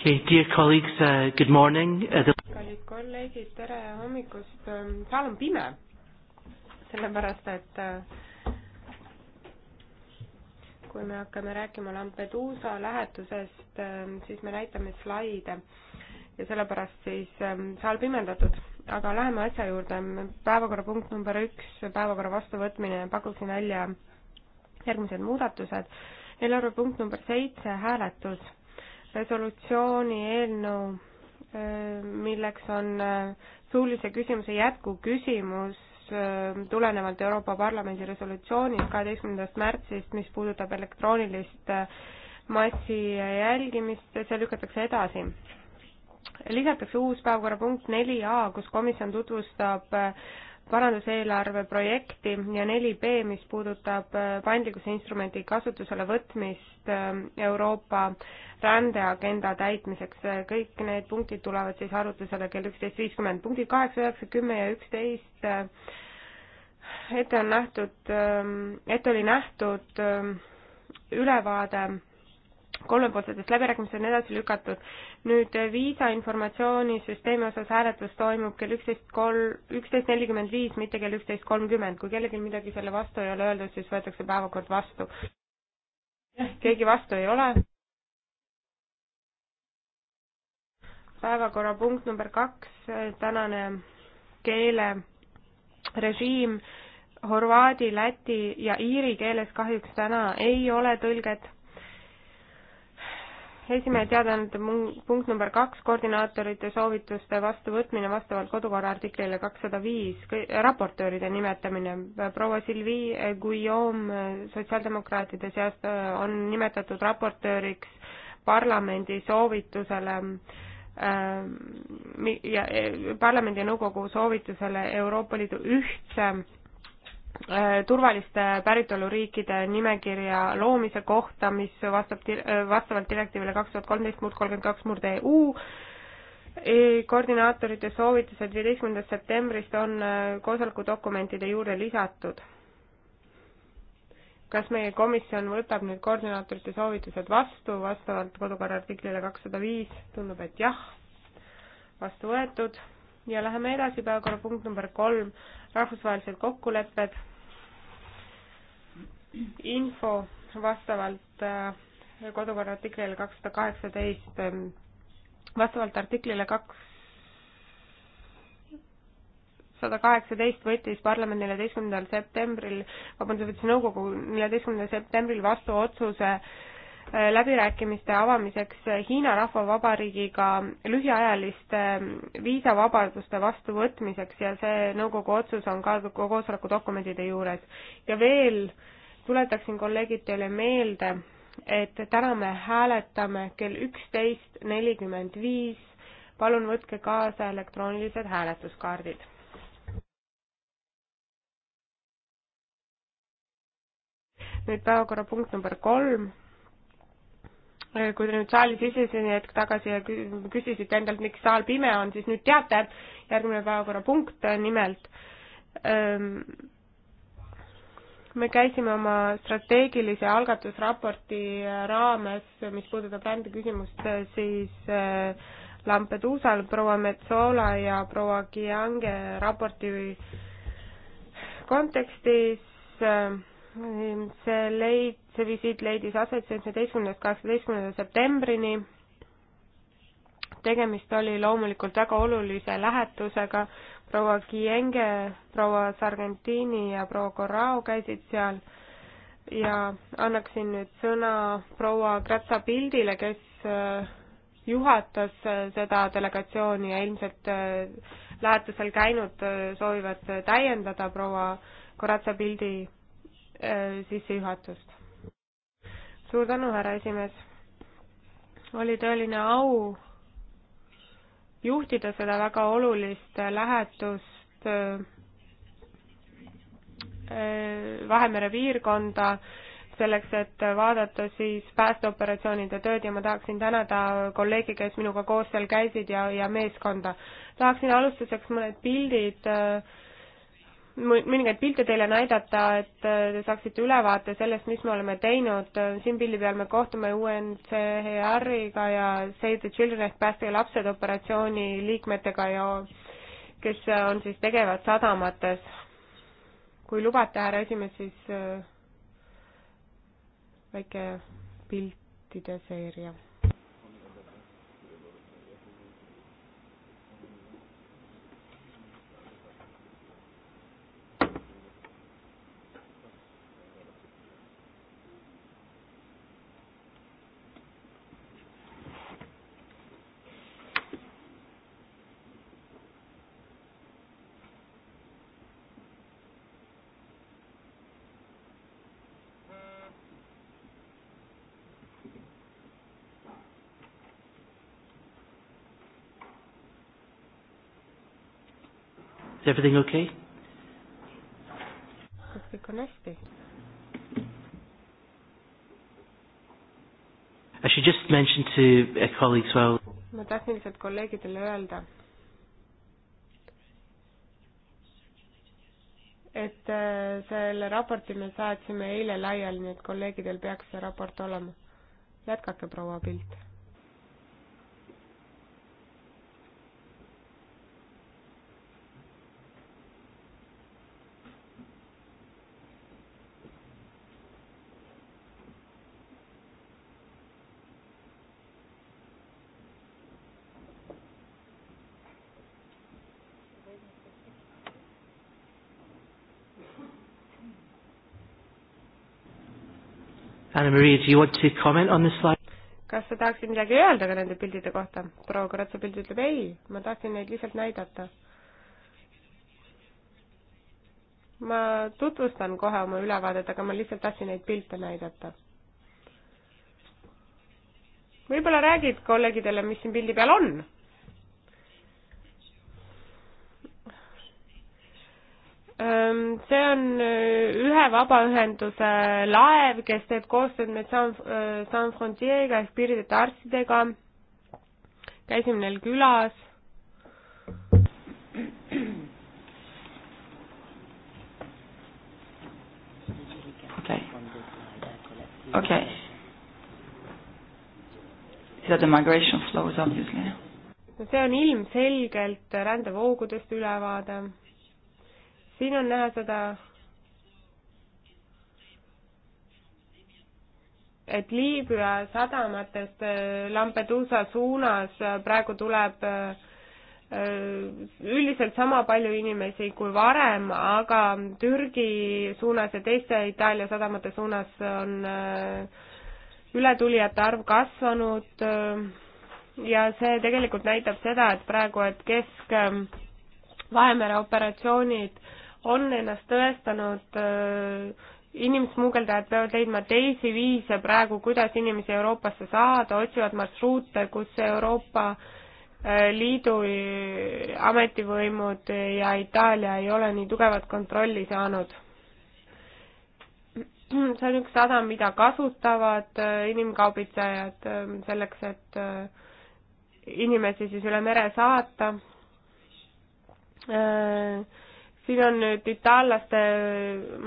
Okay, dear colleagues, uh, good morning. Uh, the... kallid kolleegid, tere hommikust. Ähm, saal on pime, sellepärast et äh, kui me hakkame rääkima Lampeduusa lähetusest, ähm, siis me näitame slaide ja sellepärast siis ähm, saal pimendatud. aga läheme asja juurde. päevakorrapunkt number üks, päevakorra vastuvõtmine, pakuksin välja järgmised muudatused. eelarvepunkt number seitse, hääletus resolutsiooni eelnõu, äh, milleks on äh, suulise küsimuse jätkuküsimus äh, tulenevalt Euroopa Parlamendi resolutsioonist kaheteistkümnendast märtsist, mis puudutab elektroonilist massi jälgimist, see lükatakse edasi. lisatakse uus päevakorrapunkt neli A, kus komisjon tutvustab paranduseelarve projekti ja neli B, mis puudutab äh, paindlikkuse instrumendi kasutusele võtmist äh, Euroopa rändeagenda täitmiseks. Äh, kõik need punktid tulevad siis arutlusele kell üksteist viiskümmend. punktid kaheksa, üheksa, kümme ja üksteist ette on nähtud, ähm, ette oli nähtud ähm, ülevaade kolmepoolsetest läbirääkimistest on edasi lükatud. nüüd eh, viisa informatsioonisüsteemi osas hääletus toimub kell üksteist kolm, üksteist nelikümmend viis, mitte kell üksteist kolmkümmend. kui kellelgi midagi selle vastu ei ole öeldud, siis võetakse päevakord vastu. keegi vastu ei ole? päevakorrapunkt number kaks, eh, tänane keelerežiim horvaadi, läti ja iiri keeles kahjuks täna ei ole tõlget esimehe teadaande punkt number kaks, koordinaatorite soovituste vastuvõtmine vastavalt kodukorra artiklile kakssada viis, raportööride nimetamine. proua Silvi Guillaume sotsiaaldemokraatide seast on nimetatud raportööriks parlamendi soovitusele ähm, ja eh, parlamendi ja nõukogu soovitusele Euroopa Liidu ühtse Äh, turvaliste päritoluriikide nimekirja loomise kohta, mis vastab, äh, vastavalt direktiivile kaks tuhat kolmteist murd kolmkümmend kaks murd EU. E, koordinaatorite soovitused viieteistkümnendast septembrist on äh, koosoleku dokumentide juurde lisatud. kas meie komisjon võtab nüüd koordinaatorite soovitused vastu vastavalt kodukorra artiklile kakssada viis? tundub, et jah, vastu võetud ja läheme edasi, päevakorrapunkt number kolm rahvusvahelised kokkulepped, info vastavalt äh, kodukorra artiklile kakssada kaheksateist, ähm, vastavalt artiklile kaks sada kaheksateist võttis parlament neljateistkümnendal septembril, vabandust, võttis nõukogu neljateistkümnendal septembril vastu otsuse läbirääkimiste avamiseks Hiina Rahvavabariigiga lühiajaliste viisavabaduste vastuvõtmiseks ja see nõukogu otsus on ka koosoleku dokumentide juures. ja veel tuletaksin kolleegid teile meelde, et täna me hääletame kell üksteist nelikümmend viis. palun võtke kaasa elektroonilised hääletuskaardid. nüüd päevakorrapunkt number kolm kui te nüüd saali siseseni hetk tagasi ja küsisite endalt, miks saal pime on, siis nüüd teate, järgmine päevakorrapunkt nimelt. Ähm, me käisime oma strateegilise algatusraporti raames, mis puudutab rändeküsimust, siis äh, Lampeduusal proua Metsola ja proua Kiange raporti kontekstis äh, Ehm, see leid, see visiit leidis aset seitsmeteistkümnendast kaheksateistkümnenda septembrini. tegemist oli loomulikult väga olulise lähetusega, proua Kienge, proua Sargentini ja proua Corrao käisid seal ja annaksin nüüd sõna proua Kratsa Pildile, kes äh, juhatas äh, seda delegatsiooni ja ilmselt äh, lähetusel käinud soovivad täiendada proua Kratsa Pildi Äh, sissejuhatust. suur tänu, härra esimees. oli tõeline au juhtida seda väga olulist lähetust äh, Vahemere piirkonda selleks, et vaadata siis päästeoperatsioonide tööd ja ma tahaksin tänada kolleege, kes minuga koos seal käisid ja, ja meeskonda. tahaksin alustuseks mõned pildid äh, mõningaid pilte teile näidata, et äh, te saaksite ülevaate sellest, mis me oleme teinud. siin pildi peal me kohtume UNCHR-iga ja Save the Children ehk Päästage lapsed operatsiooni liikmetega ja kes äh, on siis tegevad sadamates. kui lubate, härra esimees, siis äh, väike piltide seeria Is everything okay? kas kõik on hästi? I should just mention to a uh, colleague as well. ma tahtsin lihtsalt kolleegidele öelda, et äh, selle raporti me saatsime eile laiali, nii et kolleegidel peaks see raport olema. jätkake, proua Pilt Anna-Maria, do you want to comment on this slide? kas sa tahaksid midagi öelda ka nende pildide kohta? proua Kratsa pild ütleb ei, ma tahtsin neid lihtsalt näidata. ma tutvustan kohe oma ülevaadet, aga ma lihtsalt tahtsin neid pilte näidata. võib-olla räägid kolleegidele, mis siin pildi peal on? see on äh, ühe vabaühenduse laev, kes teeb koostööd meil San, San Frontieriga ehk piirideta arstidega. käisime neil külas. okei, okei. That the migration flows obviously. no see on ilmselgelt rändevoogudest ülevaade siin on näha seda, et Liibüa sadamatest äh, Lampedusa suunas äh, praegu tuleb äh, üldiselt sama palju inimesi kui varem, aga Türgi suunas ja teiste Itaalia sadamate suunas on ületulijate arv kasvanud ja see tegelikult näitab seda, et praegu, et Kesk-Vahemere operatsioonid äh, on ennast tõestanud, äh, inimsmugeldajad peavad leidma teisi viise praegu, kuidas inimesi Euroopasse saada, otsivad marsruute, kus Euroopa äh, Liidu äh, ametivõimud ja Itaalia ei ole nii tugevat kontrolli saanud. see on üks sada, mida kasutavad inimkaubitsejad selleks, et inimesi siis üle mere saata siin on nüüd itaallaste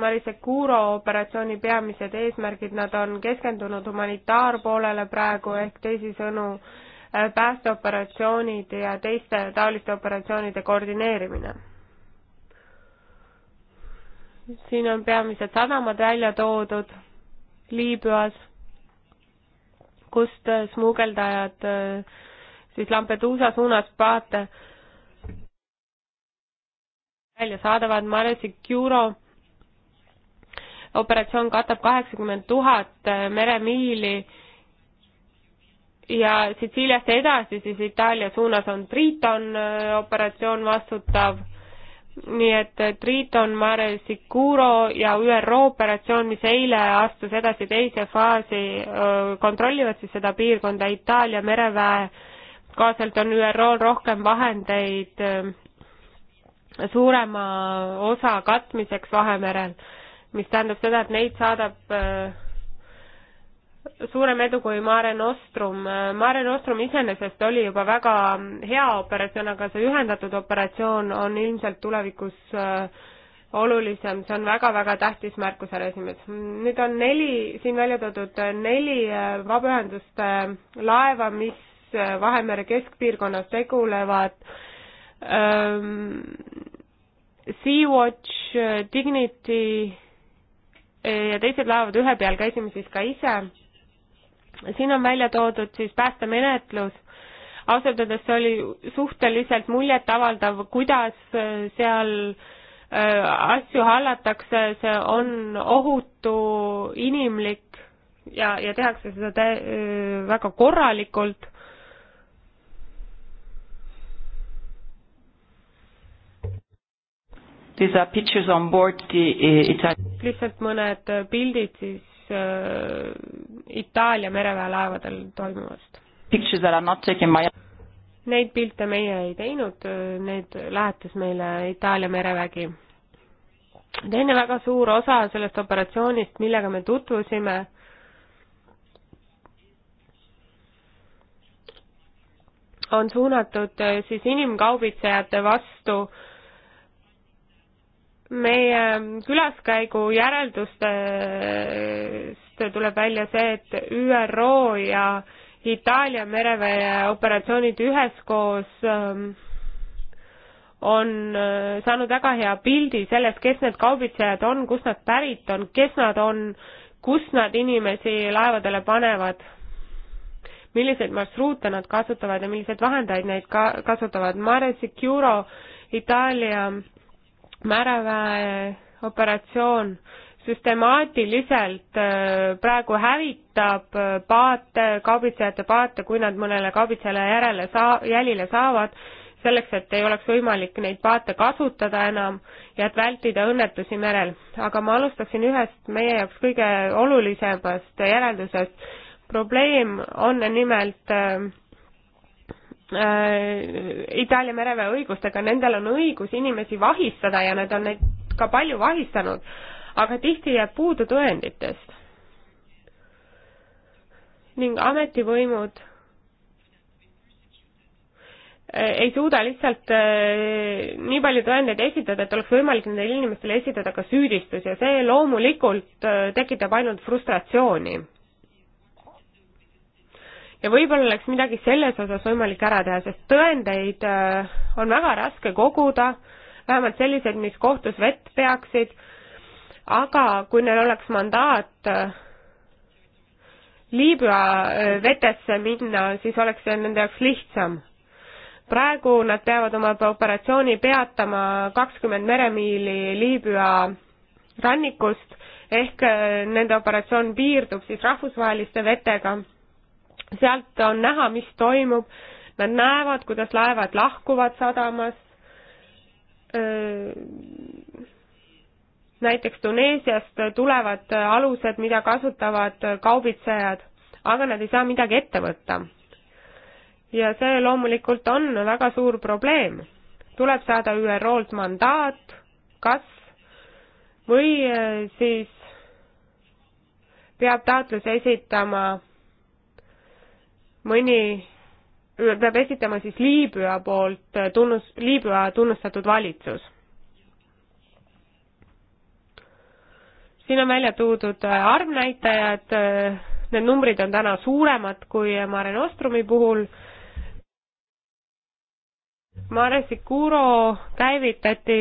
Marise Curo operatsiooni peamised eesmärgid, nad on keskendunud humanitaarpoolele praegu ehk teisisõnu äh, päästeoperatsioonid ja teiste taoliste operatsioonide koordineerimine. siin on peamised sadamad välja toodud Liibüas, kust smugeldajad äh, siis Lampeduusa suunas paate välja saadavad, Mario Securo operatsioon katab kaheksakümmend tuhat äh, meremiili ja Sitsiiliast edasi siis Itaalia suunas on Triton äh, operatsioon vastutav, nii et äh, Triton, Mare Sicuro ja ÜRO operatsioon, mis eile astus edasi teise faasi, kontrollivad siis seda piirkonda Itaalia mereväe kaaselt on ÜRO-l rohkem vahendeid suurema osa katmiseks Vahemerel, mis tähendab seda, et neid saadab äh, suurem edu kui Mare Nostrum. Mare Nostrum iseenesest oli juba väga hea operatsioon, aga see ühendatud operatsioon on ilmselt tulevikus äh, olulisem, see on väga-väga tähtis märkus, härra esimees. nüüd on neli, siin välja toodud neli äh, vabaühenduste laeva, mis Vahemere keskpiirkonnas tegulevad äh, Ähm, Sea-Watch, äh, Dignity äh, ja teised laevad ühe peal käisime siis ka ise. siin on välja toodud siis päästemenetlus. ausalt öeldes see oli suhteliselt muljetavaldav, kuidas äh, seal asju hallatakse, see on ohutu, inimlik ja, ja tehakse seda tä- väga korralikult These are pictures on board the uh, Italian lihtsalt mõned pildid siis äh, Itaalia mereväe laevadel toimuvast. Pictures that are not taken by Neid pilte meie ei teinud, äh, need lähetas meile Itaalia merevägi. teine väga suur osa sellest operatsioonist, millega me tutvusime, on suunatud äh, siis inimkaubitsejate vastu äh, meie külaskäigu järeldustest tuleb välja see, et ÜRO ja Itaalia mereväe operatsioonid üheskoos ähm, on äh, saanud väga hea pildi sellest, kes need kaubitsejad on, kust nad pärit on, kes nad on, kus nad inimesi laevadele panevad, milliseid marsruute nad kasutavad ja milliseid vahendeid neid ka-, kasutavad. Mare Sicuro Itaalia mereväe operatsioon süstemaatiliselt äh, praegu hävitab äh, paate, kaubitsejate paate, kui nad mõnele kaubitsejale järele saa-, jälile saavad, selleks, et ei oleks võimalik neid paate kasutada enam ja et vältida õnnetusi merel. aga ma alustaksin ühest meie jaoks kõige olulisemast järeldusest. probleem on nimelt äh, Äh, Itaalia mereväe õigustega, nendel on õigus inimesi vahistada ja nad on neid ka palju vahistanud, aga tihti jääb puudu tõenditest. ning ametivõimud äh, ei suuda lihtsalt äh, nii palju tõendeid esitada, et oleks võimalik nendele inimestele esitada ka süüdistus ja see loomulikult tekitab ainult frustratsiooni ja võib-olla oleks midagi selles osas võimalik ära teha, sest tõendeid äh, on väga raske koguda, vähemalt selliseid, mis kohtus vett peaksid, aga kui neil oleks mandaat äh, Liibüa äh, vetesse minna, siis oleks see nende jaoks lihtsam. praegu nad peavad oma operatsiooni peatama kakskümmend meremiili Liibüa rannikust, ehk nende operatsioon piirdub siis rahvusvaheliste vetega sealt on näha, mis toimub, nad näevad, kuidas laevad lahkuvad sadamas. näiteks Tuneesiast tulevad alused, mida kasutavad kaubitsejad, aga nad ei saa midagi ette võtta. ja see loomulikult on väga suur probleem. tuleb saada ÜRO-lt mandaat, kas või siis peab taotluse esitama mõni peab esitama siis Liibüa poolt tunnus, Liibüa tunnustatud valitsus. siin on välja toodud arvnäitajad, need numbrid on täna suuremad kui Mare Nostrumi puhul. Mare Sicuro käivitati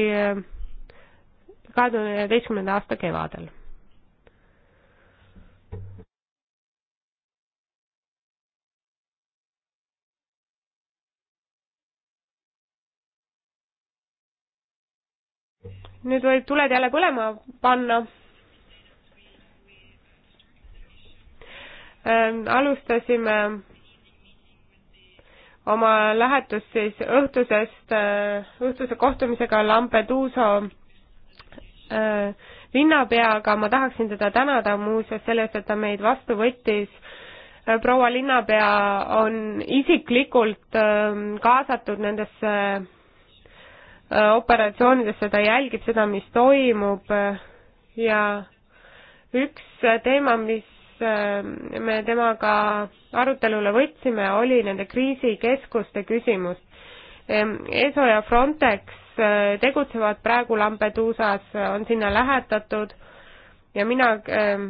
kahe tuhande üheteistkümnenda aasta kevadel nüüd võib tuled jälle põlema panna. Ähm, alustasime oma lähetust siis õhtusest, äh, õhtuse kohtumisega Lampeduuso äh, linnapeaga, ma tahaksin teda tänada muuseas selle eest, et ta meid vastu võttis äh, proua linnapea on isiklikult ähm, kaasatud nendesse Äh, operatsioonides, ta jälgib seda, mis toimub äh, ja üks äh, teema, mis me temaga arutelule võtsime, oli nende kriisikeskuste küsimus. Ehm, ESO ja Frontex tegutsevad praegu Lampeduusas, on sinna lähetatud ja mina ehm,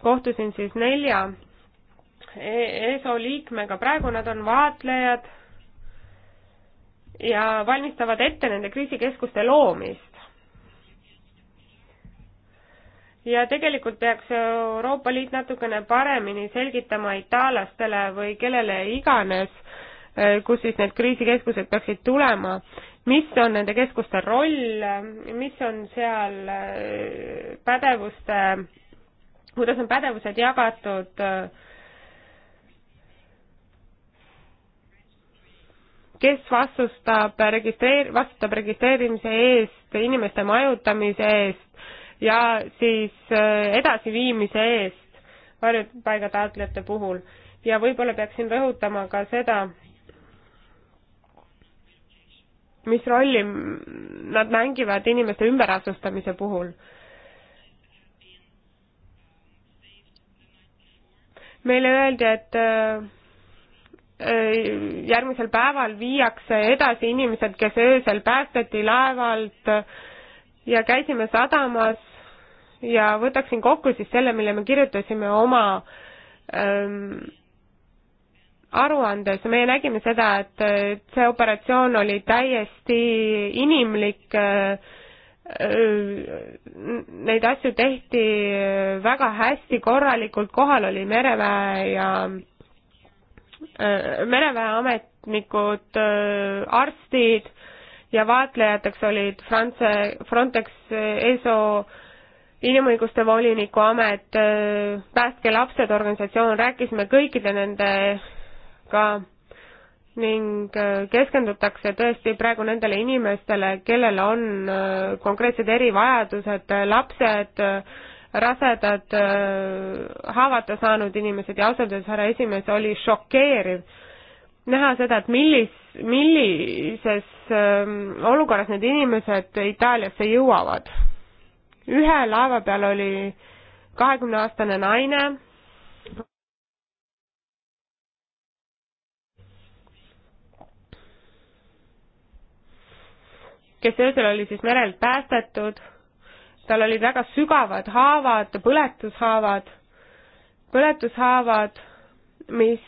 kohtusin siis nelja e-, ESO liikmega, praegu nad on vaatlejad ja valmistavad ette nende kriisikeskuste loomist. ja tegelikult peaks Euroopa Liit natukene paremini selgitama itaallastele või kellele iganes, kus siis need kriisikeskused peaksid tulema, mis on nende keskuste roll, mis on seal äh, pädevuste, kuidas on pädevused jagatud äh, kes vastustab registreer-, vastutab registreerimise eest, inimeste majutamise eest ja siis äh, edasiviimise eest varjupaiga taotlejate puhul. ja võib-olla peaksin rõhutama ka seda, mis rolli nad mängivad inimeste ümberasustamise puhul meile öeldi, et äh, järgmisel päeval viiakse edasi inimesed, kes öösel päästeti laevalt ja käisime sadamas ja võtaksin kokku siis selle, mille me kirjutasime oma ähm, aruandes, me nägime seda, et see operatsioon oli täiesti inimlik äh, äh,, neid asju tehti väga hästi, korralikult, kohal oli mereväe ja äh, Äh, mereväeametnikud, äh, arstid ja vaatlejateks olid France, Frontex, ESO, inimõiguste voliniku amet, äh, Päästke lapsed organisatsioon, rääkisime kõikide nendega ning keskendutakse tõesti praegu nendele inimestele, kellel on konkreetsed erivajadused, lapsed, rasedad äh, haavata saanud inimesed ja ausalt öeldes, härra esimees, oli šokeeriv näha seda, et millis, millises ähm, olukorras need inimesed Itaaliasse jõuavad. ühe laeva peal oli kahekümne aastane naine, kes öösel oli siis merelt päästetud tal olid väga sügavad haavad, põletushaavad, põletushaavad, mis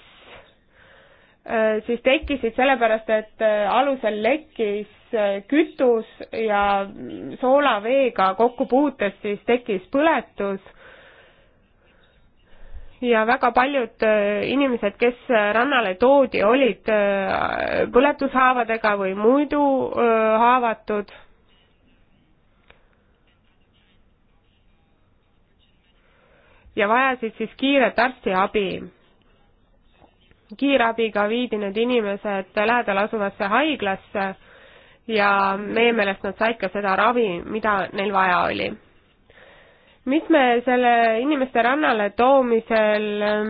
äh, siis tekkisid sellepärast, et äh, alusel lekkis äh, kütus ja soolaveega kokkupuutes siis tekkis põletus ja väga paljud inimesed, kes rannale toodi, olid põletushaavadega või muidu haavatud ja vajasid siis kiiret arstiabi. kiirabiga viidi need inimesed lähedal asuvasse haiglasse ja meie meelest nad said ka seda ravi, mida neil vaja oli. mis me selle inimeste rannale toomisel ähm,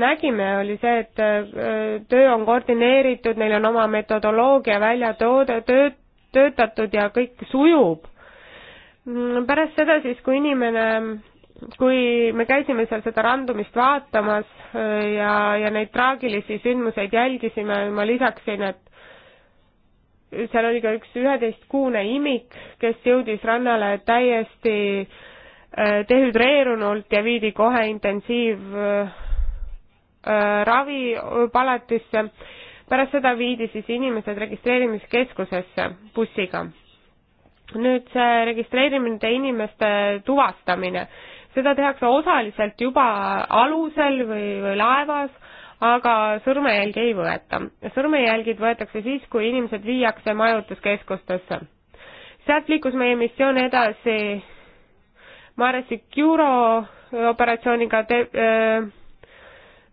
nägime, oli see, et äh, töö on koordineeritud, neil on oma metodoloogia välja toode, töö, töötatud ja kõik sujub. Mm, pärast seda siis, kui inimene kui me käisime seal seda randumist vaatamas äh, ja, ja neid traagilisi sündmuseid jälgisime, ma lisaksin, et seal oli ka üks üheteistkuune imik, kes jõudis rannale täiesti äh, dehüdreerunult ja viidi kohe intensiivravipalatisse. Äh, pärast seda viidi siis inimesed registreerimiskeskusesse bussiga nüüd see registreerimine, inimeste tuvastamine, seda tehakse osaliselt juba alusel või, või laevas, aga sõrmejälgi ei võeta. sõrmejälgid võetakse siis, kui inimesed viiakse majutuskeskustesse. sealt liikus meie missioon edasi Mare Securo operatsiooniga te-, öö,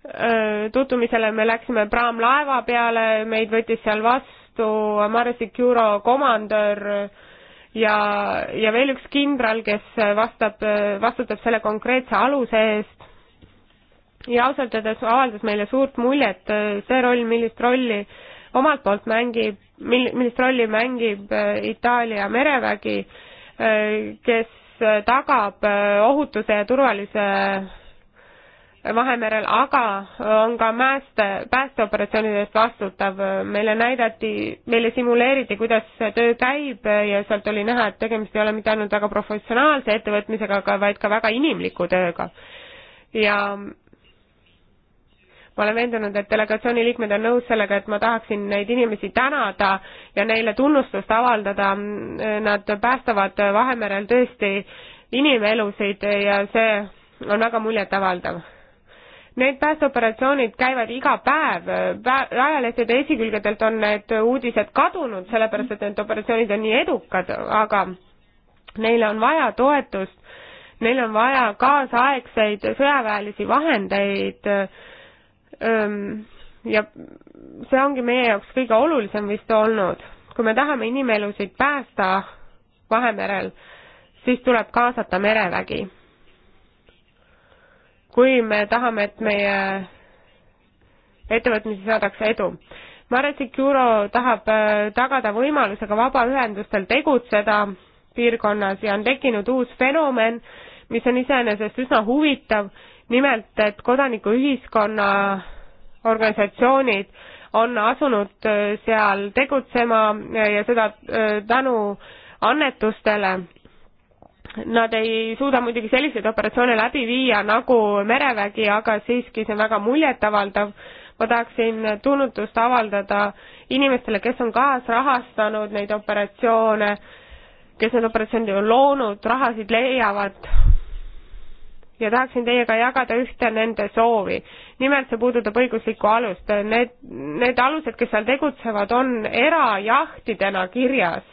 öö, tutvumisele me läksime praamlaeva peale, meid võttis seal vastu Mare Securo komandör öö, ja, ja veel üks kindral, kes vastab, vastutab selle konkreetse aluse eest. ja ausalt öeldes avaldas meile suurt muljet see roll, millist rolli omalt poolt mängib, mil-, millist rolli mängib äh, Itaalia merevägi, äh, kes äh, tagab ohutuse ja turvalise Vahemerel, aga on ka mäeste, päästeoperatsioonide eest vastutav. meile näidati, meile simuleeriti, kuidas see töö käib ja sealt oli näha, et tegemist ei ole mitte ainult väga professionaalse ettevõtmisega, aga vaid ka väga inimliku tööga. ja ma olen veendunud, et delegatsiooni liikmed on nõus sellega, et ma tahaksin neid inimesi tänada ja neile tunnustust avaldada. Nad päästavad Vahemerel tõesti inimelusid ja see on väga muljetavaldav Need päästeoperatsioonid käivad iga päev, ajalehtede esikülgedelt on need uudised kadunud, sellepärast et need operatsioonid on nii edukad, aga neile on vaja toetust, neil on vaja kaasaegseid sõjaväelisi vahendeid ähm, ja see ongi meie jaoks kõige olulisem vist olnud. kui me tahame inimelusid päästa Vahemerel, siis tuleb kaasata merevägi kui me tahame, et meie ettevõtmisi saadakse edu. Mareci Kuro tahab äh, tagada võimaluse ka vabaühendustel tegutseda piirkonnas ja on tekkinud uus fenomen, mis on iseenesest üsna huvitav, nimelt et kodanikuühiskonna organisatsioonid on asunud äh, seal tegutsema ja seda äh, tänu annetustele Nad ei suuda muidugi selliseid operatsioone läbi viia nagu merevägi, aga siiski see on väga muljetavaldav. ma tahaksin tunnustust avaldada inimestele, kes on kaasrahastanud neid operatsioone, kes need operatsioonid on loonud, rahasid leiavad ja tahaksin teiega jagada ühte nende soovi. nimelt see puudutab õiguslikku alust. Need, need alused, kes seal tegutsevad, on erajahtidena kirjas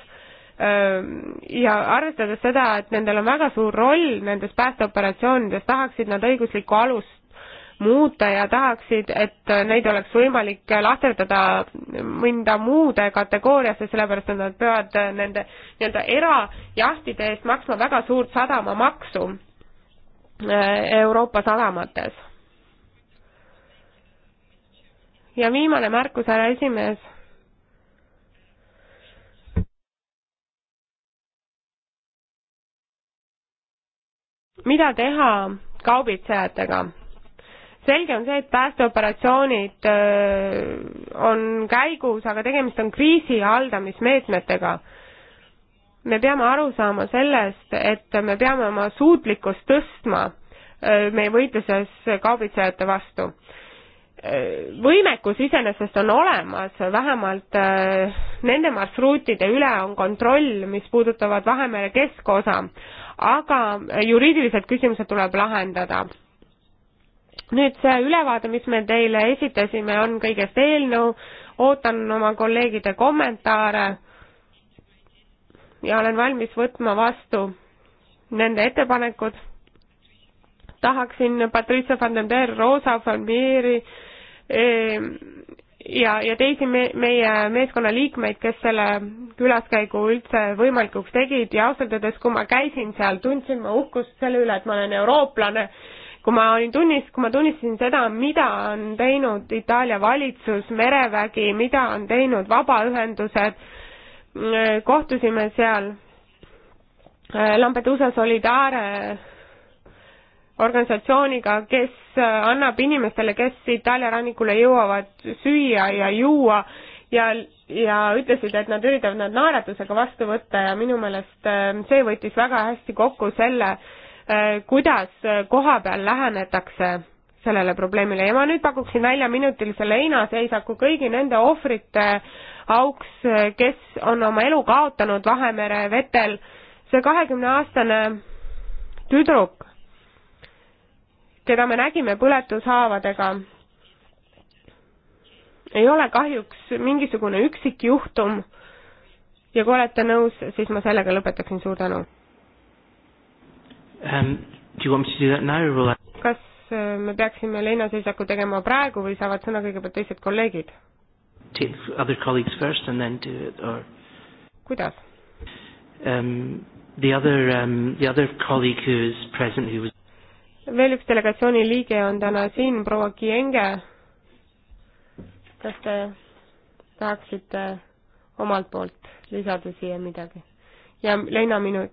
ja arvestades seda, et nendel on väga suur roll nendes päästeoperatsioonides, tahaksid nad õiguslikku alust muuta ja tahaksid, et neid oleks võimalik lahterdada mõnda muude kategooriasse, sellepärast et nad peavad nende nii-öelda erajahtide eest maksma väga suurt sadamamaksu Euroopa sadamates. ja viimane märkus, härra esimees mida teha kaubitsejatega? selge on see, et päästeoperatsioonid on käigus, aga tegemist on kriisi haldamismeetmetega. me peame aru saama sellest, et me peame oma suutlikkust tõstma meie võitluses kaubitsejate vastu võimekus iseenesest on olemas, vähemalt äh, nende marsruutide üle on kontroll, mis puudutavad Vahemere keskosa, aga juriidilised küsimused tuleb lahendada. nüüd see ülevaade, mis me teile esitasime, on kõigest eelnõu, ootan oma kolleegide kommentaare ja olen valmis võtma vastu nende ettepanekud. tahaksin Patricia van den Berg, Rosa von Meeri, Ehm, ja, ja teisi me, meie meeskonna liikmeid, kes selle külaskäigu üldse võimalikuks tegid ja ausalt öeldes, kui ma käisin seal, tundsin ma uhkust selle üle, et ma olen eurooplane. kui ma olin tunnis, kui ma tunnistasin seda, mida on teinud Itaalia valitsus, merevägi, mida on teinud vabaühendused, mm, kohtusime seal äh, Lampedusa Solidaare organisatsiooniga, kes äh, annab inimestele, kes Itaalia rannikule jõuavad, süüa ja juua ja, ja ütlesid, et nad üritavad nad naeratusega vastu võtta ja minu meelest äh, see võttis väga hästi kokku selle, äh, kuidas koha peal lähenetakse sellele probleemile ja ma nüüd pakuksin välja minutilise leinaseisaku kõigi nende ohvrite auks, kes on oma elu kaotanud Vahemere vetel. see kahekümne aastane tüdruk keda me nägime põletushaavadega, ei ole kahjuks mingisugune üksik juhtum ja kui olete nõus, siis ma sellega lõpetaksin, suur tänu um,. kas äh, me peaksime leinaseisaku tegema praegu või saavad sõna kõigepealt teised kolleegid? Or... kuidas um,? The other um, the other colleague who is present who was veel üks delegatsiooni liige on täna siin, proua Kienge. kas te tahaksite omalt poolt lisada siia midagi? ja Leina minu,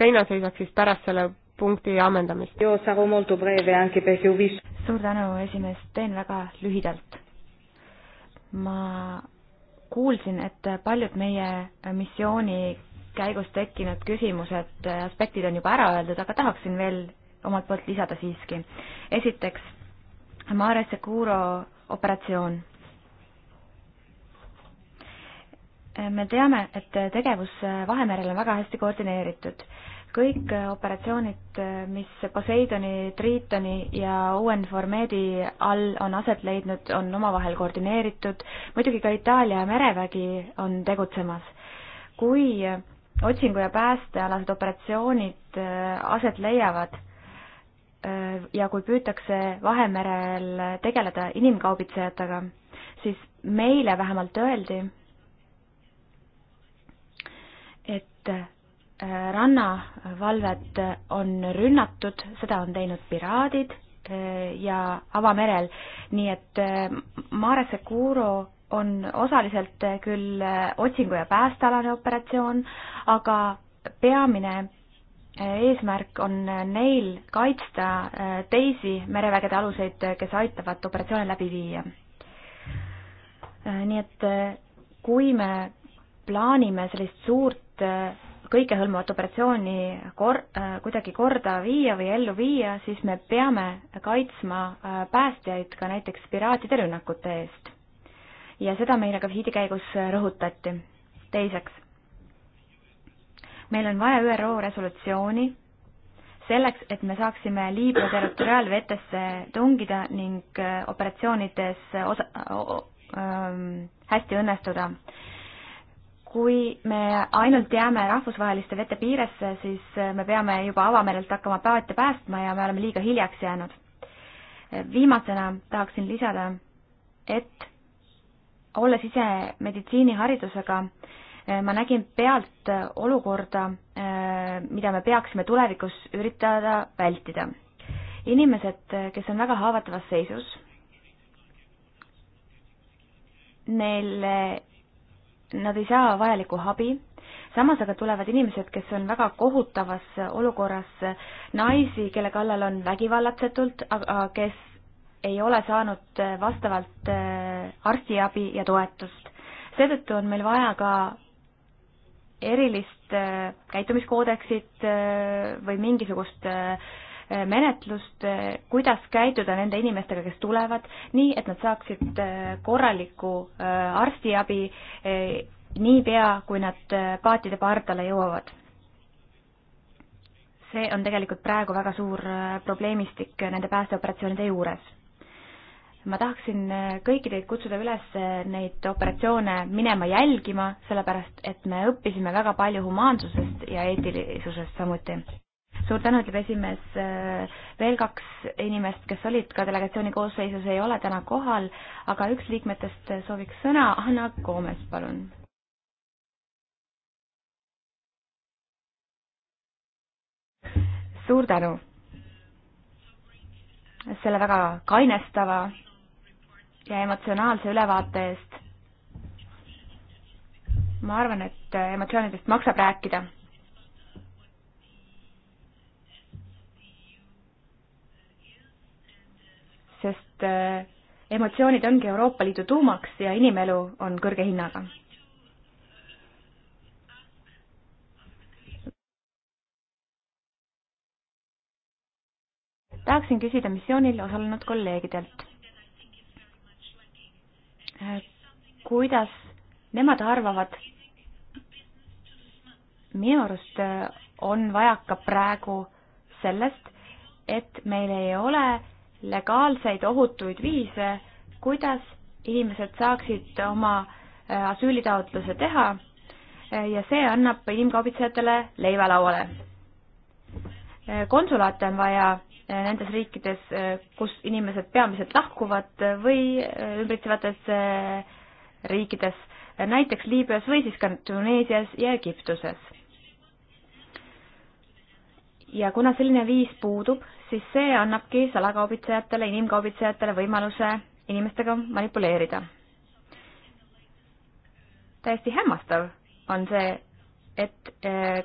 Leina seisaks siis pärast selle punkti ammendamist. suur tänu, esimees, teen väga lühidalt. ma kuulsin, et paljud meie missiooni käigus tekkinud küsimused, aspektid on juba ära öeldud, aga tahaksin veel omalt poolt lisada siiski. esiteks, Mare Seguro operatsioon. me teame, et tegevus Vahemerel on väga hästi koordineeritud. kõik operatsioonid, mis Poseidoni, Tritoni ja UNFOR Medi all on aset leidnud, on omavahel koordineeritud. muidugi ka Itaalia merevägi on tegutsemas. kui otsingu- ja päästealased operatsioonid aset leiavad, Äh, ja kui püütakse Vahemerel tegeleda inimkaubitsejatega, siis meile vähemalt öeldi, et äh, rannavalvet on rünnatud, seda on teinud piraadid äh, ja avamerel, nii et Mare Seguro on osaliselt küll otsingu- ja päästealane operatsioon, aga peamine eesmärk on äh, neil kaitsta äh, teisi merevägede aluseid, äh, kes aitavad operatsioone läbi viia. nii et kui me plaanime sellist suurt kõikehõlmavat operatsiooni kor-, kuidagi korda viia või ellu viia, siis me peame kaitsma päästjaid ka näiteks piraatide rünnakute eest. ja seda meile ka visiidi käigus rõhutati. teiseks, meil on vaja ÜRO resolutsiooni selleks, et me saaksime Liibüa territoriaalvetesse tungida ning äh, operatsioonides osa, ähm, hästi õnnestuda. kui me ainult jääme rahvusvaheliste vete piiresse, siis äh, me peame juba avamerelt hakkama paate päästma ja me oleme liiga hiljaks jäänud. viimasena tahaksin lisada, et olles ise meditsiiniharidusega äh,, Äh, ma nägin pealt äh, olukorda, äh, mida me peaksime tulevikus üritada vältida. inimesed, kes on väga haavatavas seisus, neil, nad ei saa vajalikku abi, samas aga tulevad inimesed, kes on väga kohutavas olukorras, naisi, kelle kallal on vägivallatsetult, aga kes ei ole saanud vastavalt arstiabi ja toetust. seetõttu on meil vaja ka erilist äh, käitumiskoodeksit äh, või mingisugust äh, menetlust, kuidas käituda nende inimestega, kes tulevad, nii et nad saaksid korralikku arstiabi niipea, kui nad paatide pardale jõuavad. see on tegelikult praegu väga suur probleemistik nende päästeoperatsioonide juures ma tahaksin äh, kõiki teid kutsuda üles äh, neid operatsioone minema jälgima, sellepärast et me õppisime väga palju humaansusest ja eetilisusest samuti. suur tänu, ütleb esimees. Äh, veel kaks inimest, kes olid ka delegatsiooni koosseisus, ei ole täna kohal, aga üks liikmetest sooviks sõna. Anna Koomes, palun suur tänu selle väga kainestava ja emotsionaalse ülevaate eest. ma arvan, et emotsioonidest maksab rääkida. sest äh, emotsioonid ongi Euroopa Liidu tuumaks ja inimelu on kõrge hinnaga tahaksin küsida missioonil osalenud kolleegidelt kuidas nemad arvavad. minu arust äh, on vajaka praegu sellest, et meil ei ole legaalseid ohutuid viise, kuidas inimesed saaksid oma äh, asüülitaotluse teha äh, ja see annab inimkaubitsejatele leiva lauale. konsulaate on vaja Äh, nendes riikides, äh, kus inimesed peamiselt lahkuvad äh, või ümbritsevates riikides, näiteks Liibüas või siis ka Tuneesias ja Egiptuses. ja kuna selline viis puudub, siis see annabki salakaubitsejatele, inimkaubitsejatele võimaluse inimestega manipuleerida. täiesti hämmastav on see, et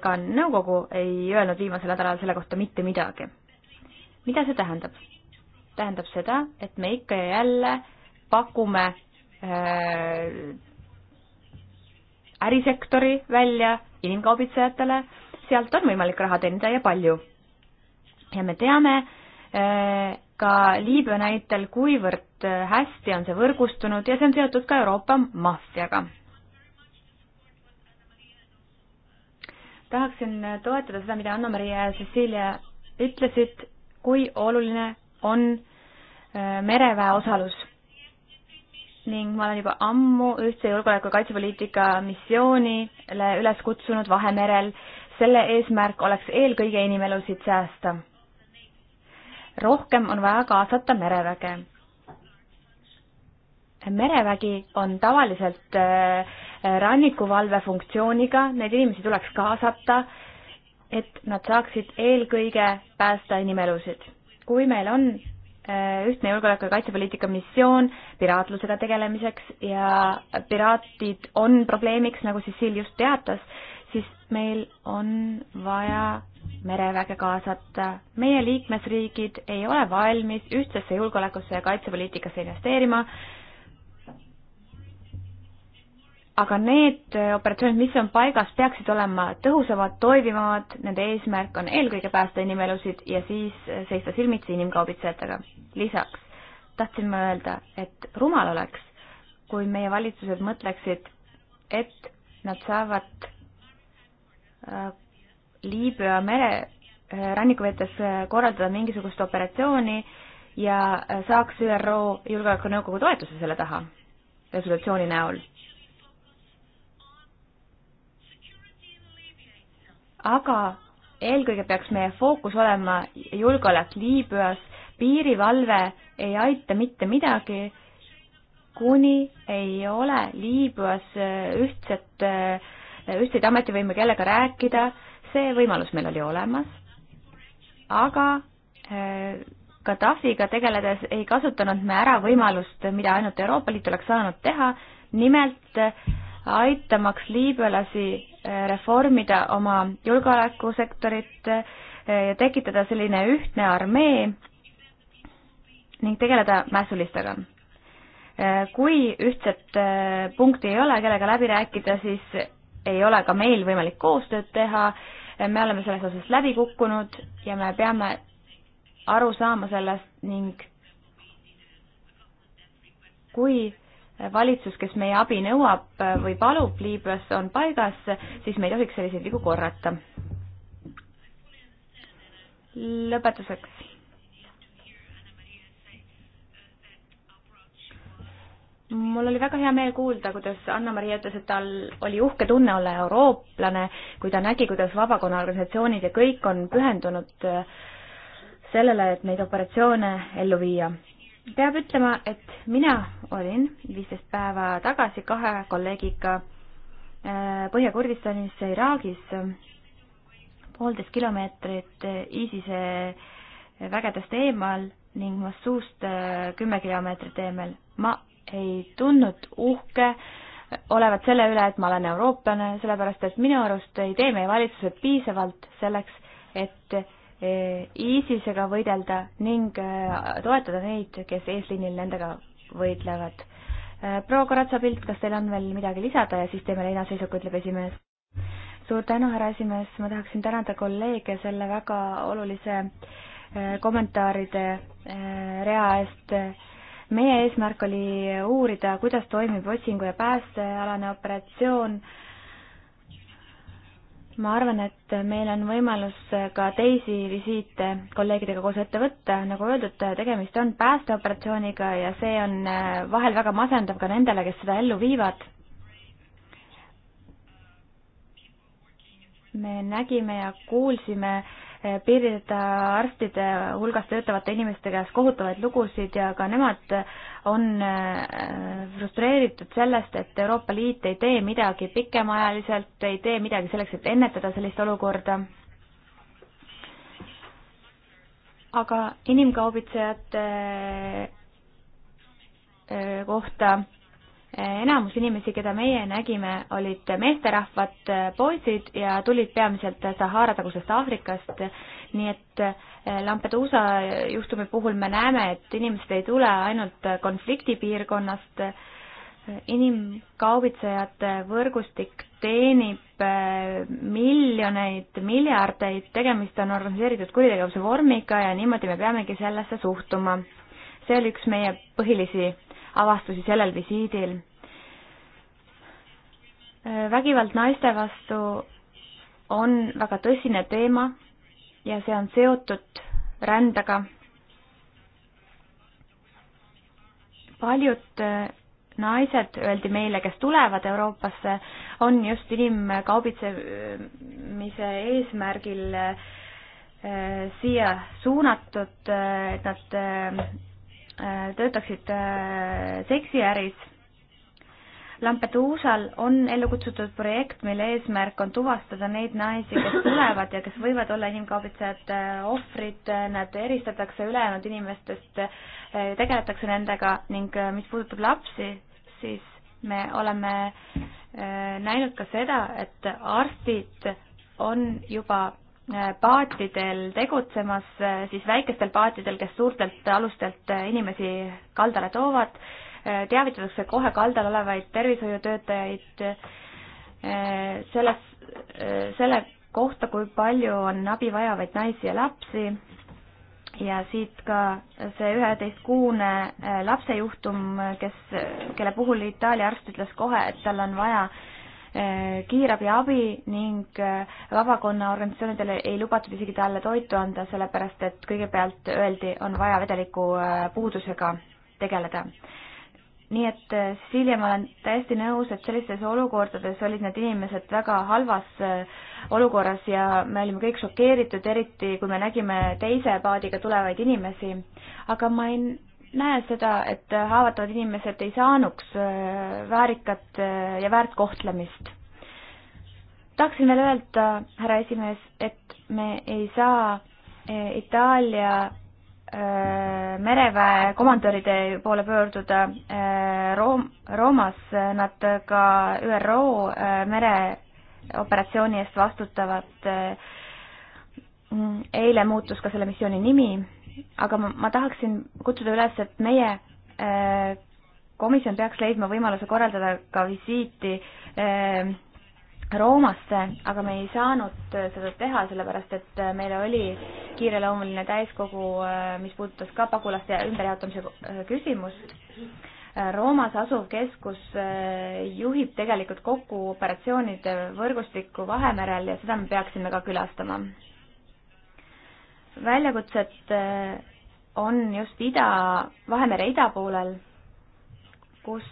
ka nõukogu ei öelnud viimasel nädalal selle kohta mitte midagi mida see tähendab? tähendab seda, et me ikka ja jälle pakume äh, ärisektori välja inimkaubitsejatele, sealt on võimalik raha teenida ja palju. ja me teame äh, ka Liibüa näitel, kuivõrd äh, hästi on see võrgustunud ja see on seotud ka Euroopa maffiaga. tahaksin toetada seda, mida Anna-Maria ja Cecilia ütlesid kui oluline on äh, mereväe osalus ning ma olen juba ammu ühtse julgeoleku- ja kaitsepoliitika missioonile üles kutsunud Vahemerel. selle eesmärk oleks eelkõige inimelusid säästa. rohkem on vaja kaasata mereväge. merevägi on tavaliselt äh, rannikuvalve funktsiooniga, need inimesed tuleks kaasata et nad saaksid eelkõige päästa inimelusid. kui meil on äh, ühtne julgeoleku- ja kaitsepoliitika missioon piraatlusega tegelemiseks ja piraatid on probleemiks, nagu Cecil just teatas, siis meil on vaja mereväge kaasata. meie liikmesriigid ei ole valmis ühtsesse julgeolekusse ja kaitsepoliitikasse investeerima aga need operatsioonid, mis on paigas, peaksid olema tõhusamad, toimivamad, nende eesmärk on eelkõige päästa inimelusid ja siis seista silmitsi inimkaubitsejatega. lisaks tahtsin ma öelda, et rumal oleks, kui meie valitsused mõtleksid, et nad saavad äh, Liibüa mere äh, rannikuvetes äh, korraldada mingisugust operatsiooni ja äh, saaks ÜRO Julgeolekunõukogu toetuse selle taha resolutsiooni näol aga eelkõige peaks meie fookus olema julgeolek Liibüas, piirivalve ei aita mitte midagi, kuni ei ole Liibüas äh, ühtset, äh, ühtseid ametivõime, kellega rääkida, see võimalus meil oli olemas, aga äh, Gaddafiga tegeledes ei kasutanud me ära võimalust, mida ainult Euroopa Liit oleks saanud teha, nimelt aitamaks liibüalasi reformida oma julgeolekusektorit eh, ja tekitada selline ühtne armee ning tegeleda mässulistega. Eh, kui ühtset eh, punkti ei ole, kellega läbi rääkida, siis ei ole ka meil võimalik koostööd teha, me oleme selles osas läbi kukkunud ja me peame aru saama sellest ning kui äh, valitsus, kes meie abi nõuab või palub Liibüas, on paigas, siis me ei tohiks selliseid vigu korrata. lõpetuseks. mul oli väga hea meel kuulda, kuidas Anna-Maria ütles, et tal oli uhke tunne olla eurooplane, kui ta nägi, kuidas vabakonna organisatsioonid ja kõik on pühendunud äh, sellele, et neid operatsioone ellu viia peab ütlema, et mina olin viisteist päeva tagasi kahe kolleegiga äh, Põhja-Kurdistanis ja Iraagis poolteist kilomeetrit ISISe vägedest eemal ning Mossuust äh, kümme kilomeetrit eemal. ma ei tundnud uhke olevat selle üle, et ma olen eurooplane, sellepärast et minu arust ei tee meie valitsused piisavalt selleks, et ISISega võidelda ning äh, toetada neid, kes eesliinil nendega võitlevad. Äh, proua Karatsa-Pilt, kas teil on veel midagi lisada ja siis teeme leinaseisaku, ütleb esimees. suur tänu, härra esimees, ma tahaksin tänada kolleege selle väga olulise äh, kommentaaride rea eest meie eesmärk oli uurida, kuidas toimib otsingu- ja päästealane operatsioon ma arvan, et meil on võimalus ka teisi visiite kolleegidega koos ette võtta, nagu öeldud, tegemist on päästeoperatsiooniga ja see on äh, vahel väga masendav ka nendele, kes seda ellu viivad. me nägime ja kuulsime äh, piirideta arstide hulgas töötavate inimeste käest kohutavaid lugusid ja ka nemad äh, on äh, frustreeritud sellest, et Euroopa Liit ei tee midagi pikemaajaliselt, ei tee midagi selleks, et ennetada sellist olukorda. aga inimkaubitsejate äh, kohta enamus inimesi, keda meie nägime, olid meesterahvad, äh, poisid ja tulid peamiselt Sahara tagusest Aafrikast, nii et äh, Lampeduusa juhtumi puhul me näeme, et inimesed ei tule ainult konfliktipiirkonnast, inimkaubitsejate võrgustik teenib äh, miljoneid, miljardeid, tegemist on organiseeritud kuritegevuse vormiga ja niimoodi me peamegi sellesse suhtuma. see oli üks meie põhilisi avastusi sellel visiidil vägivald naiste vastu on väga tõsine teema ja see on seotud rändega. paljud äh, naised, öeldi meile, kes tulevad Euroopasse, on just inimkaubitsemise eesmärgil äh, siia suunatud, äh, et nad töötaksid seksiäris Lampeduusal on ellu kutsutud projekt, mille eesmärk on tuvastada neid naisi, kes tulevad ja kes võivad olla inimkaubitsejate ohvrid, nad eristatakse ülejäänud inimestest, tegeletakse nendega ning äh, mis puudutab lapsi, siis me oleme äh, näinud ka seda, et arstid on juba äh, paatidel tegutsemas, siis väikestel paatidel, kes suurtelt alustelt inimesi kaldale toovad teavitatakse kohe kaldal olevaid tervishoiutöötajaid eh, selles, eh, selle kohta, kui palju on abi vajavaid naisi ja lapsi ja siit ka see üheteistkuune eh, lapse juhtum, kes, kelle puhul Itaalia arst ütles kohe, et tal on vaja kiirabiabi ning vabakonna organisatsioonidele ei lubatud isegi talle toitu anda, sellepärast et kõigepealt öeldi, on vaja vedelikupuudusega tegeleda nii et Cecilia, äh, ma olen täiesti nõus, et sellistes olukordades olid need inimesed väga halvas äh, olukorras ja me olime kõik šokeeritud, eriti kui me nägime teise paadiga tulevaid inimesi. aga ma ei näe seda, et haavatavad inimesed ei saanuks äh, väärikat ja väärt kohtlemist. tahaksin veel öelda, härra esimees, et me ei saa Itaalia Äh, mereväe komandöride poole pöörduda äh, Room-, Roomas, äh, nad ka ÜRO mereoperatsiooni eest vastutavad. Mm, eile muutus ka selle missiooni nimi, aga ma, ma tahaksin kutsuda üles, et meie komisjon peaks leidma võimaluse korraldada ka visiiti Roomasse, aga me ei saanud äh, seda teha, sellepärast et äh, meil oli kiireloomuline täiskogu, äh, mis puudutas ka pagulaste ümberjaotamise küsimust. Roomas asuv keskus juhib tegelikult kokku operatsioonide võrgustikku Vahemerel ja seda me peaksime ka külastama. väljakutsed on just ida, Vahemere idapoolel, kus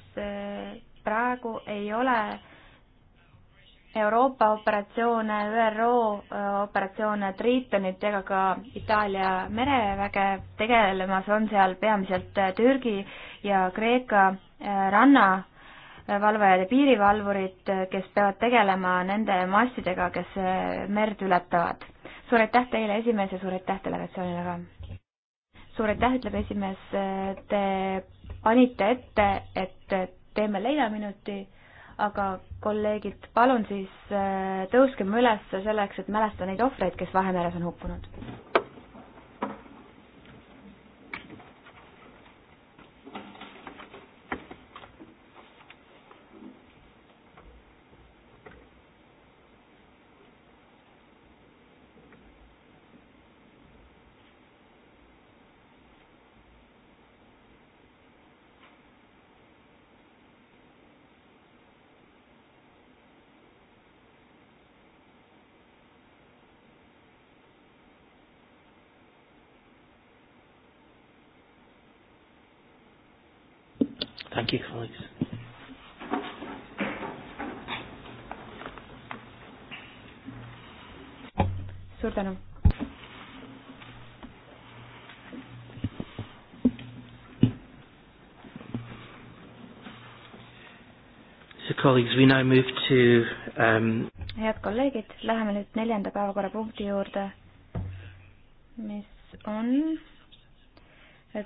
praegu ei ole äh, Euroopa operatsioone, ÜRO äh, operatsioone, Tritonit ega ka Itaalia mereväge tegelemas on seal peamiselt äh, Türgi ja Kreeka äh, rannavalvajad ja piirivalvurid, kes peavad tegelema nende massidega, kes merd ületavad. suur aitäh teile, esimees, ja suur aitäh delegatsioonile ka! suur aitäh, ütleb esimees, te panite ette, et teeme leiaminuti aga kolleegid, palun siis äh, tõuskem üles selleks, et mälestada neid ohvreid, kes Vahemeres on hukkunud. Thank you, colleagues. suur tänu. colleagues, we now move to um, head kolleegid, läheme nüüd neljanda päevakorrapunkti juurde, mis on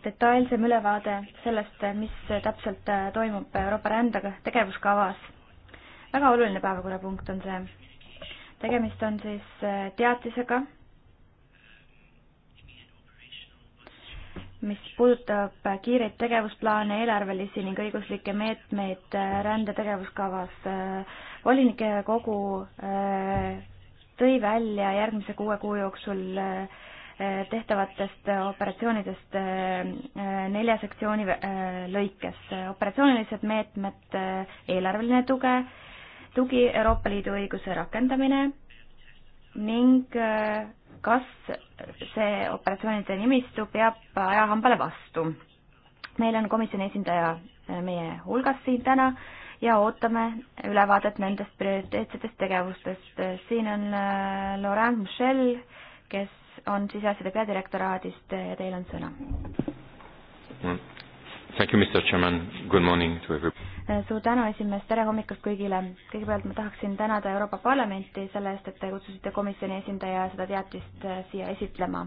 detailsem ülevaade sellest, mis täpselt toimub Euroopa rändega tegevuskavas. väga oluline päevakorrapunkt on see. tegemist on siis äh, teatisega, mis puudutab kiireid tegevusplaane, eelarvelisi ning õiguslikke meetmeid äh, rände tegevuskavas. Äh, volinike kogu tõi välja järgmise kuue kuu jooksul äh, tehtavatest operatsioonidest eh, nelja sektsiooni eh, lõikes. operatsioonilised meetmed, eh, eelarveline tuge, tugi Euroopa Liidu õiguse rakendamine ning kas see operatsioonide nimistu peab ajahambale vastu. meil on komisjoni esindaja meie hulgas siin täna ja ootame ülevaadet nendest prioriteetsetest tegevustest. siin on Laurent Michel, kes on siseasjade peadirektoraadist ja teil on sõna. Mm. Thank you, Mr Chairman, good morning to everybody. suur tänu, esimees, tere hommikust kõigile. kõigepealt ma tahaksin tänada Euroopa Parlamenti selle eest, et te kutsusite komisjoni esindaja seda teatist äh, siia esitlema.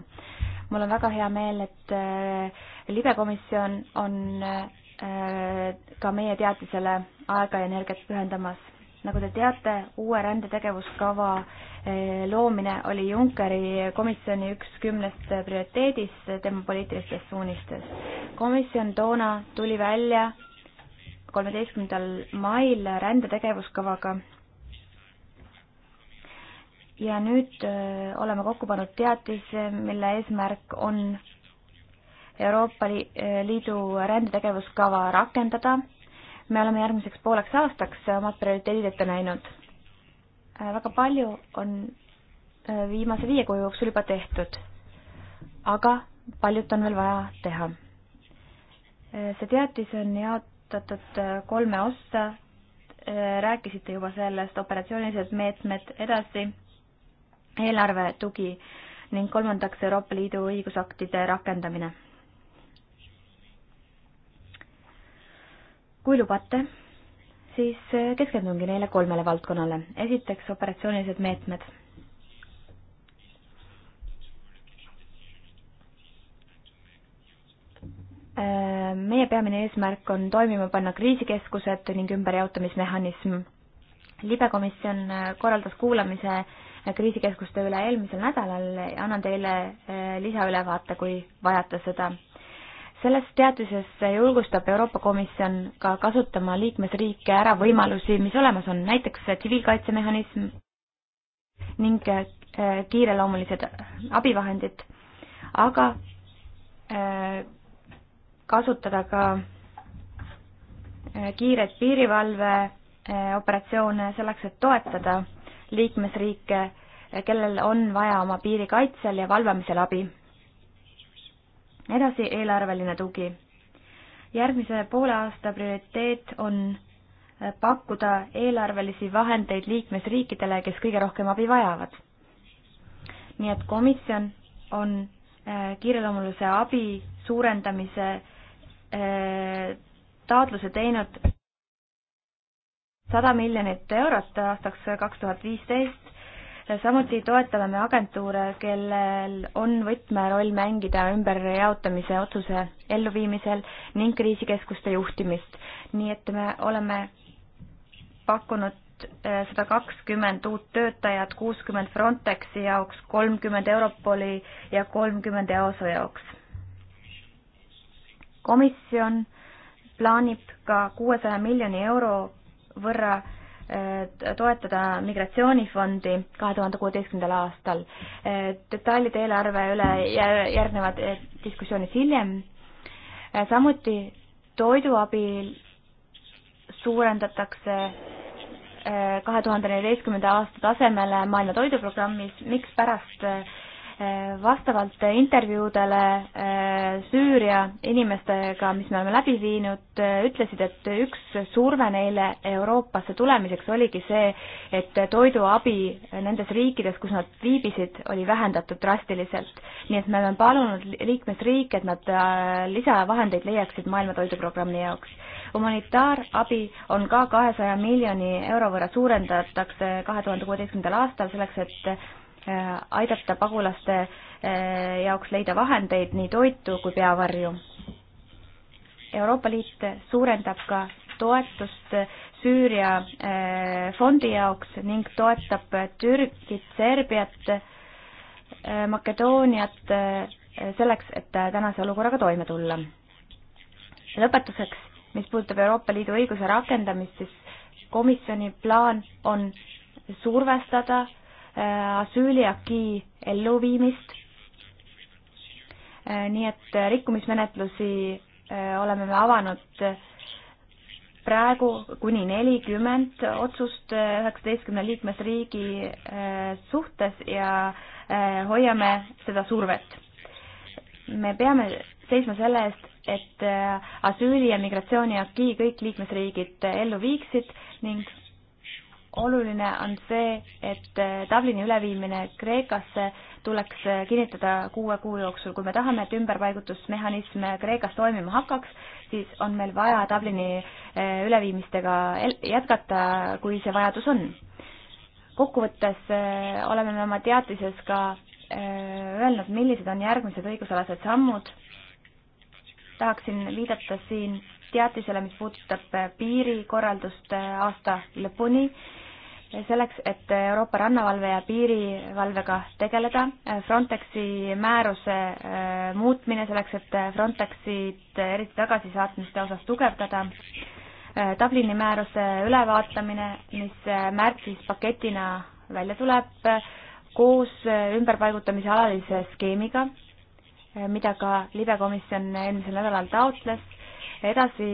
mul on väga hea meel, et äh, libekomisjon on äh, ka meie teatisele aega ja energiat pühendamas nagu te teate, uue rändetegevuskava eh, loomine oli Junckeri komisjoni üks kümnest prioriteedist tema poliitilistes suunistes. komisjon toona tuli välja kolmeteistkümnendal mail rändetegevuskavaga ja nüüd eh, oleme kokku pannud teatise, eh, mille eesmärk on Euroopa Liidu rändetegevuskava rakendada me oleme järgmiseks pooleks aastaks omad prioriteedid ette näinud. Äh, väga palju on äh, viimase viie kuu jooksul juba tehtud, aga paljut on veel vaja teha. Äh, see teatis on jaotatud kolme ossa, rääkisite juba sellest, operatsioonilised meetmed edasi, eelarve tugi ning kolmandaks Euroopa Liidu õigusaktide rakendamine kui lubate, siis keskendungi neile kolmele valdkonnale. esiteks operatsioonilised meetmed. Äh, meie peamine eesmärk on toimima panna kriisikeskused ning ümberjaotamismehhanism. libekomisjon äh, korraldas kuulamise äh, kriisikeskuste üle eelmisel nädalal, annan teile lisaülevaate, kui vajate seda selles teatises julgustab Euroopa Komisjon ka kasutama liikmesriike ära võimalusi, mis olemas on, näiteks tsiviilkaitsemehhanism ning äh, kiireloomulised abivahendid, aga äh, kasutada ka äh, kiiret piirivalveoperatsioone selleks, et toetada liikmesriike, kellel on vaja oma piiri kaitsel ja valvamisel abi edasi eelarveline tugi. järgmise poole aasta prioriteet on äh, pakkuda eelarvelisi vahendeid liikmesriikidele, kes kõige rohkem abi vajavad. nii et komisjon on äh, kiireloomulise abi suurendamise äh, taotluse teinud sada miljonit eurot aastaks kaks tuhat viisteist samuti toetame me agentuure, kellel on võtmeroll mängida ümberjaotamise otsuse elluviimisel ning kriisikeskuste juhtimist. nii et me oleme pakkunud äh, sada kakskümmend uut töötajat, kuuskümmend Frontexi jaoks, kolmkümmend Europoli ja kolmkümmend EASO jaoks. komisjon plaanib ka kuuesaja miljoni euro võrra Äh, toetada migratsioonifondi kahe tuhande kuueteistkümnendal aastal. Äh, detailid eelarve üle järgnevad äh, diskussioonis hiljem. samuti toiduabi suurendatakse kahe tuhande neljateistkümnenda aasta tasemele Maailma Toiduprogrammis, mikspärast Äh, vastavalt intervjuudele äh, Süüria inimestega, mis me oleme läbi viinud, äh, ütlesid, et üks surve neile Euroopasse tulemiseks oligi see, et toiduabi nendes riikides, kus nad viibisid, oli vähendatud drastiliselt. nii et me oleme palunud liikmesriike, et nad lisavahendeid leiaksid Maailma Toiduprogrammi jaoks humanitaarabi on ka kahesaja miljoni euro võrra suurendatakse kahe tuhande kuueteistkümnendal aastal selleks, et Äh, aidata pagulaste äh, jaoks leida vahendeid, nii toitu kui peavarju. Euroopa Liit suurendab ka toetust Süüria äh, fondi jaoks ning toetab Türgit, Serbiat, Makedooniat selleks, et tänase olukorraga toime tulla. lõpetuseks, mis puudutab Euroopa Liidu õiguse rakendamist, siis komisjoni plaan on survestada äh, Äh, asüüliaki elluviimist. Äh, nii et äh, rikkumismenetlusi oleme me avanud praegu kuni nelikümmend otsust üheksateistkümne liikmesriigi suhtes ja hoiame seda survet. me peame seisma selle eest, et asüüli ja migratsiooni akii kõik liikmesriigid ellu viiksid ning oluline on see, et äh, Dublini üleviimine Kreekasse tuleks äh, kinnitada kuue kuu jooksul. kui me tahame, et ümberpaigutusmehhanism äh, Kreekas toimima hakkaks, siis on meil vaja Dublini üleviimistega jätkata, kui see vajadus on. kokkuvõttes oleme me oma teatises ka öelnud, millised on järgmised õigusalased sammud. tahaksin viidata siin teatisele, mis puudutab piirikorraldust aasta lõpuni selleks, et Euroopa rannavalve ja piirivalvega tegeleda, Frontexi määruse äh, muutmine selleks, et Frontexit eriti tagasisaatmiste osas tugevdada, äh, Dublini määruse ülevaatamine, mis äh, märtsis paketina välja tuleb, koos ümberpaigutamise alalise skeemiga, mida ka libekomisjon eelmisel nädalal taotles, edasi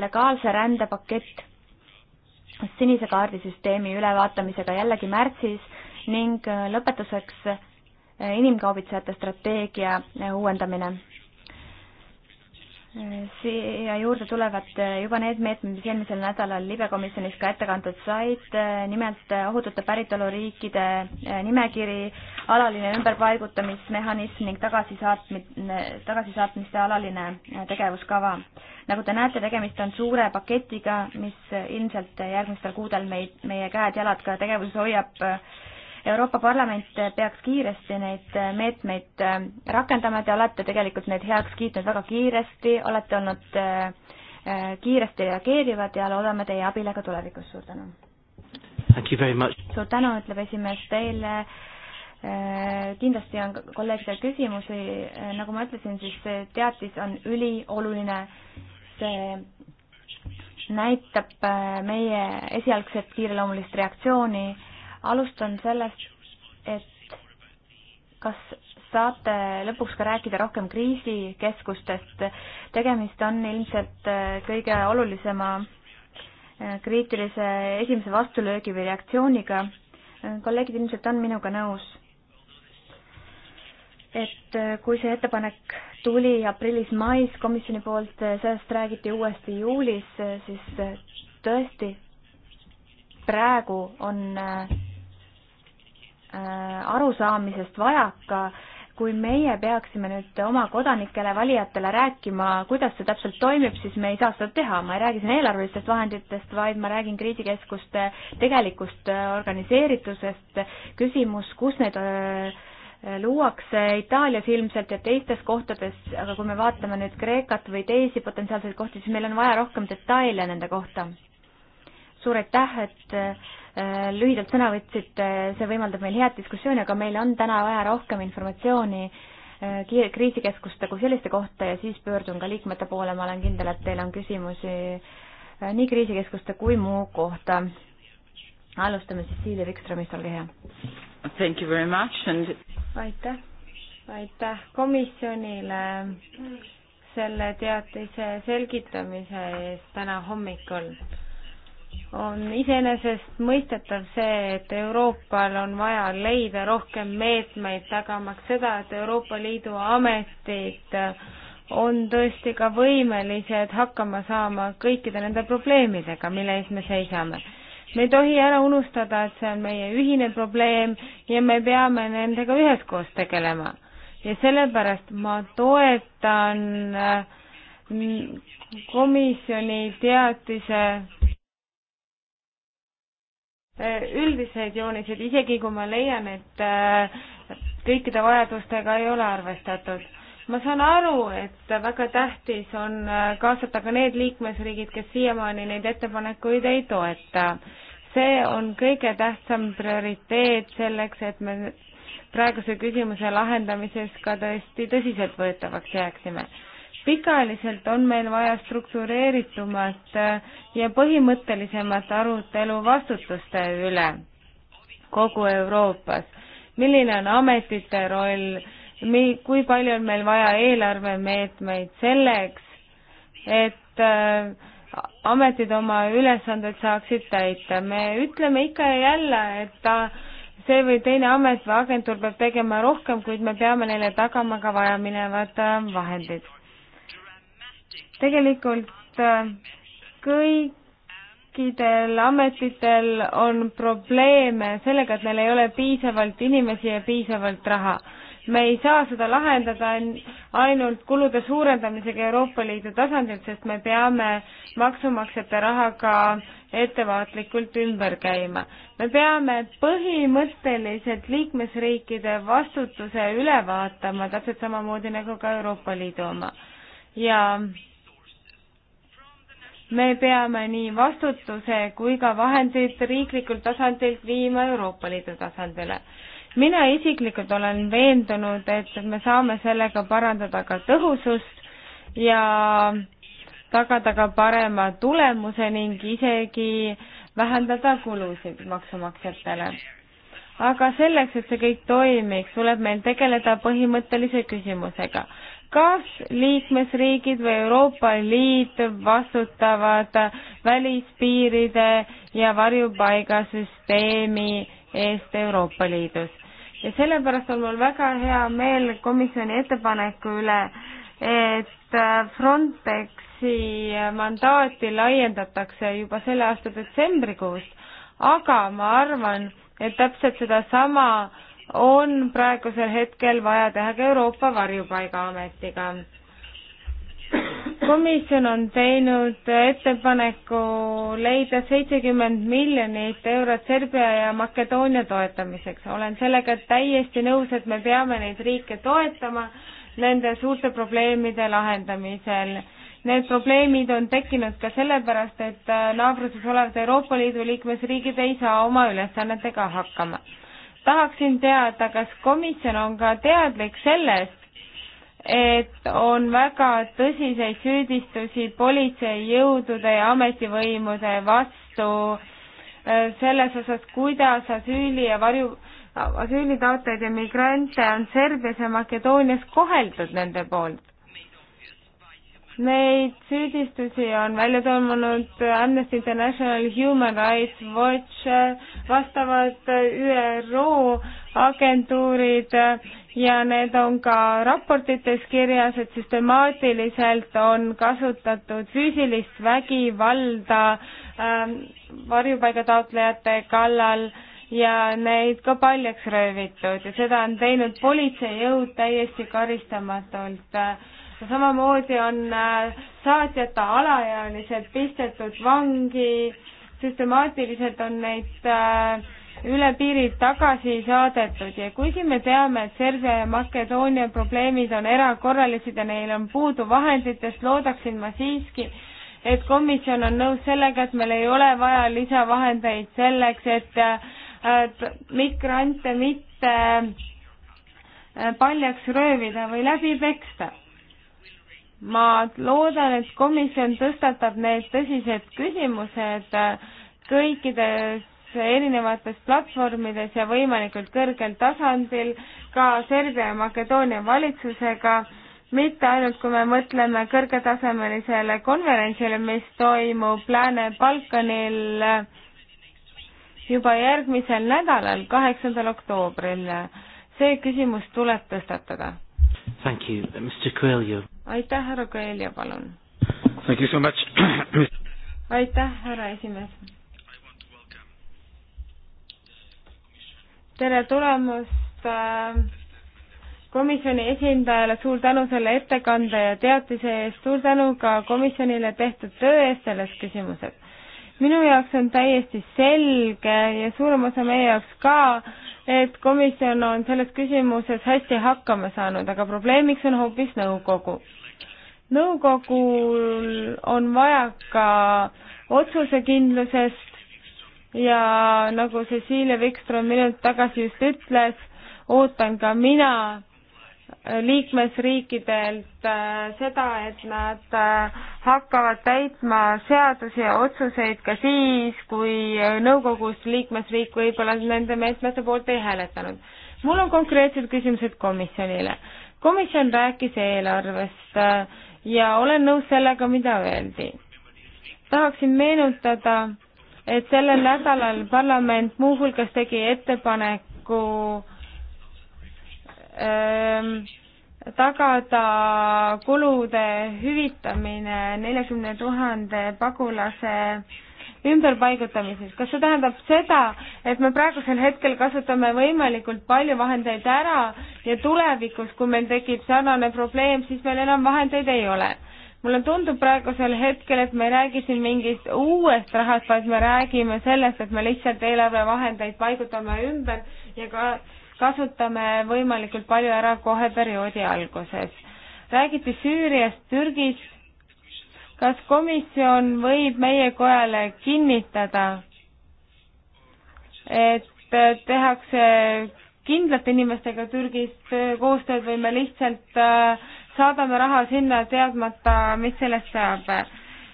legaalse rändepakett sinise kaardisüsteemi ülevaatamisega jällegi märtsis ning äh, lõpetuseks äh, inimkaubitsejate strateegia äh, uuendamine siia juurde tulevad eh, juba need meetmed, mis eelmisel nädalal libekomisjonis ka ette kantud said, eh, nimelt eh, ohutute päritoluriikide nimekiri, alaline ümberpaigutamismehhanism ning tagasisaatmine, tagasisaatmiste alaline tegevuskava. nagu te näete, tegemist on suure paketiga, mis ilmselt järgmistel kuudel meid, meie käed-jalad ka tegevuses hoiab Euroopa Parlament peaks kiiresti neid meetmeid äh, rakendama, te olete tegelikult need heaks kiitnud väga kiiresti, olete olnud äh, äh, kiiresti reageerivad ja loodame teie abile ka tulevikus, suur tänu! suur tänu, ütleb esimees teile kindlasti on kolleegidel küsimusi, nagu ma ütlesin, siis see teatis on ülioluline, see näitab meie esialgset kiireloomulist reaktsiooni alustan sellest, et kas saate lõpuks ka rääkida rohkem kriisikeskustest. tegemist on ilmselt äh, kõige olulisema äh, kriitilise esimese vastulöögi või reaktsiooniga. Äh, kolleegid ilmselt on minuga nõus, et kui see ettepanek tuli aprillis-mais komisjoni poolt, sellest räägiti uuesti juulis, siis tõesti praegu on Äh, arusaamisest vajaka, kui meie peaksime nüüd oma kodanikele, valijatele rääkima, kuidas see täpselt toimib, siis me ei saa seda teha, ma ei räägi siin eelarvelistest vahenditest, vaid ma räägin kriisikeskuste tegelikust äh, organiseeritusest, küsimus, kus need äh, luuakse Itaalias ilmselt ja teistes kohtades, aga kui me vaatame nüüd Kreekat või teisi potentsiaalseid kohti, siis meil on vaja rohkem detaile nende kohta. suur aitäh, et äh, Äh, lühidalt sõna võtsite, äh, see võimaldab meil head diskussiooni, aga meil on täna vaja rohkem informatsiooni äh, kriisikeskuste kui selliste kohta ja siis pöördun ka liikmete poole, ma olen kindel, et teil on küsimusi nii kriisikeskuste kui muu kohta. alustame siis Siili Vikströmist, olge hea. Thank you very much and aitäh, aitäh komisjonile selle teatise selgitamise eest täna hommikul on iseenesestmõistetav see, et Euroopal on vaja leida rohkem meetmeid, tagamaks seda, et Euroopa Liidu ametid on tõesti ka võimelised hakkama saama kõikide nende probleemidega, mille ees me seisame. me ei tohi ära unustada, et see on meie ühine probleem ja me peame nendega üheskoos tegelema. ja sellepärast ma toetan äh, komisjoni teatise Äh, üldised joonised, isegi kui ma leian, et äh, kõikide vajadustega ei ole arvestatud. ma saan aru, et väga tähtis on äh, kaasata ka need liikmesriigid, kes siiamaani neid ettepanekuid ei toeta. see on kõige tähtsam prioriteet selleks, et me praeguse küsimuse lahendamises ka tõesti tõsiseltvõetavaks jääksime pikaajaliselt on meil vaja struktureeritumat ja põhimõttelisemat arutelu vastutuste üle kogu Euroopas. milline on ametite roll, mi-, kui palju on meil vaja eelarvemeetmeid selleks, et äh, ametid oma ülesanded saaksid täita. me ütleme ikka ja jälle, et ta, see või teine amet või agentuur peab tegema rohkem, kuid me peame neile tagama ka vajaminevad äh, vahendid tegelikult äh, kõikidel ametitel on probleeme sellega, et neil ei ole piisavalt inimesi ja piisavalt raha. me ei saa seda lahendada ainult kulude suurendamisega Euroopa Liidu tasandil, sest me peame maksumaksjate rahaga ettevaatlikult ümber käima. me peame põhimõtteliselt liikmesriikide vastutuse üle vaatama, täpselt samamoodi nagu ka Euroopa Liidu oma. ja me peame nii vastutuse kui ka vahendid riiklikult tasandilt viima Euroopa Liidu tasandile. mina isiklikult olen veendunud, et me saame sellega parandada ka tõhusust ja tagada ka parema tulemuse ning isegi vähendada kulusid maksumaksjatele. aga selleks, et see kõik toimiks, tuleb meil tegeleda põhimõttelise küsimusega kas liikmesriigid või Euroopa Liit vastutavad välispiiride ja varjupaigasüsteemi eest Euroopa Liidus. ja sellepärast on mul väga hea meel komisjoni ettepaneku üle, et Frontexi mandaati laiendatakse juba selle aasta detsembrikuust, aga ma arvan, et täpselt sedasama on praegusel hetkel vaja teha ka Euroopa Varjupaigaametiga. komisjon on teinud ettepaneku leida seitsekümmend miljonit eurot Serbia ja Makedoonia toetamiseks. olen sellega täiesti nõus, et me peame neid riike toetama nende suurte probleemide lahendamisel need probleemid on tekkinud ka sellepärast, et naabruses olevad Euroopa Liidu liikmesriigid ei saa oma ülesannetega hakkama tahaksin teada, kas komisjon on ka teadlik sellest, et on väga tõsiseid süüdistusi politseijõudude ja ametivõimude vastu äh, selles osas, kuidas asüüli ja varju, asüülitaotlejaid ja migrante on Serbias ja Makedoonias koheldud nende poolt Neid süüdistusi on välja toonud Amnesty International, Human Rights Watch, vastavad ÜRO agentuurid ja need on ka raportites kirjas, et süstemaatiliselt on kasutatud füüsilist vägivalda ähm, varjupaigataotlejate kallal ja neid ka paljaks röövitud ja seda on teinud politseijõud täiesti karistamatult äh, samamoodi on äh, saatjata alaealised pistetud vangi, süstemaatiliselt on neid äh, üle piiri tagasi saadetud ja kuigi me teame, et Serbia ja Makedoonia probleemid on erakorralised ja neil on puudu vahenditest, loodaksin ma siiski, et komisjon on nõus sellega, et meil ei ole vaja lisavahendeid selleks, et, et äh, migrante mitte paljaks röövida või läbi peksta ma loodan, et komisjon tõstatab need tõsised küsimused äh, kõikides erinevates platvormides ja võimalikult kõrgel tasandil ka Serbia ja Makedoonia valitsusega, mitte ainult, kui me mõtleme kõrgetasemelisele konverentsile, mis toimub Lääne-Balkanil äh, juba järgmisel nädalal, kaheksandal oktoobril. see küsimus tuleb tõstatada. Thank you, Mr Coelho aitäh, härra Koelja, palun. aitäh, härra esimees. tere tulemast äh, komisjoni esindajale, suur tänu selle ettekande ja teatise eest, suur tänu ka komisjonile tehtud töö eest selles küsimuses. minu jaoks on täiesti selge ja suurem osa meie jaoks ka, et komisjon on selles küsimuses hästi hakkama saanud, aga probleemiks on hoopis nõukogu nõukogul on vaja ka otsusekindlusest ja nagu Cecilia Wikström minut tagasi just ütles, ootan ka mina liikmesriikidelt äh, seda, et nad äh, hakkavad täitma seadusi ja otsuseid ka siis, kui äh, nõukogus liikmesriik võib-olla nende meetmete poolt ei hääletanud. mul on konkreetsed küsimused komisjonile. komisjon rääkis eelarvest ja olen nõus sellega, mida öeldi. tahaksin meenutada, et sellel nädalal parlament muuhulgas tegi ettepaneku ähm, tagada kulude hüvitamine neljakümne tuhande pagulase äh, ümberpaigutamisest. kas see tähendab seda, et me praegusel hetkel kasutame võimalikult palju vahendeid ära ja tulevikus, kui meil tekib sarnane probleem, siis meil enam vahendeid ei ole? mulle tundub praegusel hetkel, et me ei räägi siin mingist uuest rahast, vaid me räägime sellest, et me lihtsalt eelarvevahendeid paigutame ümber ja ka kasutame võimalikult palju ära kohe perioodi alguses. räägiti Süüriast, Türgist, kas komisjon võib meie kojale kinnitada, et tehakse kindlate inimestega Türgist koostööd või me lihtsalt äh, saadame raha sinna, teadmata, mis sellest saab.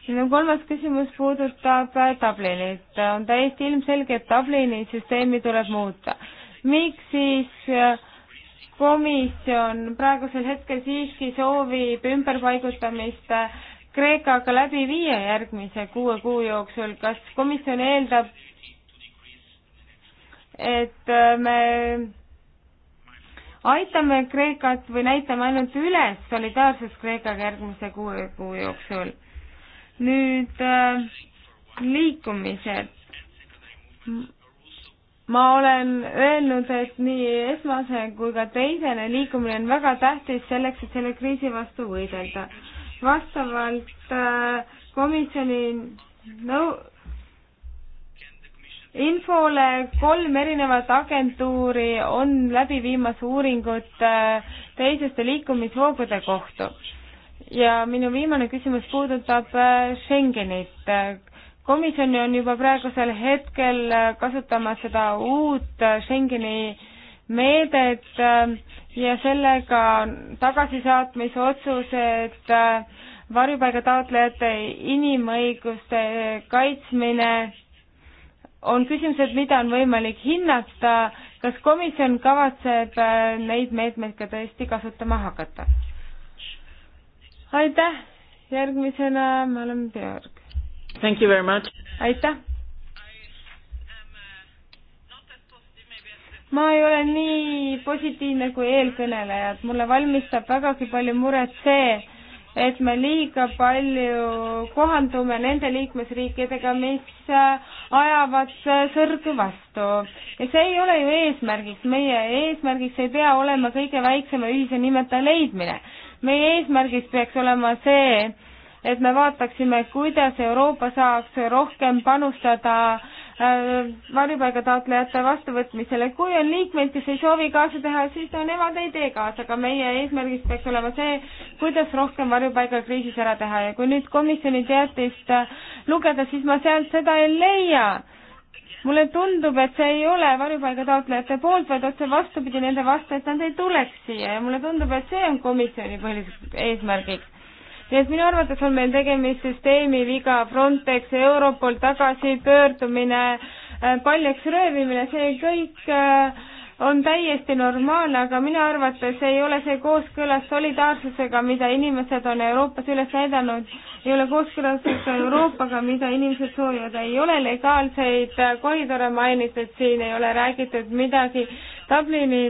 minu kolmas küsimus puudutab äh, Dublinit. on täiesti ilmselge, et Dublini süsteemi tuleb muuta. miks siis äh, komisjon praegusel hetkel siiski soovib ümberpaigutamist Kreekaga läbi viia järgmise kuue kuu jooksul, kas komisjon eeldab, et äh, me aitame Kreekat või näitame ainult üles solidaarsust Kreekaga järgmise kuue kuu jooksul? nüüd äh, liikumised. ma olen öelnud, et nii esmase kui ka teisene liikumine on väga tähtis selleks, et selle kriisi vastu võidelda vastavalt äh, komisjoni nõu-, infole kolm erinevat agentuuri on läbi viimas uuringut äh, teiseste liikumisvoogude kohta. ja minu viimane küsimus puudutab äh, Schengenit. komisjon on juba praegusel hetkel kasutamas seda uut Schengeni meedet ja sellega tagasisaatmisotsused, äh, varjupaigataotlejate inimõiguste kaitsmine, on küsimused, mida on võimalik hinnata, kas komisjon kavatseb äh, neid meetmeid ka tõesti kasutama hakata? aitäh, järgmisena me oleme Björk. aitäh! ma ei ole nii positiivne kui eelkõnelejad, mulle valmistab vägagi palju muret see, et me liiga palju kohandume nende liikmesriikidega, mis äh, ajavad äh, sõrgu vastu. ja see ei ole ju eesmärgiks, meie eesmärgiks ei pea olema kõige väiksema ühise nimetaja leidmine. meie eesmärgiks peaks olema see, et me vaataksime, kuidas Euroopa saaks rohkem panustada äh, Äh, varjupaigataotlejate vastuvõtmisele. kui on liikmeid, kes ei soovi kaasa teha, siis no nemad ei tee kaasa, aga meie eesmärgiks peaks olema see, kuidas rohkem varjupaigakriisis ära teha ja kui nüüd komisjoni teatist äh, lugeda, siis ma sealt seda ei leia mulle tundub, et see ei ole varjupaigataotlejate poolt, vaid otse vastupidi nende vastu, et nad ei tuleks siia ja mulle tundub, et see on komisjoni põhiliseks eesmärgiks nii et minu arvates on meil tegemist süsteemi viga, Frontex, Europol tagasipöördumine, äh, paljaks röövimine, see kõik äh, on täiesti normaalne, aga minu arvates ei ole see kooskõlas solidaarsusega, mida inimesed on Euroopas üles näidanud, ei ole kooskõlas Euroopaga, mida inimesed soovivad, ei ole legaalseid äh, koridore mainitud siin, ei ole räägitud midagi Dublini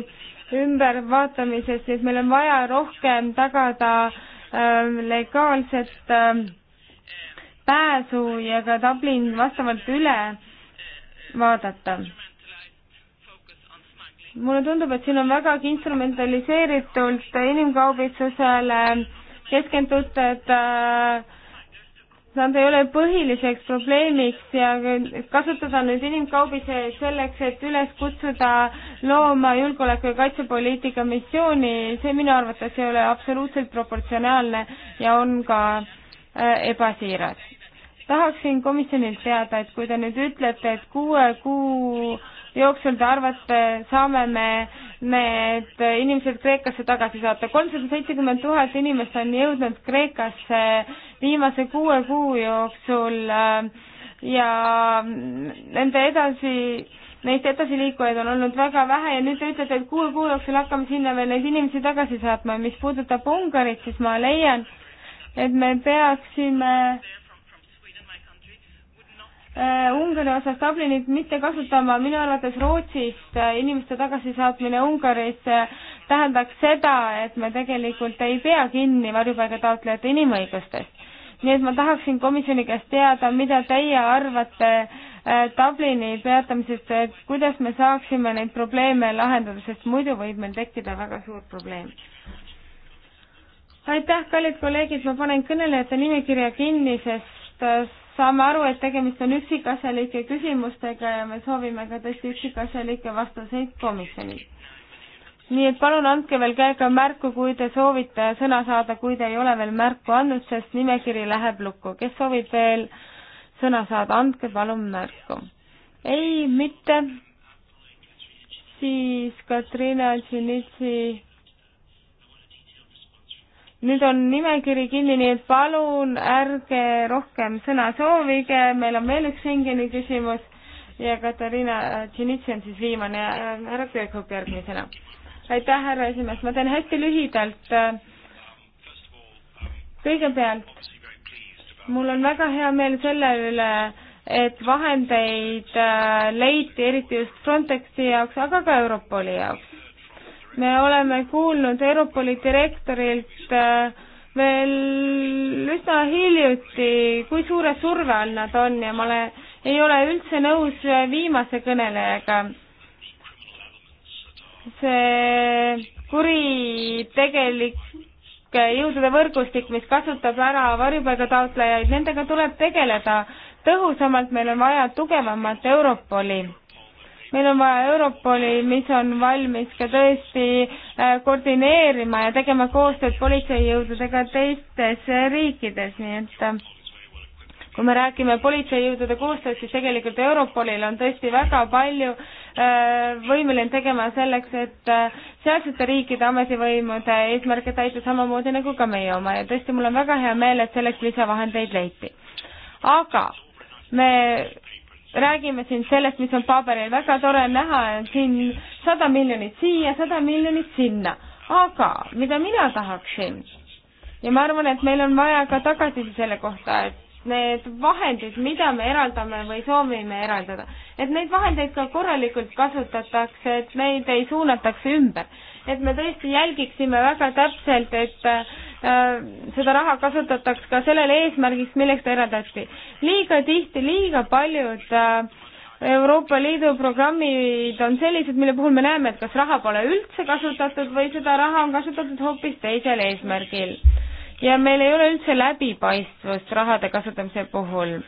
ümbervaatamisest, nii et meil on vaja rohkem tagada äh, Ähm, legaalset ähm, pääsu ja ka Dublin vastavalt üle vaadata. mulle tundub, et siin on vägagi instrumentaliseeritult inimkaubitsusele keskendutud äh, nad ei ole põhiliseks probleemiks ja kasutada nüüd inimkaubise selleks, et üles kutsuda looma julgeoleku ja kaitsepoliitika missiooni, see minu arvates ei ole absoluutselt proportsionaalne ja on ka äh, ebasiiras. tahaksin komisjonilt teada, et kui te nüüd ütlete, et kuue kuu jooksul te arvate, saame me need inimesed Kreekasse tagasi saata. kolmsada seitsekümmend tuhat inimest on jõudnud Kreekasse viimase kuue kuu jooksul äh, ja nende edasi, neist edasiliikujaid on olnud väga vähe ja nüüd te ütlete, et kuue kuu jooksul hakkame sinna veel neid inimesi tagasi saatma. mis puudutab Ungarit, siis ma leian, et me peaksime äh, Äh, Ungari osas Dublinit mitte kasutama, minu arvates Rootsist äh, inimeste tagasisaatmine Ungarisse tähendaks seda, et me tegelikult ei pea kinni varjupaigataotlejate inimõigustest. nii et ma tahaksin komisjoni käest teada, mida teie arvate äh, Dublini peatamisest, et kuidas me saaksime neid probleeme lahendada, sest muidu võib meil tekkida väga suur probleem aitäh, kallid kolleegid, ma panen kõnelejate nimekirja kinni, sest saame aru, et tegemist on üksikasjalike küsimustega ja me soovime ka tõesti üksikasjalikke vastuseid komisjonilt. nii et palun andke veel käega märku, kui te soovite sõna saada, kui te ei ole veel märku andnud, sest nimekiri läheb lukku. kes soovib veel sõna saada, andke palun märku. ei, mitte. siis Katrina Tšinitsi nüüd on nimekiri kinni, nii et palun ärge rohkem sõna soovige, meil on veel üks Schengeni küsimus ja Katariina äh, Tšinitši on siis viimane ja härra Kõõghoop järgmisena. aitäh, härra esimees, ma teen hästi lühidalt. kõigepealt, mul on väga hea meel selle üle, et vahendeid äh, leiti eriti just Frontexi jaoks, aga ka Europoli jaoks me oleme kuulnud Europoli direktorilt äh, veel üsna hiljuti, kui suure surve all nad on ja ma ole, ei ole üldse nõus äh, viimase kõnelejaga. see kuritegelik äh, jõudude võrgustik, mis kasutab ära varjupaigataotlejaid, nendega tuleb tegeleda tõhusamalt, meil on vaja tugevamat Europoli meil on vaja Europoli, mis on valmis ka tõesti äh, koordineerima ja tegema koostööd politseijõududega teistes riikides, nii et äh, kui me räägime politseijõudude koostööst, siis tegelikult Europolil on tõesti väga palju äh, võimeline tegema selleks, et sealsete riikide ametivõimude eesmärke täita samamoodi nagu ka meie oma ja tõesti, mul on väga hea meel, et selleks lisavahendeid leiti. aga me räägime siin sellest, mis on paberil, väga tore näha, siin sada miljonit siia, sada miljonit sinna, aga mida mina tahaksin ja ma arvan, et meil on vaja ka tagasiside selle kohta, et need vahendid, mida me eraldame või soovime eraldada, et neid vahendeid ka korralikult kasutatakse, et neid ei suunataks ümber et me tõesti jälgiksime väga täpselt, et äh, seda raha kasutataks ka sellel eesmärgiks, milleks ta eraldati. liiga tihti, liiga paljud äh, Euroopa Liidu programmid on sellised, mille puhul me näeme, et kas raha pole üldse kasutatud või seda raha on kasutatud hoopis teisel eesmärgil. ja meil ei ole üldse läbipaistvust rahade kasutamise puhul.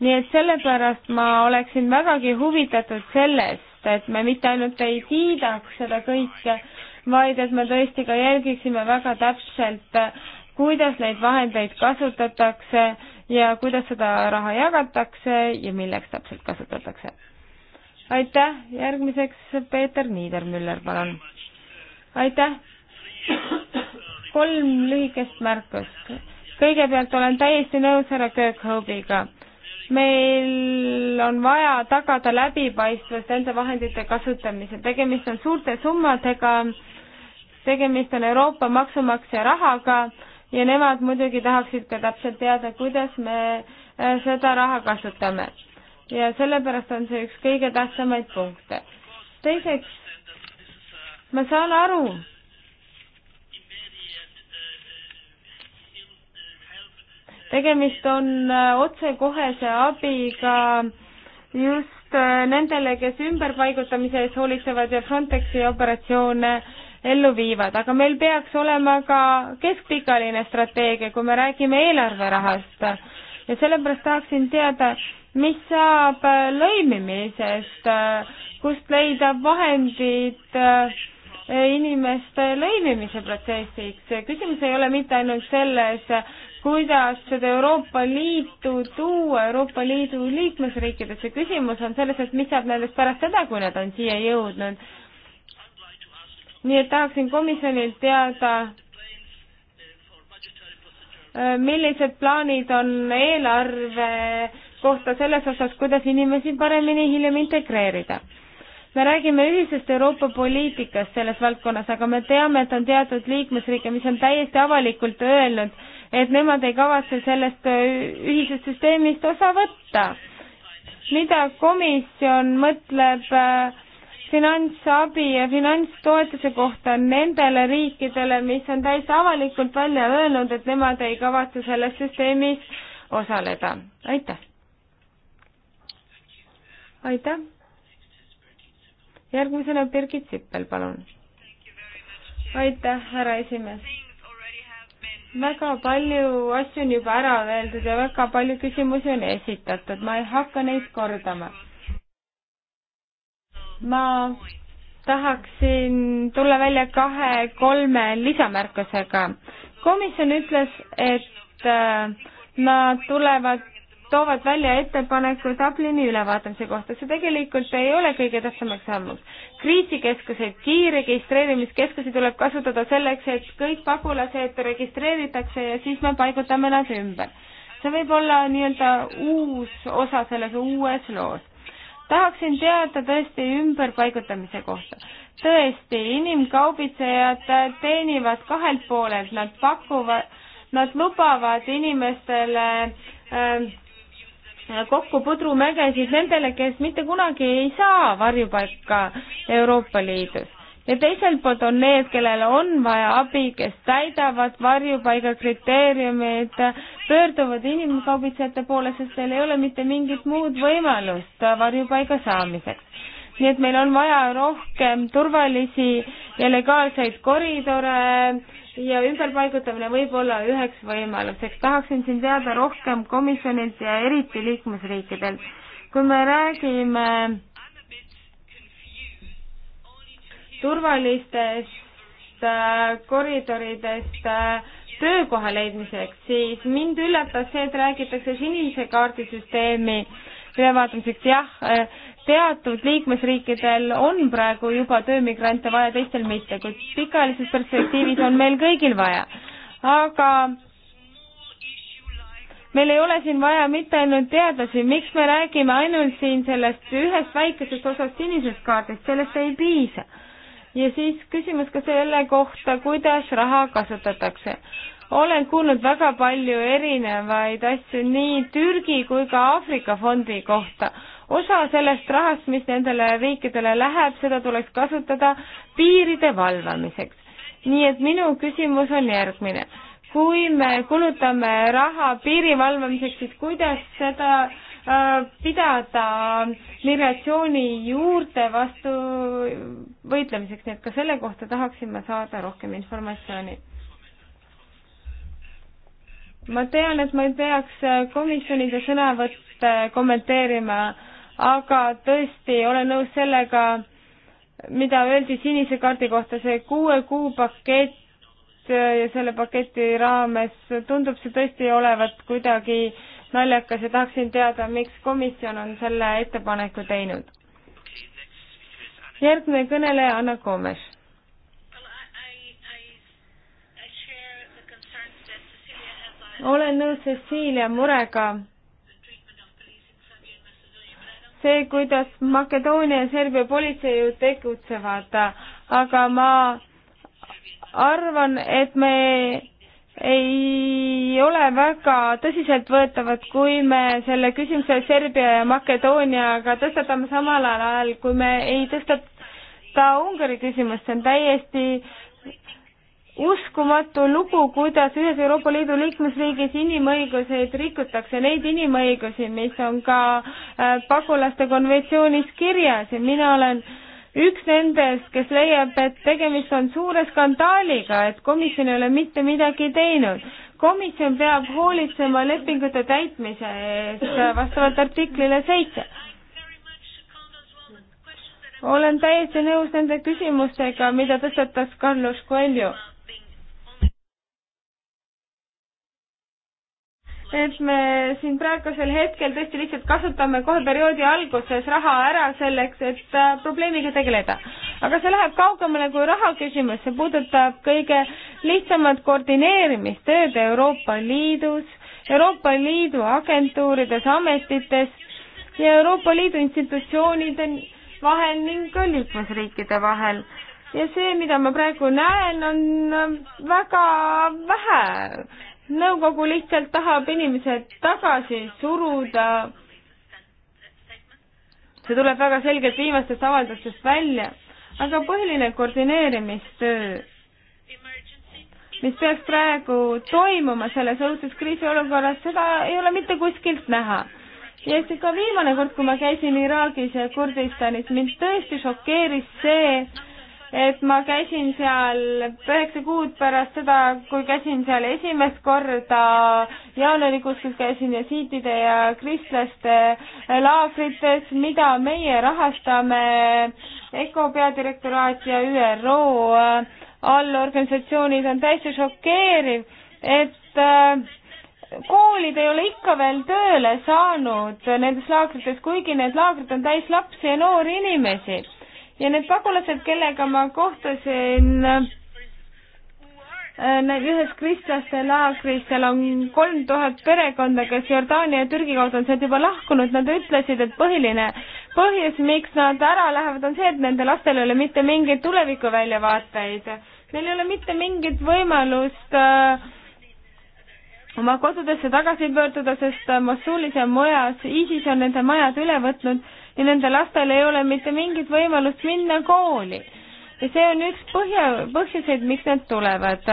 nii et sellepärast ma oleksin vägagi huvitatud sellest, et me mitte ainult ei kiidaks seda kõike, vaid et me tõesti ka jälgiksime väga täpselt, kuidas neid vahendeid kasutatakse ja kuidas seda raha jagatakse ja milleks täpselt kasutatakse. aitäh, järgmiseks Peeter Niidermüller, palun. aitäh. kolm lühikest märkust kõigepealt olen täiesti nõus härra Kirkhobiga meil on vaja tagada läbipaistvust nende vahendite kasutamisel, tegemist on suurte summadega, tegemist on Euroopa maksumaksja rahaga ja nemad muidugi tahaksid ka täpselt teada, kuidas me äh, seda raha kasutame. ja sellepärast on see üks kõige tähtsamaid punkte. teiseks, ma saan aru, tegemist on äh, otsekohese abiga just äh, nendele, kes ümberpaigutamise ees hoolitsevad ja Frontexi operatsioone ellu viivad, aga meil peaks olema ka keskpikaline strateegia, kui me räägime eelarverahast. ja sellepärast tahaksin teada, mis saab äh, lõimimisest, kust leida vahendid inimeste lõimimise protsessiks. küsimus ei ole mitte ainult selles, kuidas seda Euroopa Liitu tuua Euroopa Liidu liikmesriikidesse. küsimus on selles, et mis saab nendest pärast seda, kui nad on siia jõudnud. nii et tahaksin komisjonilt teada, äh, millised plaanid on eelarve kohta selles osas, kuidas inimesi paremini hiljem integreerida me räägime ühisest Euroopa poliitikast selles valdkonnas, aga me teame, et on teatud liikmesriike, mis on täiesti avalikult öelnud, et nemad ei kavatse sellest äh, ühisest süsteemist osa võtta. mida komisjon mõtleb äh, finantsabi ja finantstoetuse kohta nendele riikidele, mis on täiesti avalikult välja öelnud, et nemad ei kavatse selles süsteemis osaleda. aitäh! aitäh! järgmisena Birgit Sippel, palun! aitäh, härra esimees! väga palju asju on juba ära öeldud ja väga palju küsimusi on esitatud, ma ei hakka neid kordama. ma tahaksin tulla välja kahe-kolme lisamärkusega. komisjon ütles, et äh, nad tulevad toovad välja ettepaneku Dublini ülevaatamise kohta. see tegelikult ei ole kõige tähtsamaks sammuks. kriisikeskuseid, kiirregistreerimiskeskusi tuleb kasutada selleks, et kõik pagulased registreeritakse ja siis me paigutame nad ümber. see võib olla nii-öelda uus osa selles uues loos. tahaksin teada tõesti ümberpaigutamise kohta tõesti, inimkaubitsejad teenivad kahelt poolelt, nad pakuvad, nad lubavad inimestele äh, kokku pudrumägesid nendele, kes mitte kunagi ei saa varjupaika Euroopa Liidus. ja teiselt poolt on need, kellel on vaja abi, kes täidavad varjupaiga kriteeriumid, pöörduvad inimkaubitsejate poole, sest neil ei ole mitte mingit muud võimalust varjupaiga saamiseks nii et meil on vaja rohkem turvalisi ja legaalseid koridore ja ümberpaigutamine võib olla üheks võimaluseks. tahaksin siin teada rohkem komisjonilt ja eriti liikmesriikidelt. kui me räägime turvalistest äh, koridoridest äh, töökoha leidmiseks, siis mind üllatas see, et räägitakse sinise kaardisüsteemi ülevaatamiseks, jah, äh, teatud liikmesriikidel on praegu juba töömigrante vaja, teistel mitte, kuid pikaajalises perspektiivis on meil kõigil vaja. aga meil ei ole siin vaja mitte ainult teadlasi, miks me räägime ainult siin sellest ühest väikesest osast sinisest kaardist, sellest ei piisa. ja siis küsimus ka selle kohta, kuidas raha kasutatakse olen kuulnud väga palju erinevaid asju nii Türgi kui ka Aafrika fondi kohta osa sellest rahast, mis nendele riikidele läheb, seda tuleks kasutada piiride valvamiseks. nii et minu küsimus on järgmine. kui me kulutame raha piiri valvamiseks, siis kuidas seda äh, pidada migratsiooni juurte vastu võitlemiseks, nii et ka selle kohta tahaksin ma saada rohkem informatsiooni. ma tean, et ma ei peaks komisjonide sõnavõtte kommenteerima, aga tõesti olen nõus sellega, mida öeldi sinise kaardi kohta, see kuue kuu pakett äh, ja selle paketi raames tundub see tõesti olevat kuidagi naljakas ja tahaksin teada, miks komisjon on selle ettepaneku teinud. järgmine kõneleja, Anna Koomes. olen nõus Cecilia murega see, kuidas Makedoonia ja Serbia politseijõud tegutsevad, aga ma arvan, et me ei ole väga tõsiseltvõetavad, kui me selle küsimuse Serbia ja Makedooniaga tõstatame samal ajal, kui me ei tõstata Ungari küsimust, see on täiesti äh, uskumatu lugu, kuidas ühes Euroopa Liidu liikmesriigis inimõiguseid rikutakse, neid inimõigusi, mis on ka äh, pagulaste konventsioonis kirjas ja mina olen üks nendest, kes leiab, et tegemist on suure skandaaliga, et komisjon ei ole mitte midagi teinud. komisjon peab hoolitsema lepingute täitmise eest äh, vastavalt artiklile seitse olen täiesti nõus nende küsimustega, mida tõstatas Carlos Coelho. et me siin praegusel hetkel tõesti lihtsalt kasutame kohe perioodi alguses raha ära selleks, et äh, probleemiga tegeleda. aga see läheb kaugemale kui raha küsimus, see puudutab kõige lihtsamat koordineerimistööd Euroopa Liidus, Euroopa Liidu agentuurides, ametites ja Euroopa Liidu institutsioonide vahel ning ka liikmesriikide vahel. ja see, mida ma praegu näen, on äh, väga vähe nõukogu lihtsalt tahab inimesed tagasi suruda. see tuleb väga selgelt viimastest avaldustest välja, aga põhiline koordineerimistöö, mis peaks praegu toimuma selles õudses kriisiolukorras, seda ei ole mitte kuskilt näha. ja siis ka viimane kord, kui ma käisin Iraagis ja Kurdistanis, mind tõesti šokeeris see, et ma käisin seal üheksa kuud pärast seda, kui käisin seal esimest korda jaanuarikuskil käisin jesiitide ja kristlaste laagrites, mida meie rahastame, EKO peadirektoraat ja ÜRO allorganisatsioonid on täiesti šokeeriv, et äh, koolid ei ole ikka veel tööle saanud nendes laagrites, kuigi need laagrid on täis lapsi ja noori inimesi ja need pagulased, kellega ma kohtusin äh, ühes kristlaste laagris, seal on kolm tuhat perekonda, kes Jordaania ja Türgi kaudu on sealt juba lahkunud, nad ütlesid, et põhiline põhjus, miks nad ära lähevad, on see, et nende lastel ei ole mitte mingeid tulevikuväljavaateid. Neil ei ole mitte mingit võimalust äh, oma kodudesse tagasi pöörduda, sest Mosulis ja mujas ISIS on nende majad üle võtnud ja nende lastel ei ole mitte mingit võimalust minna kooli. ja see on üks põhja, põhjuseid, miks nad tulevad.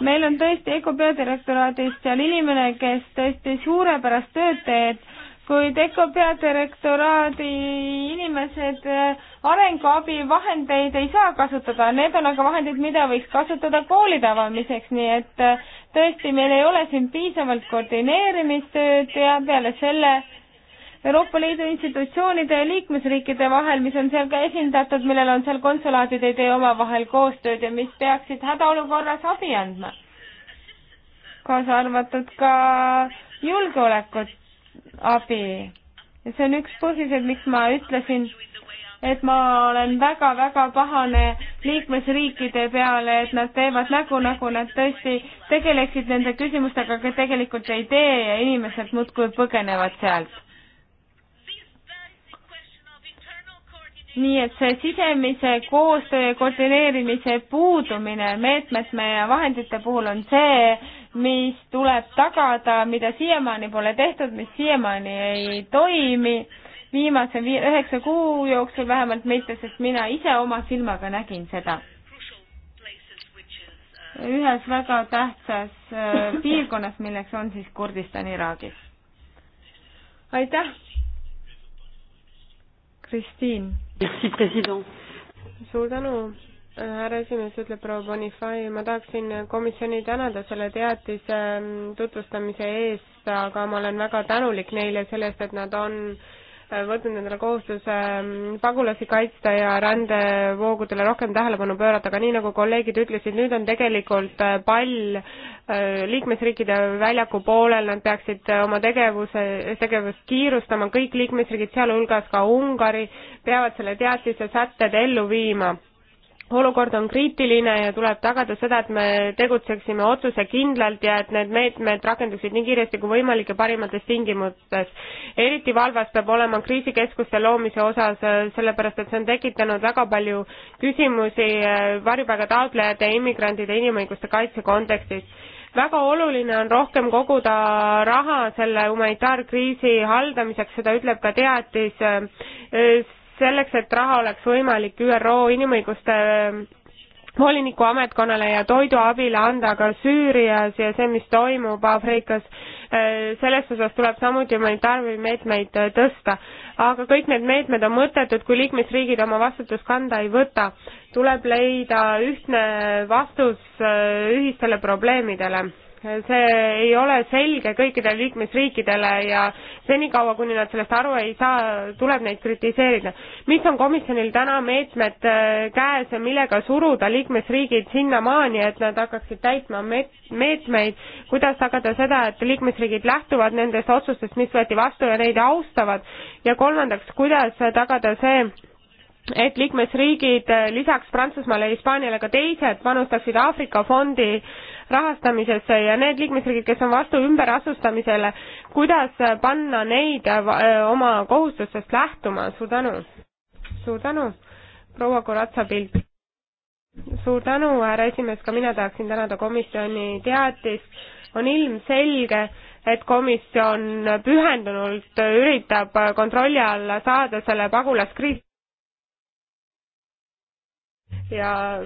meil on tõesti EKO peadirektoraadis seal inimene, kes tõesti suurepärast tööd teeb, kuid EKO peadirektoraadi inimesed äh, arenguabi vahendeid ei saa kasutada, need on aga vahendid, mida võiks kasutada koolide avamiseks, nii et äh, tõesti, meil ei ole siin piisavalt koordineerimistööd ja peale selle Euroopa Liidu institutsioonide ja liikmesriikide vahel, mis on seal ka esindatud, millel on seal konsulaadid, ei tee omavahel koostööd ja mis peaksid hädaolukorras abi andma. kaasa arvatud ka julgeolekut abi. ja see on üks põhjuseid, miks ma ütlesin, et ma olen väga-väga pahane liikmesriikide peale, et nad teevad nägu, nagu nad tõesti tegeleksid nende küsimustega, aga tegelikult ei tee ja inimesed muudkui põgenevad sealt nii et see sisemise koostöö koordineerimise puudumine meetmete ja vahendite puhul on see, mis tuleb tagada, mida siiamaani pole tehtud, mis siiamaani ei toimi, viimase vii-, üheksa kuu jooksul vähemalt mitte, sest mina ise oma silmaga nägin seda. ühes väga tähtsas äh, piirkonnas, milleks on siis Kurdistan Iraagis. aitäh! Kristiin suur tänu, härra esimees, ütleb proua Bonifay, ma tahaksin komisjoni tänada selle teatise ähm, tutvustamise eest, aga ma olen väga tänulik neile selle eest, et nad on äh, võtnud endale kohustuse ähm, pagulasi kaitsta ja rändevoogudele rohkem tähelepanu pöörata, aga nii nagu kolleegid ütlesid, nüüd on tegelikult äh, pall äh, liikmesriikide väljaku poolel, nad peaksid äh, oma tegevuse, tegevust kiirustama, kõik liikmesriigid, sealhulgas ka Ungari, peavad selle teatise sätted ellu viima olukord on kriitiline ja tuleb tagada seda, et me tegutseksime otsusekindlalt ja et need meetmed rakenduksid nii kiiresti kui võimalik ja parimates tingimustes. eriti valvas peab olema kriisikeskuste loomise osas, äh, sellepärast et see on tekitanud väga palju küsimusi äh, varjupaiga taotlejate, immigrantide, inimõiguste kaitse kontekstis väga oluline on rohkem koguda raha selle humanitaarkriisi haldamiseks, seda ütleb ka teatis äh, selleks, et raha oleks võimalik ÜRO inimõiguste ähm, voliniku ametkonnale ja toiduabile anda ka Süürias ja see, mis toimub Aafrikas, äh, selles osas tuleb samuti humanitaarmeetmeid äh, tõsta. aga kõik need meetmed on mõttetud, kui liikmesriigid oma vastutust kanda ei võta. tuleb leida ühtne vastus äh, ühistele probleemidele see ei ole selge kõikidele liikmesriikidele ja senikaua, kuni nad sellest aru ei saa, tuleb neid kritiseerida. mis on komisjonil täna meetmed äh, käes ja millega suruda liikmesriigid sinnamaani, et nad hakkaksid täitma meetmeid, kuidas tagada seda, et liikmesriigid lähtuvad nendest otsustest, mis võeti vastu ja neid austavad ja kolmandaks, kuidas tagada see, et liikmesriigid äh, lisaks Prantsusmaale ja Hispaaniale ka teised panustaksid Aafrika fondi äh, rahastamisesse ja need liikmesriigid, kes on vastu ümberasustamisele, kuidas panna neid äh, oma kohustustest lähtuma, suur tänu. suur tänu, proua Koratsa pilt. suur tänu, härra esimees, ka mina tahaksin tänada komisjoni teatist, on ilmselge, et komisjon pühendunult üritab kontrolli alla saada selle pagulaskriisi ja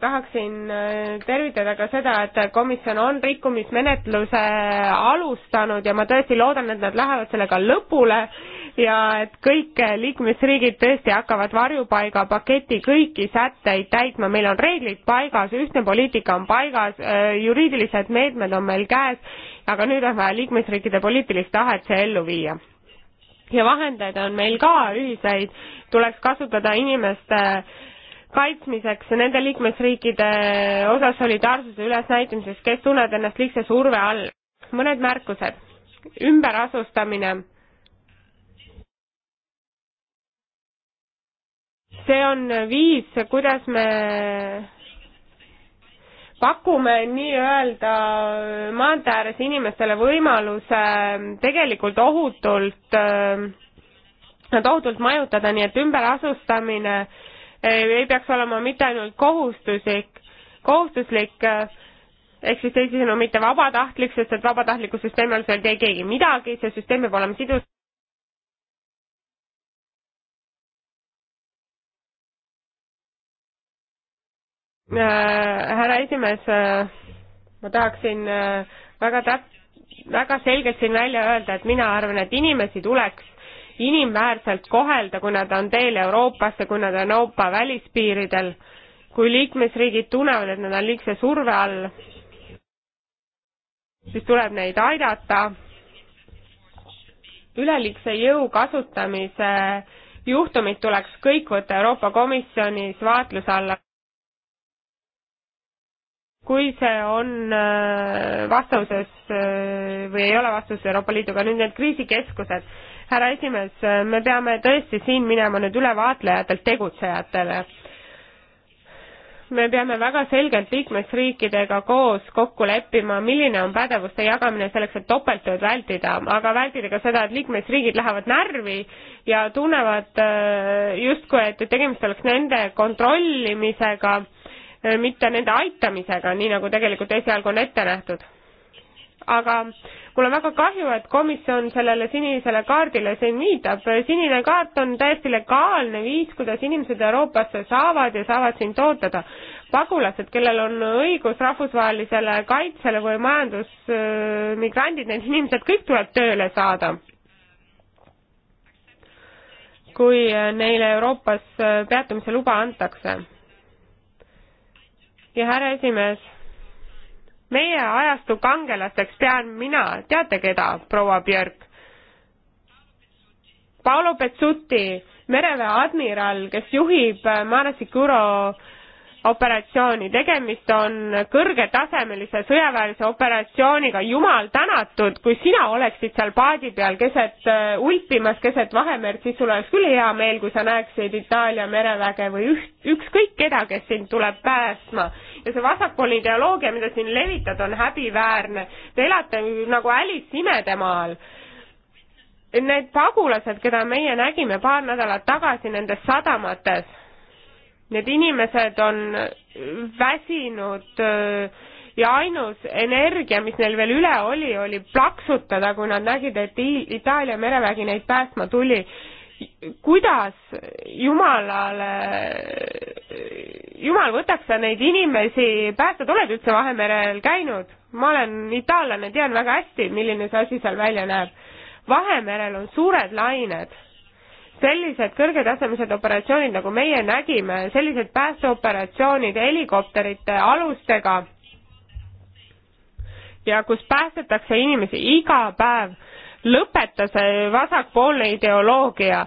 tahaksin äh, tervitada ka seda, et komisjon on rikkumismenetluse alustanud ja ma tõesti loodan, et nad lähevad sellega lõpule ja et kõik liikmesriigid tõesti hakkavad varjupaigapaketi kõiki sätteid täitma, meil on reeglid paigas, ühtne poliitika on paigas, äh, juriidilised meetmed on meil käes, aga nüüd on vaja liikmesriikide poliitilist tahet see ellu viia ja vahendeid on meil ka ühiseid, tuleks kasutada inimeste äh, kaitsmiseks nende liikmesriikide osas solidaarsuse ülesnäitamiseks, kes tunnevad ennast liigse surve all. mõned märkused. ümberasustamine. see on viis, kuidas me pakume nii-öelda maantee ääres inimestele võimaluse tegelikult ohutult, äh, ohutult majutada, nii et ümberasustamine äh, ei peaks olema mitte ainult kohustuslik, kohustuslik ehk siis teisisõnu mitte vabatahtlik, sest et vabatahtliku süsteemi all seal ei tee keegi midagi, see süsteem peab olema sidus. Äh, härra esimees, äh, ma tahaksin äh, väga täp-, väga selgelt siin välja öelda, et mina arvan, et inimesi tuleks inimväärselt kohelda, kui nad on teel Euroopasse, kui nad on Euroopa välispiiridel, kui liikmesriigid tunnevad, et nad on liigse surve all, siis tuleb neid aidata. üleliigse jõu kasutamise juhtumid tuleks kõik võtta Euroopa Komisjonis vaatluse alla kui see on äh, vastavuses äh, või ei ole vastavuses Euroopa Liiduga, nüüd need kriisikeskused, härra esimees, me peame tõesti siin minema nüüd üle vaatlejatelt tegutsejatele. me peame väga selgelt liikmesriikidega koos kokku leppima, milline on pädevuste jagamine selleks, et topelttööd vältida, aga vältida ka seda, et liikmesriigid lähevad närvi ja tunnevad äh, justkui, et tegemist oleks nende kontrollimisega, äh, mitte nende aitamisega, nii nagu tegelikult esialgu on ette nähtud aga mul on väga kahju, et komisjon sellele sinisele kaardile siin viitab. sinine kaart on täiesti legaalne viis, kuidas inimesed Euroopasse saavad ja saavad siin tootada. pagulased, kellel on õigus rahvusvahelisele kaitsele või majandusmigrandid, äh, need inimesed kõik tuleb tööle saada kui äh, neile Euroopas äh, peatumise luba antakse. ja härra esimees meie ajastu kangelasteks pean mina, teate keda, proua Björk? Paolo Petsuti, mereväe admiral, kes juhib äh, Mare Sicuro operatsiooni, tegemist on kõrgetasemelise sõjaväelise operatsiooniga, jumal tänatud, kui sina oleksid seal paadi peal keset äh, ulpimas, keset Vahemerd, siis sul oleks küll hea meel, kui sa näeksid Itaalia mereväge või üht, ükskõik keda, kes sind tuleb päästma ja see vasakpoolne ideoloogia, mida siin levitad, on häbiväärne. Te elate nagu Alice imedemaal need pagulased, keda meie nägime paar nädalat tagasi nendes sadamates, need inimesed on väsinud äh, ja ainus energia, mis neil veel üle oli, oli plaksutada, kui nad nägid, et Itaalia merevägi neid päästma tuli kuidas Jumalale, Jumal võtaks sa neid inimesi, päästjad, oled üldse Vahemerel käinud? ma olen itaallane, tean väga hästi, milline see asi seal välja näeb. Vahemerel on suured lained, sellised kõrgetasemelised operatsioonid, nagu meie nägime, sellised päästeoperatsioonid helikopterite alustega ja kus päästetakse inimesi iga päev lõpeta see vasakpoolne ideoloogia.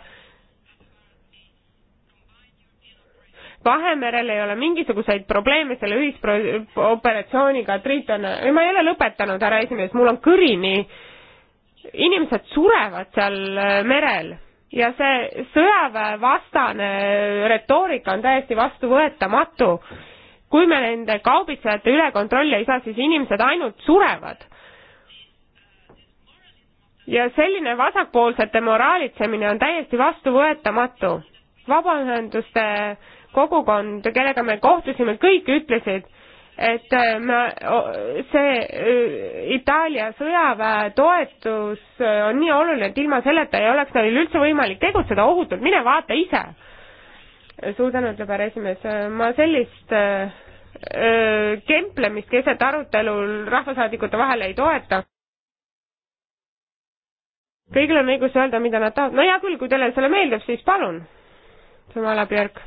Vahemerel ei ole mingisuguseid probleeme selle ühisoperatsiooniga, Triton, ei ma ei ole lõpetanud, härra esimees, mul on kõrini. inimesed surevad seal äh, merel ja see sõjaväevastane retoorika on täiesti vastuvõetamatu. kui me nende kaubitsejate üle kontrolli ei saa, siis inimesed ainult surevad ja selline vasakpoolsete moraalitsemine on täiesti vastuvõetamatu. vabaühenduste kogukond, kellega me kohtusime, kõik ütlesid, et äh, me, see äh, Itaalia sõjaväe toetus äh, on nii oluline, et ilma selleta ei oleks neil üldse võimalik tegutseda ohutult, mine vaata ise. suur tänu, ütleb härra esimees, ma sellist öö, kemplemist keset arutelul rahvasaadikute vahel ei toeta kõigil on õigus öelda, mida nad tahavad, no hea küll, kui teile selle meeldib, siis palun, Samala Björk.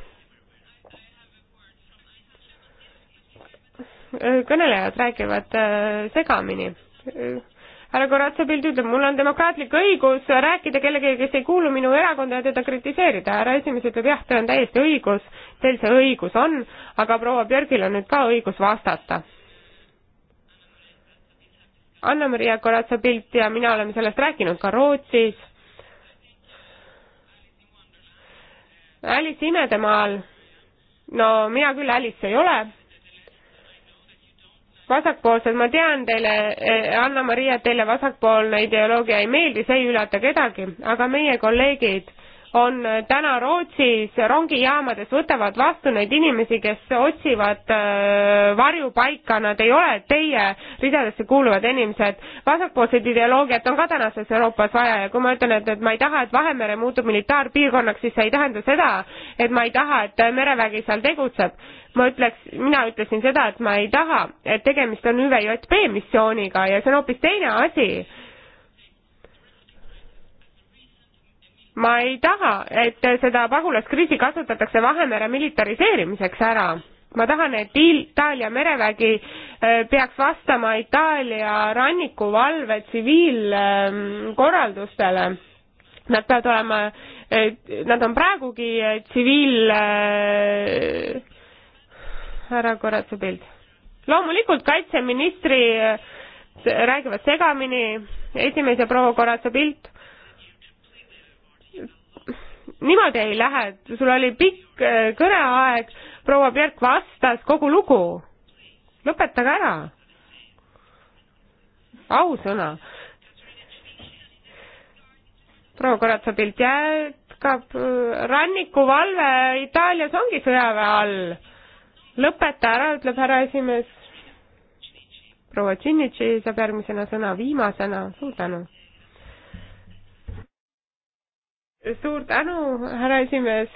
kõnelejad räägivad äh, segamini. härra Koratsepild ütleb, mul on demokraatlik õigus rääkida kellegagi, kes ei kuulu minu erakonda ja teda kritiseerida. härra esimees ütleb, jah, teil on täiesti õigus, teil see õigus on, aga proua Björgil on nüüd ka õigus vastata Anna-Maria Koratsa-Pilt ja mina oleme sellest rääkinud ka Rootsis. Alice imedemaal, no mina küll Alice ei ole. vasakpoolsed, ma tean teile, eh, Anna-Maria, teile vasakpoolne ideoloogia ei meeldi, see ei üllata kedagi, aga meie kolleegid on täna Rootsis rongijaamades, võtavad vastu neid inimesi, kes otsivad äh, varjupaika, nad ei ole teie ridadesse kuuluvad inimesed. vasakpoolseid ideoloogiat on ka tänases Euroopas vaja ja kui ma ütlen, et, et ma ei taha, et Vahemere muutub militaarpiirkonnaks, siis see ei tähenda seda, et ma ei taha, et merevägi seal tegutseb. ma ütleks, mina ütlesin seda, et ma ei taha, et tegemist on ÜVJP missiooniga ja see on hoopis teine asi ma ei taha, et seda pagulaskriisi kasutatakse Vahemere militariseerimiseks ära. ma tahan, et Itaalia merevägi äh, peaks vastama Itaalia rannikuvalve tsiviilkorraldustele. Nad peavad olema, äh, nad on praegugi äh, tsiviil ära korra see pilt. loomulikult kaitseministri räägivad segamini, esimese proua korra see pilt niimoodi ei lähe, sul oli pikk äh, kõneaeg, proua Björk vastas kogu lugu. lõpetage ära. ausõna. proua Koratsapilt jätkab, rannikuvalve Itaalias ongi sõjaväe all. lõpeta ära, ütleb härra esimees. proua Tšinnitši saab järgmisena sõna, viimasena, suur tänu suur tänu, härra esimees.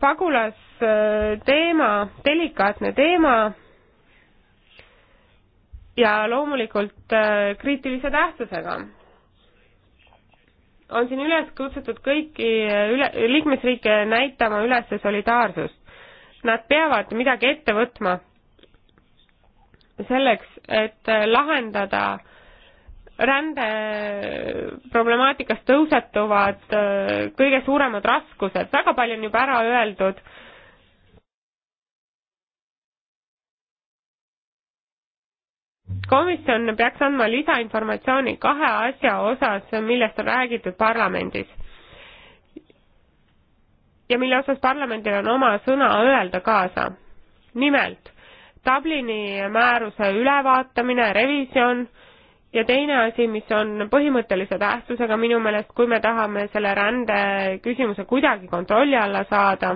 pagulasteema, delikaatne teema ja loomulikult äh, kriitilise tähtsusega. on siin üles kutsutud kõiki äh, üle, liikmesriike näitama üles solidaarsust. Nad peavad midagi ette võtma selleks, et lahendada rändeproblemaatikas tõusetuvad äh, kõige suuremad raskused, väga palju on juba ära öeldud. komisjon peaks andma lisainformatsiooni kahe asja osas, millest on räägitud parlamendis. ja mille osas parlamendil on oma sõna öelda kaasa. nimelt, Dublini määruse ülevaatamine, revisjon ja teine asi, mis on põhimõttelise tähtsusega minu meelest, kui me tahame selle rände küsimuse kuidagi kontrolli alla saada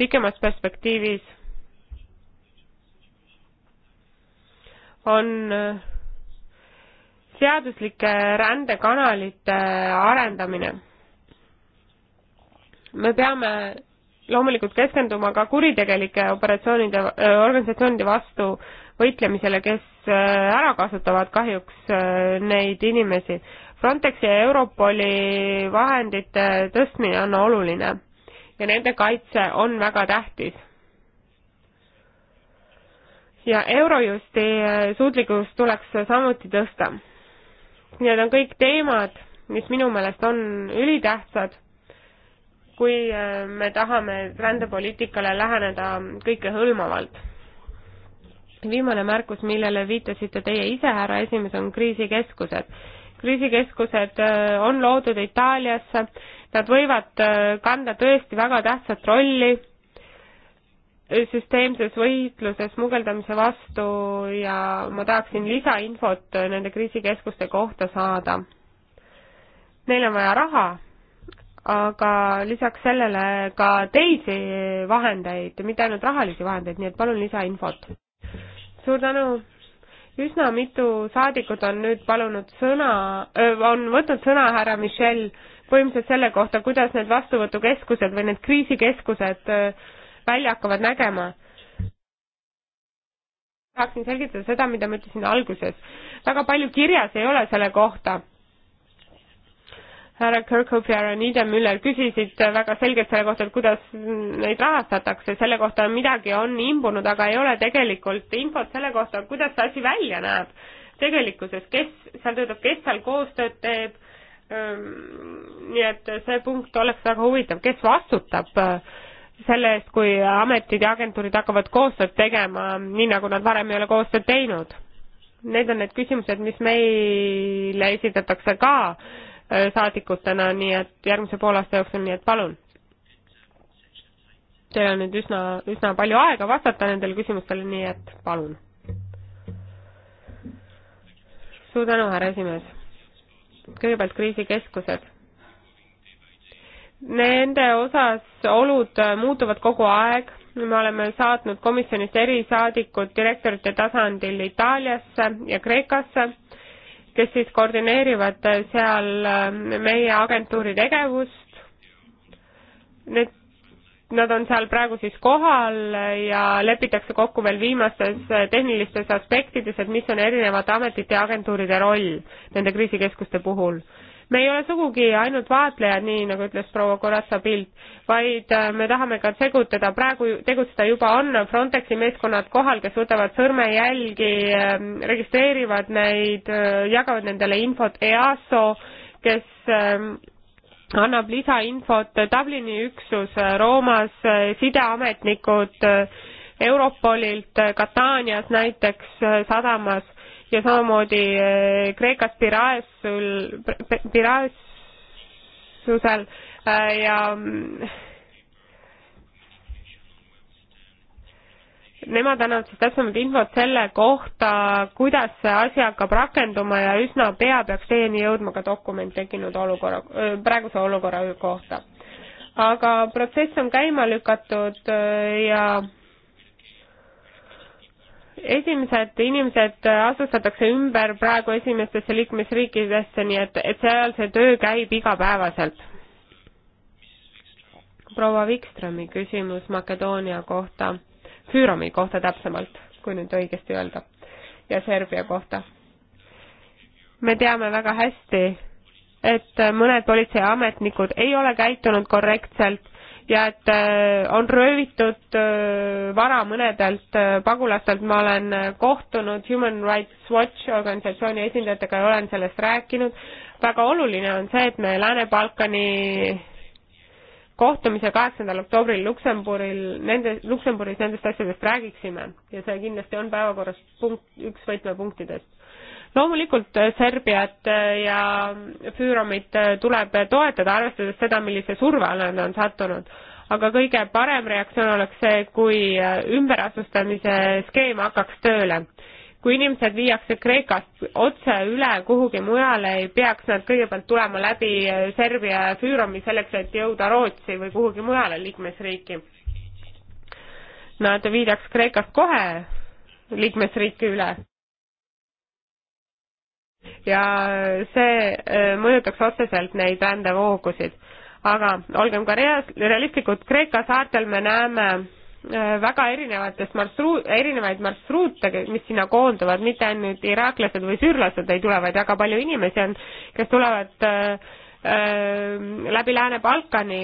pikemas perspektiivis, on seaduslike rändekanalite arendamine. me peame loomulikult keskenduma ka kuritegelike operatsioonide, organisatsioonide vastu võitlemisele, kes äh, ära kasutavad kahjuks äh, neid inimesi. Frontexi ja Europoli vahendite tõstmine on oluline ja nende kaitse on väga tähtis. ja Eurojusti äh, suutlikkust tuleks samuti tõsta. Need on kõik teemad, mis minu meelest on ülitähtsad kui äh, me tahame rändepoliitikale läheneda kõikehõlmavalt. viimane märkus, millele viitasite teie ise, härra esimees, on kriisikeskused. kriisikeskused äh, on loodud Itaaliasse, nad võivad äh, kanda tõesti väga tähtsat rolli süsteemses võitluses smugeldamise vastu ja ma tahaksin lisainfot nende kriisikeskuste kohta saada. Neil on vaja raha aga lisaks sellele ka teisi vahendeid, mitte ainult rahalisi vahendeid, nii et palun lisainfot. suur tänu. üsna mitu saadikut on nüüd palunud sõna, on võtnud sõna härra Michel põhimõtteliselt selle kohta, kuidas need vastuvõtukeskused või need kriisikeskused välja hakkavad nägema tahaksin selgitada seda, mida ma ütlesin alguses. väga palju kirjas ei ole selle kohta härra Kirkhope ja härra Niedemüller küsisid väga selgelt selle kohta, et kuidas neid rahastatakse, selle kohta midagi on imbunud, aga ei ole tegelikult infot selle kohta, kuidas see asi välja näeb tegelikkuses, kes seal töötab, kes seal koostööd teeb. Ähm, nii et see punkt oleks väga huvitav, kes vastutab äh, selle eest, kui ametid ja agentuurid hakkavad koostööd tegema, nii nagu nad varem ei ole koostööd teinud. Need on need küsimused, mis meile esitatakse ka Äh, saadikutena, nii et järgmise poolaasta jooksul, nii et palun. Teil on nüüd üsna, üsna palju aega vastata nendele küsimustele, nii et palun. suur tänu, härra esimees. kõigepealt kriisikeskused. Nende osas olud muutuvad kogu aeg, me oleme saatnud komisjonist erisaadikud direktorite tasandil Itaaliasse ja Kreekasse kes siis koordineerivad äh, seal äh, meie agentuuri tegevust. Need, nad on seal praegu siis kohal äh, ja lepitakse kokku veel viimastes tehnilistes aspektides, et mis on erinevate ametite ja agentuuride roll nende kriisikeskuste puhul me ei ole sugugi ainult vaatlejad, nii nagu ütles proua Corazza Pilt, vaid äh, me tahame ka segutada, praegu tegutseda juba on Frontexi meeskonnad kohal, kes võtavad sõrmejälgi, ähm, registreerivad neid, äh, jagavad nendele infot, EASO, kes ähm, annab lisainfot, Dublini üksus äh, Roomas, sideametnikud Europolilt, Katanias näiteks sadamas ja samamoodi äh, Kreekas Piraeussul, Piraeussusel äh, ja mm, nemad annavad siis täpsemat infot selle kohta, kuidas see asi hakkab rakenduma ja üsna pea peaks teieni jõudma ka dokument tekkinud olukorra, äh, praeguse olukorra kohta. aga protsess on käima lükatud ja esimesed inimesed asustatakse ümber praegu esimestesse liikmesriikidesse, nii et, et seal see töö käib igapäevaselt. proua Vikströmi küsimus Makedoonia kohta, Füürami kohta täpsemalt, kui nüüd õigesti öelda, ja Serbia kohta. me teame väga hästi, et mõned politseiametnikud ei ole käitunud korrektselt ja et äh, on röövitud äh, vara mõnedelt äh, pagulastelt, ma olen kohtunud Human Rights Watch organisatsiooni esindajatega ja olen sellest rääkinud. väga oluline on see, et me Lääne-Balkani kohtumise kaheksandal oktoobril Luksemburil, nende, Luksemburis nendest asjadest räägiksime ja see kindlasti on päevakorras punkt, üks võtmepunktidest loomulikult äh, Serbiat äh, ja Füüromit äh, tuleb toetada, arvestades seda, millise surve alla nad on sattunud. aga kõige parem reaktsioon oleks see, kui ümberasustamise skeem hakkaks tööle. kui inimesed viiakse Kreekast otse üle kuhugi mujale, ei peaks nad kõigepealt tulema läbi Serbia ja Füüromi selleks, et jõuda Rootsi või kuhugi mujale liikmesriiki. Nad viidaks Kreekast kohe liikmesriiki üle ja see äh, mõjutaks otseselt neid rändevoogusid. aga olgem ka realistlikud, Kreeka saartel me näeme äh, väga erinevatest marsruut, erinevaid marsruute, mis sinna koonduvad, mitte ainult iraaklased või süürlased ei tule, vaid väga palju inimesi on, kes tulevad äh, äh läbi Lääne-Balkani,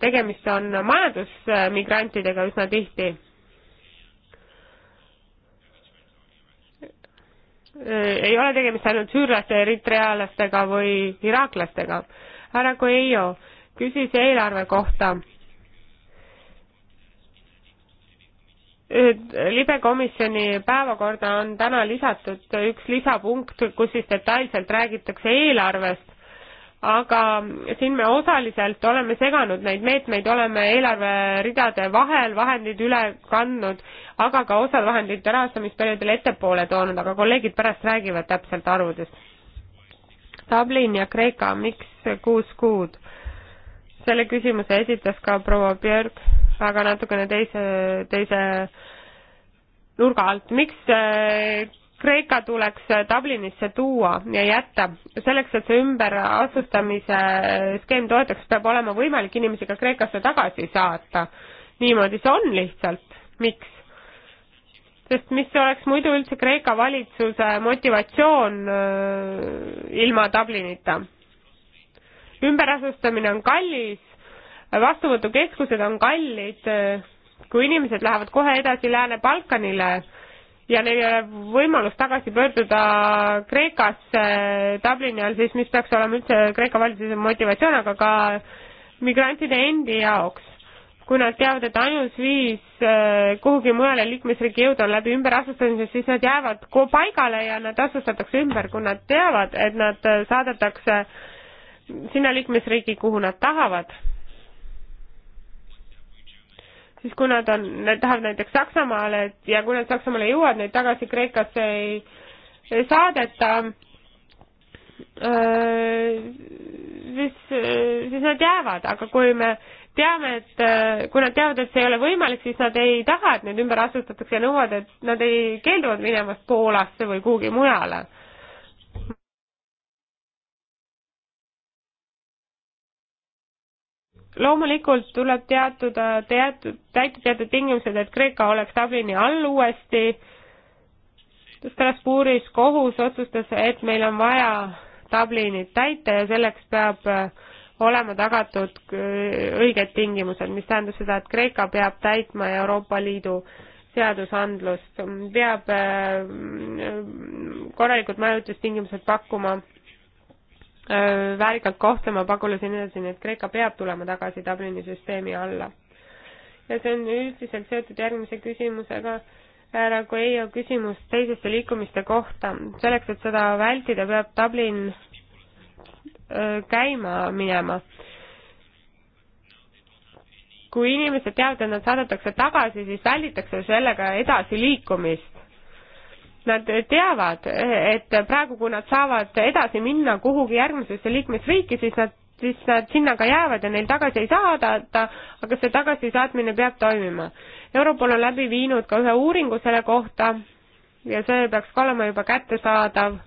tegemist on majandusmigrantidega üsna tihti Äh, ei ole tegemist ainult süürlaste, eritrealastega või iraaklastega. härra Coelho küsis eelarve kohta. Äh, libekomisjoni päevakorda on täna lisatud üks lisapunkt, kus siis detailselt räägitakse eelarvest aga siin me osaliselt oleme seganud neid meetmeid, oleme eelarveridade vahel vahendid üle kandnud, aga ka osad vahendid rahastamisperioodil ettepoole toonud, aga kolleegid pärast räägivad täpselt arvudest. Dublin ja Kreeka, miks kuus kuud? selle küsimuse esitas ka proua Björk, aga natukene teise, teise nurga alt, miks Kreeka tuleks Dublinisse tuua ja jätta. selleks, et see ümberasustamise skeem toetaks, peab olema võimalik inimesi ka Kreekasse tagasi saata. niimoodi see on lihtsalt. miks? sest mis oleks muidu üldse Kreeka valitsuse motivatsioon äh, ilma Dublinita? ümberasustamine on kallis, vastuvõtukeskused on kallid, äh, kui inimesed lähevad kohe edasi Lääne-Balkanile, ja neil ei ole võimalust tagasi pöörduda Kreekasse Dublini all siis, mis peaks olema üldse Kreeka valitsuse motivatsioon, aga ka migrantide endi jaoks. kui nad teavad, et ainus viis äh, kuhugi mujale liikmesriigi jõuda on läbi ümberasustamise, siis nad jäävad paigale ja nad asustatakse ümber, kui nad teavad, et nad äh, saadetakse sinna liikmesriigi, kuhu nad tahavad siis kui nad on, lähevad näiteks Saksamaale ja kui nad Saksamaale jõuavad, neid tagasi Kreekasse ei, ei saadeta, siis, siis nad jäävad, aga kui me teame, et kui nad teavad, et see ei ole võimalik, siis nad ei taha, et neid ümber asustatakse ja nõuavad, et nad ei keelduvad minemast Poolasse või kuhugi mujale loomulikult tuleb teatuda, teatud, täita teatud tingimused, et Kreeka oleks Dublini all uuesti. Strasbourgis kohus otsustas, et meil on vaja Dublinit täita ja selleks peab äh, olema tagatud äh, õiged tingimused, mis tähendab seda, et Kreeka peab täitma Euroopa Liidu seadusandlust, peab äh, korralikud majutustingimused pakkuma Äh, väärikalt kohtlema pagulasi ja nii edasi, nii et Kreeka peab tulema tagasi Dublini süsteemi alla. ja see on üldiselt seotud järgmise küsimusega, härra Coelho küsimus teiseste liikumiste kohta. selleks, et seda vältida, peab Dublin äh, käima minema. kui inimesed teavad, et nad saadetakse tagasi, siis välditakse sellega edasiliikumist nad teavad, et praegu, kui nad saavad edasi minna kuhugi järgmisesse liikmesriiki, siis nad, siis nad sinna ka jäävad ja neil tagasi ei saadata, aga see tagasisaatmine peab toimima. Europol on läbi viinud ka ühe uuringu selle kohta ja see peaks ka olema juba kättesaadav.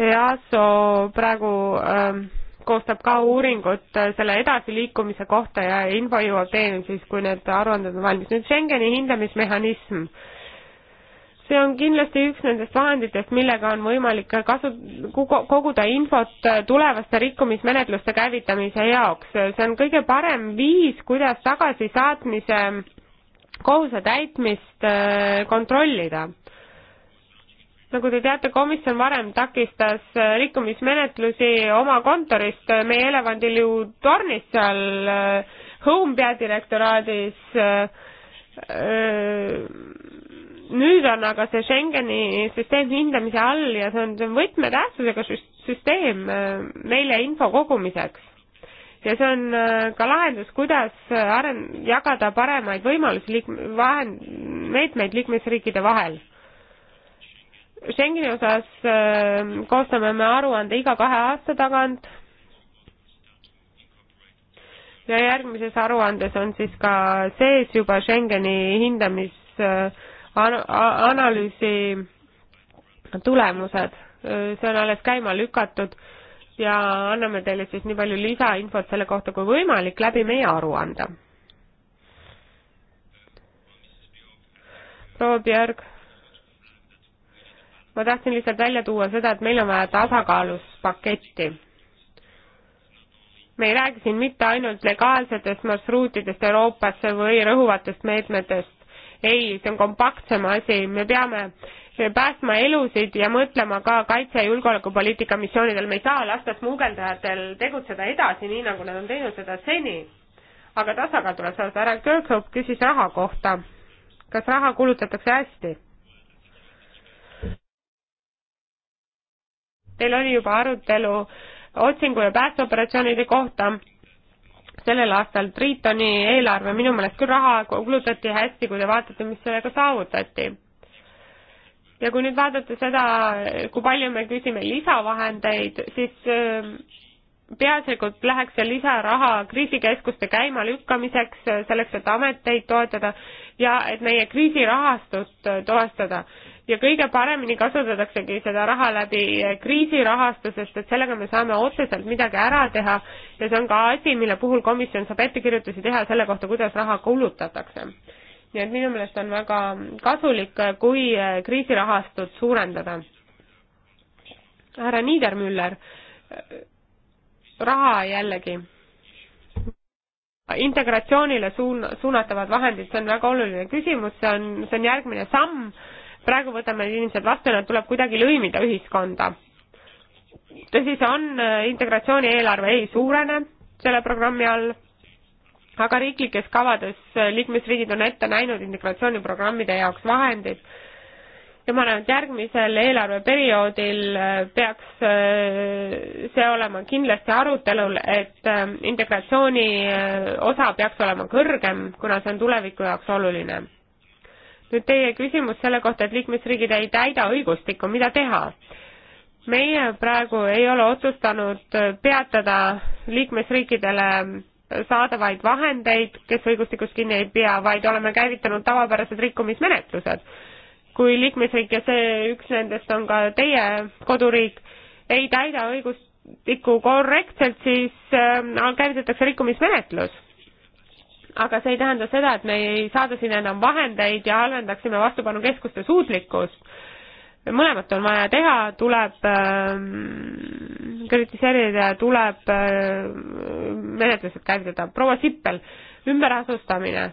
EASO praegu ähm, koostab ka uuringut äh, selle edasiliikumise kohta ja info jõuab teieni siis, kui need aruanded on valmis. nüüd Schengeni hindamismehhanism äh, see on kindlasti üks nendest vahenditest, millega on võimalik kasu, koguda infot tulevaste rikkumismenetluste käivitamise jaoks. see on kõige parem viis, kuidas tagasisaatmise kohuse täitmist äh, kontrollida. nagu te teate, komisjon varem takistas äh, rikkumismenetlusi oma kontorist, äh, meie elevandiliu tornis seal Home peadirektoraadis öö, nüüd on aga see Schengeni süsteem hindamise all ja see on, see on võtmetähtsusega süsteem äh, meile info kogumiseks. ja see on äh, ka lahendus, kuidas äh, aren-, jagada paremaid võimalusi liik-, vahend-, meetmeid liikmesriikide vahel. Schengeni osas koostame me aruande iga kahe aasta tagant ja järgmises aruandes on siis ka sees juba Schengeni hindamis- an-, analüüsi tulemused, see on alles käima lükatud ja anname teile siis nii palju lisainfot selle kohta kui võimalik läbi meie aruande. proua Björg, ma tahtsin lihtsalt välja tuua seda, et meil on vaja tasakaalus paketti. me ei räägi siin mitte ainult legaalsetest marsruutidest Euroopasse või rõhuvatest meetmetest, ei, see on kompaktsem asi, me peame päästma elusid ja mõtlema ka kaitse- ja julgeolekupoliitika missioonidel, me ei saa lasta smugeldajatel tegutseda edasi, nii nagu nad on teinud seda seni. aga tasakaal tuleb saada, härra Kirkhope küsis raha kohta. kas raha kulutatakse hästi? Teil oli juba arutelu otsingu ja päästeoperatsioonide kohta sellel aastal Tritoni eelarve, minu meelest küll raha kulutati hästi, kui te vaatate, mis sellega saavutati. ja kui nüüd vaadata seda, kui palju me küsime lisavahendeid, siis äh, peaasjalikult läheks see lisaraha kriisikeskuste käimalükkamiseks, äh, selleks, et ameteid toetada ja et meie kriisirahastut äh, toestada ja kõige paremini kasutataksegi seda raha läbi kriisirahastu, sest et sellega me saame otseselt midagi ära teha ja see on ka asi, mille puhul komisjon saab ettekirjutusi teha selle kohta, kuidas raha kulutatakse. nii et minu meelest on väga kasulik, kui kriisirahastut suurendada. härra Niedermüller, raha jällegi integratsioonile suun-, suunatavad vahendid, see on väga oluline küsimus, see on, see on järgmine samm praegu võtame need inimesed vastu ja nad tuleb kuidagi lõimida ühiskonda. tõsi see on, äh, integratsiooni eelarve ei suurene selle programmi all, aga riiklikes kavades äh, liikmesriigid on ette näinud integratsiooniprogrammide jaoks vahendid ja ma arvan, et järgmisel eelarveperioodil äh, peaks see olema kindlasti arutelul, et integratsiooni osa peaks olema kõrgem, kuna see on tuleviku jaoks oluline nüüd teie küsimus selle kohta, et liikmesriigid ei täida õigustikku, mida teha? meie praegu ei ole otsustanud peatada liikmesriikidele saadavaid vahendeid, kes õigustikust kinni ei pea, vaid oleme käivitanud tavapärased rikkumismenetlused. kui liikmesriik ja see üks nendest on ka teie koduriik, ei täida õigustikku korrektselt, siis äh, käivitatakse rikkumismenetlus aga see ei tähenda seda, et me ei saada sinna enam vahendeid ja halvendaksime vastupanukeskuste suutlikkust. mõlemat on vaja teha, tuleb äh, kritiseerida, tuleb äh, menetlused käivitada. proua Sippel, ümberasustamine.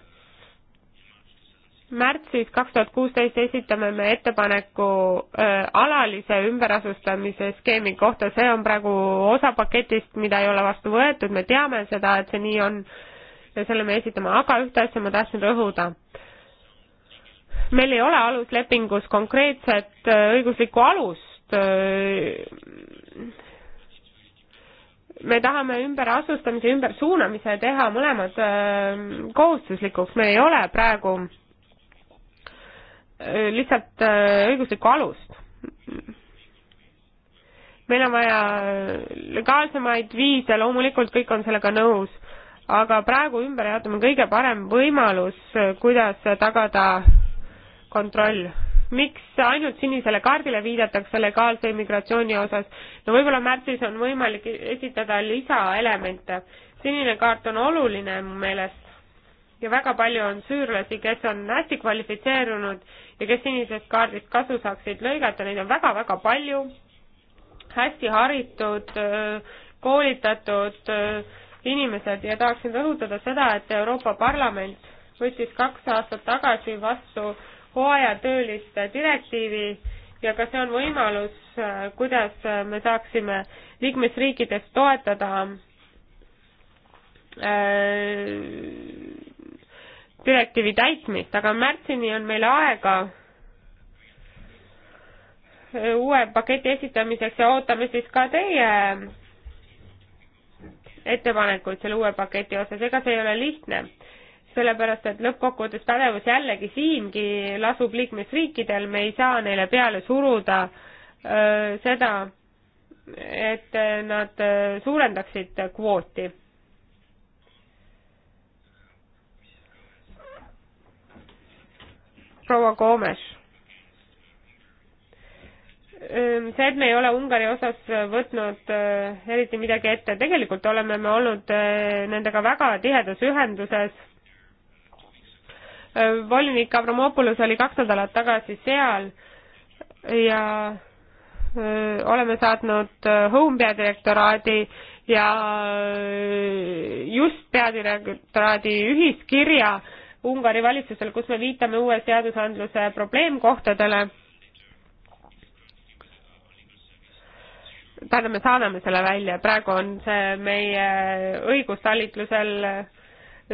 märtsis kaks tuhat kuusteist esitame me ettepaneku äh, alalise ümberasustamise skeemi kohta, see on praegu osa paketist, mida ei ole vastu võetud, me teame seda, et see nii on äh, ja selle me esitame, aga ühte asja ma tahtsin rõhuda. meil ei ole aluslepingus konkreetset äh, õiguslikku alust. Äh, me tahame ümberasustamise, ümbersuunamise teha mõlemad äh, kohustuslikuks, meil ei ole praegu lihtsalt õiguslikku alust meil on vaja legaalsemaid viise, loomulikult kõik on sellega nõus, aga praegu ümberjaotamine on kõige parem võimalus, kuidas tagada kontroll. miks ainult sinisele kaardile viidatakse legaalse immigratsiooni osas? no võib-olla märtsis on võimalik esitada lisaelemente. sinine kaart on oluline mu meelest ja väga palju on süürlasi, kes on hästi kvalifitseerunud ja kes sinisest kaardist kasu saaksid lõigata, neid on väga-väga palju, hästi haritud, koolitatud inimesed ja tahaksin rõhutada seda, et Euroopa Parlament võttis kaks aastat tagasi vastu hooajatööliste direktiivi ja ka see on võimalus, äh, kuidas äh, me saaksime liikmesriikides toetada äh, direktiivi täitmist, aga märtsini on meil aega uue paketi esitamiseks ja ootame siis ka teie ettepanekuid selle uue paketi osas, ega see ei ole lihtne, sellepärast et lõppkokkuvõttes pädevus jällegi siingi lasub liikmesriikidel, me ei saa neile peale suruda öö, seda, et nad suurendaksid kvooti proua Koomes. Ehm, see, et me ei ole Ungari osas võtnud äh, eriti midagi ette, tegelikult oleme me olnud äh, nendega väga tihedas ühenduses. Äh, volinik Avramopoulos oli kaks nädalat tagasi seal ja oleme saatnud Home peadirektoraadi ja just peadirektoraadi ühiskirja Ungari valitsusele, kus me viitame uue seadusandluse probleemkohtadele tähendab, me saadame selle välja, praegu on see meie õigustalitlusel,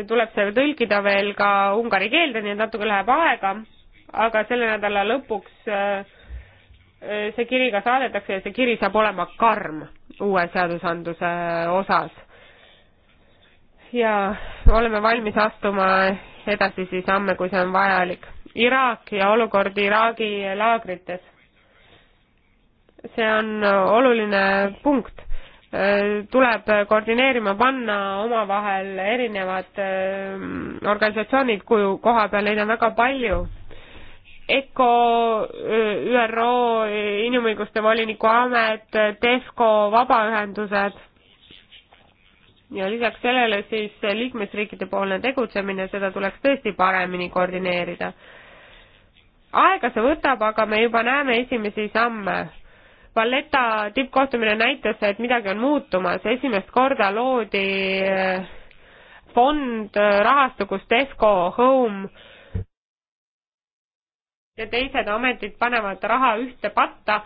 tuleb see tõlkida veel ka ungari keelde, nii et natuke läheb aega, aga selle nädala lõpuks äh, see kiri ka saadetakse ja see kiri saab olema karm uue seadusandluse osas. ja oleme valmis astuma edasisi samme, kui see on vajalik. Iraak ja olukord Iraagi laagrites see on oluline punkt. tuleb koordineerima panna omavahel erinevad ähm, organisatsioonid, kuhu koha peal neid on väga palju. ECO, äh, ÜRO, Inimõiguste Voliniku Amet, DEFCO, vabaühendused ja lisaks sellele siis liikmesriikide poolne tegutsemine, seda tuleks tõesti paremini koordineerida. aega see võtab, aga me juba näeme esimesi samme Valletta tippkohtumine näitas, et midagi on muutumas, esimest korda loodi eh, fond, eh, rahastu, kus Tesco, Home ja teised ametid panevad raha ühte patta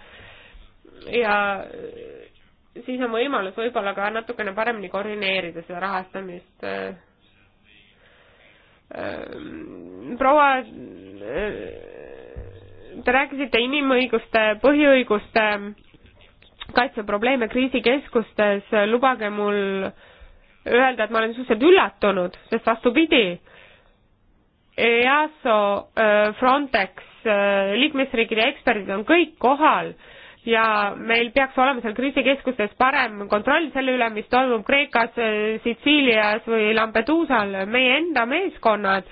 ja siis on võimalus võib-olla ka natukene paremini koordineerida seda rahastamist. Eh, proua te rääkisite inimõiguste, põhiõiguste kaitseprobleeme kriisikeskustes, lubage mul öelda, et ma olen suhteliselt üllatunud, sest vastupidi, EASO, äh, Frontex, äh, liikmesriikide eksperdid on kõik kohal ja meil peaks olema seal kriisikeskustes parem kontroll selle üle, mis toimub Kreekas, äh, Sitsiilias või Lampeduusal, meie enda meeskonnad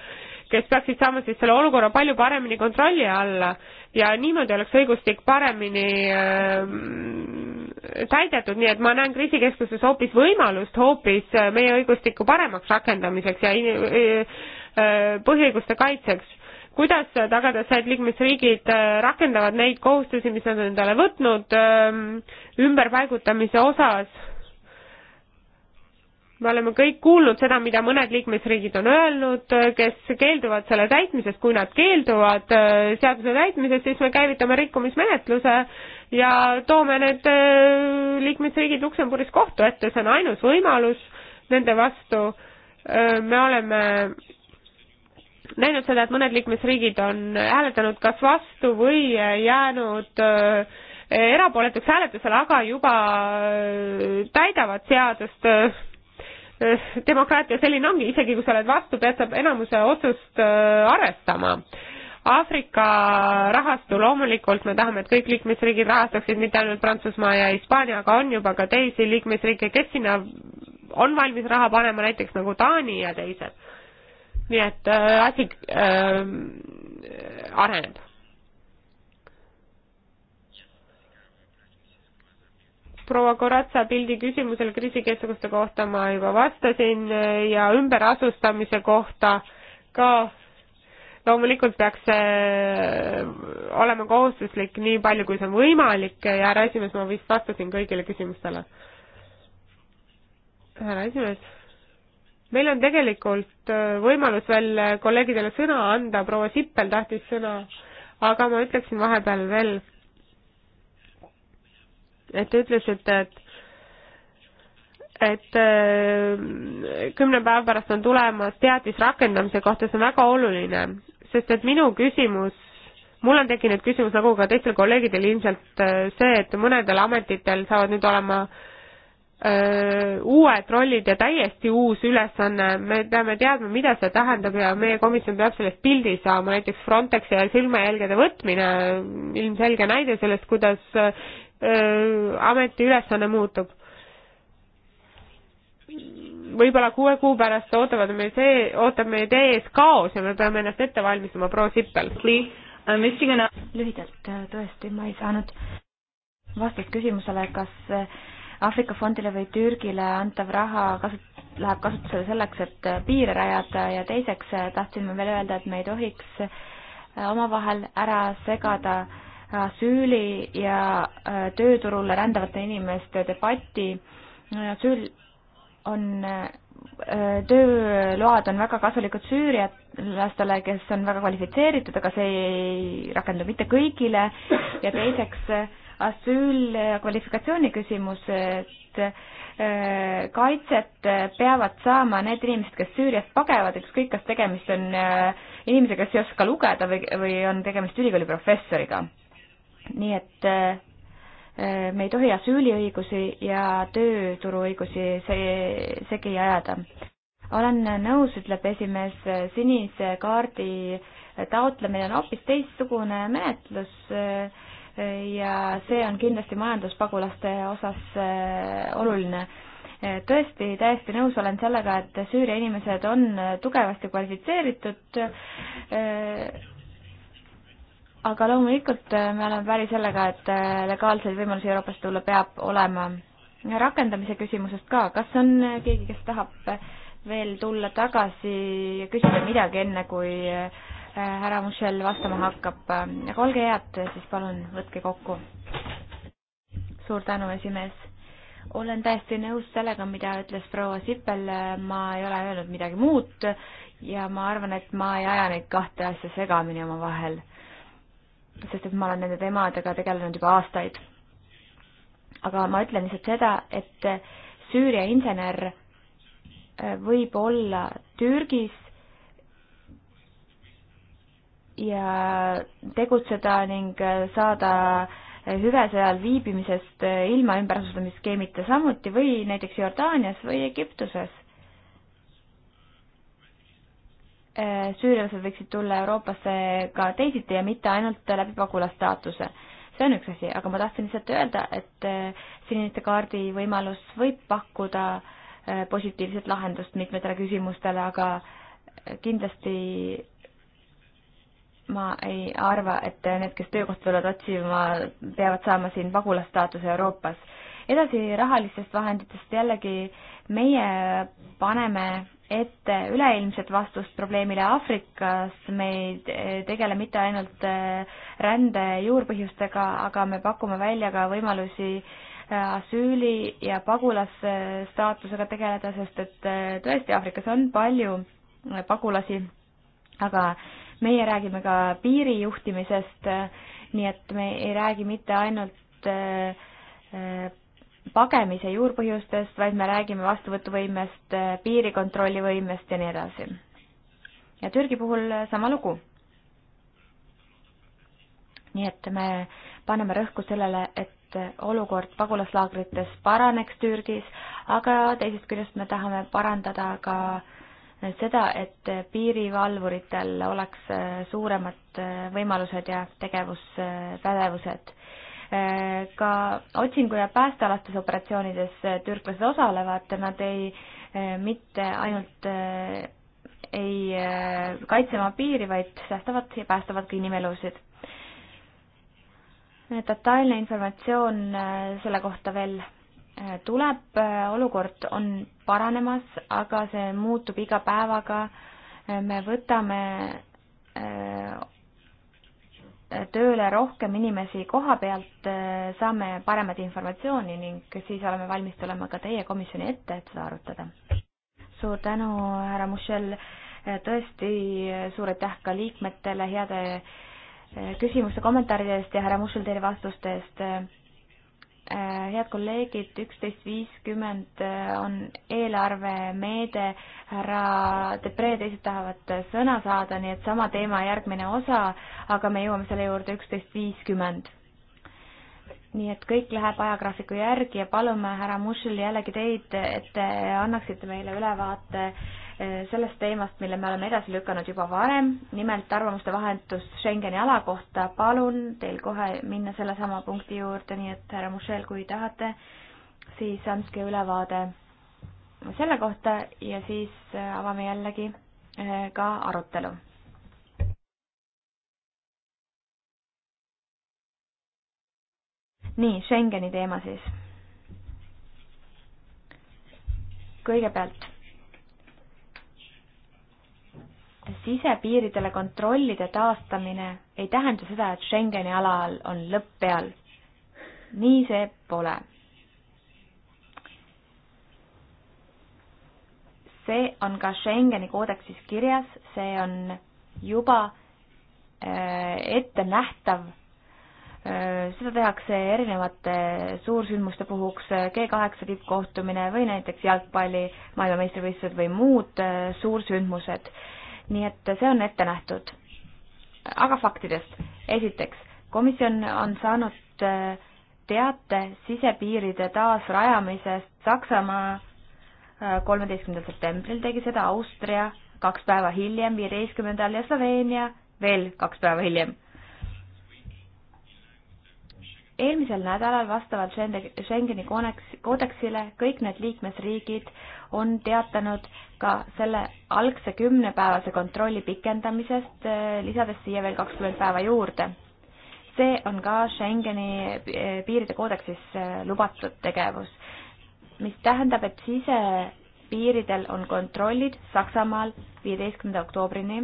kes peaksid saama siis selle olukorra palju paremini kontrolli alla ja niimoodi oleks õigustik paremini äh, täidetud, nii et ma näen kriisikeskuses hoopis võimalust hoopis äh, meie õigustiku paremaks rakendamiseks ja äh, äh, põhiõiguste kaitseks kuidas tagada see, et liikmesriigid äh, rakendavad neid kohustusi, mis nad on endale võtnud ähm, ümberpaigutamise osas me oleme kõik kuulnud seda, mida mõned liikmesriigid on öelnud, kes keelduvad selle täitmisest, kui nad keelduvad äh, seaduse täitmisest, siis me käivitame rikkumismenetluse ja toome need äh, liikmesriigid Luksemburgis kohtu ette, see on ainus võimalus nende vastu. Äh, me oleme näinud seda, et mõned liikmesriigid on hääletanud kas vastu või jäänud erapooletuks hääletusele, aga juba täidavad seadust Eh, demokraatia selline ongi, isegi kui sa oled vastu, pead sa enamuse otsust eh, arvestama. Aafrika rahastu loomulikult me tahame, et kõik liikmesriigid rahastaksid mitte ainult Prantsusmaa ja Hispaania, aga on juba ka teisi liikmesriike, kes sinna on valmis raha panema, näiteks nagu Taani ja teised. nii et äh, asi äh, areneb proua Koratsa pildi küsimusele kriisikeskuste kohta ma juba vastasin ja ümberasustamise kohta ka loomulikult peaks see olema kohustuslik nii palju, kui see on võimalik ja härra esimees, ma vist vastasin kõigile küsimustele. härra esimees, meil on tegelikult äh, võimalus veel kolleegidele sõna anda, proua Sippel tahtis sõna, aga ma ütleksin vahepeal veel et te ütlesite, et et äh, kümne päeva pärast on tulemas teadis rakendamise kohta, see on väga oluline, sest et minu küsimus, mul on tekkinud küsimus, nagu ka teistel kolleegidel ilmselt äh, see, et mõnedel ametitel saavad nüüd olema öö, äh, uued rollid ja täiesti uus ülesanne, me peame teadma, mida see tähendab ja meie komisjon peab sellest pildi saama, näiteks Frontexi ja silmajälgede võtmine, ilmselge näide sellest, kuidas ameti ülesanne muutub. võib-olla kuue kuu pärast ootavad meil see, ootab meid ees kaos ja me peame ennast ette valmistama pro-sippel. lühidalt äh, tõesti, ma ei saanud vastust küsimusele, kas äh, Aafrika fondile või Türgile antav raha kasut-, läheb kasutusele selleks, et äh, piire rajada ja teiseks tahtsin ma veel öelda, et me ei tohiks omavahel ära segada äh, asüüli ja äh, tööturule rändavate inimeste debatti. asüül on, äh, tööload on väga kasulikud süürialastele, kes on väga kvalifitseeritud, aga see ei rakendu mitte kõigile ja teiseks äh, asüül kvalifikatsiooni küsimus, et kaitset peavad saama need inimesed, kes Süüriast pagevad, ükskõik, kas tegemist on inimesega, kes ei oska lugeda või, või on tegemist ülikooli professoriga nii et äh, äh, me ei tohi asüüliõigusi ja tööturuõigusi segi ajada. olen nõus, ütleb esimees, sinise kaardi taotlemine on hoopis teistsugune menetlus äh, ja see on kindlasti majanduspagulaste osas oluline tõesti täiesti nõus olen sellega, et Süüria inimesed on tugevasti kvalifitseeritud aga loomulikult äh, me oleme päri sellega, et äh, legaalseid võimalusi Euroopasse tulla peab olema. rakendamise küsimusest ka, kas on äh, keegi, kes tahab veel tulla tagasi ja küsida midagi, enne kui härra Michel vastama hakkab, aga olge head, siis palun võtke kokku. suur tänu, esimees. olen täiesti nõus sellega, mida ütles proua Sipel, ma ei ole öelnud midagi muud ja ma arvan, et ma ei aja neid kahte asja segamini omavahel sest et ma olen nende teemadega tegelenud juba aastaid. aga ma ütlen lihtsalt seda, et Süüria insener äh, võib olla Türgis ja tegutseda ning äh, saada äh, hüvese ajal viibimisest ilma ümberasustamiskeemita samuti või näiteks Jordaanias või Egiptuses Äh, süürlased võiksid tulla Euroopasse ka teisiti ja mitte ainult läbi pagulastaatuse. see on üks asi, aga ma tahtsin lihtsalt öelda, et äh, siniste kaardi võimalus võib pakkuda äh, positiivset lahendust mitmetele küsimustele, aga kindlasti ma ei arva, et need, kes töökohta tulevad otsima, peavad saama siin pagulasstaatuse Euroopas. edasi rahalistest vahenditest jällegi meie paneme ette üleilmset vastust probleemile Aafrikas, me ei tegele mitte ainult äh, rände juurpõhjustega, aga me pakume välja ka võimalusi äh, asüüli ja pagulasstaatusega äh, tegeleda, sest et tõesti Aafrikas on palju pagulasi, aga meie räägime ka piirijuhtimisest, nii et me ei räägi mitte ainult pagemise juurpõhjustest, vaid me räägime vastuvõtuvõimest, piirikontrollivõimest ja nii edasi. ja Türgi puhul sama lugu. nii et me paneme rõhku sellele, et olukord pagulaslaagrites paraneks Türgis, aga teisest küljest me tahame parandada ka seda, et piirivalvuritel oleks suuremad võimalused ja tegevuspädevused Eh, ka otsingu- ja päästealastes operatsioonides eh, türklased osalevad, nad ei, eh, mitte ainult ei kaitse oma piiri, vaid säästavad ja päästavad ka inimelusid. detailne informatsioon selle kohta veel tuleb, olukord on paranemas, aga see muutub iga päevaga. me võtame tööle rohkem inimesi koha pealt, eh, saame paremat informatsiooni ning siis oleme valmis tulema ka teie komisjoni ette, et seda arutada. suur tänu, härra Mušel, eh, tõesti eh, suur aitäh ka liikmetele heade küsimuste, kommentaaride eest ja härra Mušel teile vastuste eest Äh, head kolleegid, üksteist viiskümmend äh, on eelarvemeede, härra Depree, teised tahavad sõna saada, nii et sama teema järgmine osa, aga me jõuame selle juurde üksteist viiskümmend. nii et kõik läheb ajagraafiku järgi ja palume, härra Mušil, jällegi teid, et te annaksite meile ülevaate äh, Äh, sellest teemast, mille me oleme edasi lükanud juba varem, nimelt arvamuste vahetus Schengeni ala kohta. palun teil kohe minna sellesama punkti juurde, nii et härra Michel, kui tahate, siis andke ülevaade selle kohta ja siis äh, avame jällegi äh, ka arutelu. nii, Schengeni teema siis. kõigepealt sisepiiridele kontrollide taastamine ei tähenda seda, et Schengeni alal on lõpp peal. nii see pole. see on ka Schengeni koodeksis kirjas, see on juba äh, ettenähtav. Äh, seda tehakse erinevate suursündmuste puhuks, äh, G kaheksa tippkohtumine või näiteks jalgpalli maailmameistrivõistlused või muud suursündmused nii et see on ette nähtud. aga faktidest. esiteks, komisjon on saanud äh, teate sisepiiride taasrajamisest Saksamaa äh, kolmeteistkümnendal septembril tegi seda Austria kaks päeva hiljem, viieteistkümnendal ja Sloveenia veel kaks päeva hiljem eelmisel nädalal vastavalt Schengeni koodeksile kõik need liikmesriigid on teatanud ka selle algse kümnepäevase kontrolli pikendamisest, eh, lisades siia veel kakskümmend päeva juurde. see on ka Schengeni eh, piiride koodeksis eh, lubatud tegevus, mis tähendab, et sisepiiridel on kontrollid Saksamaal viieteistkümnenda oktoobrini,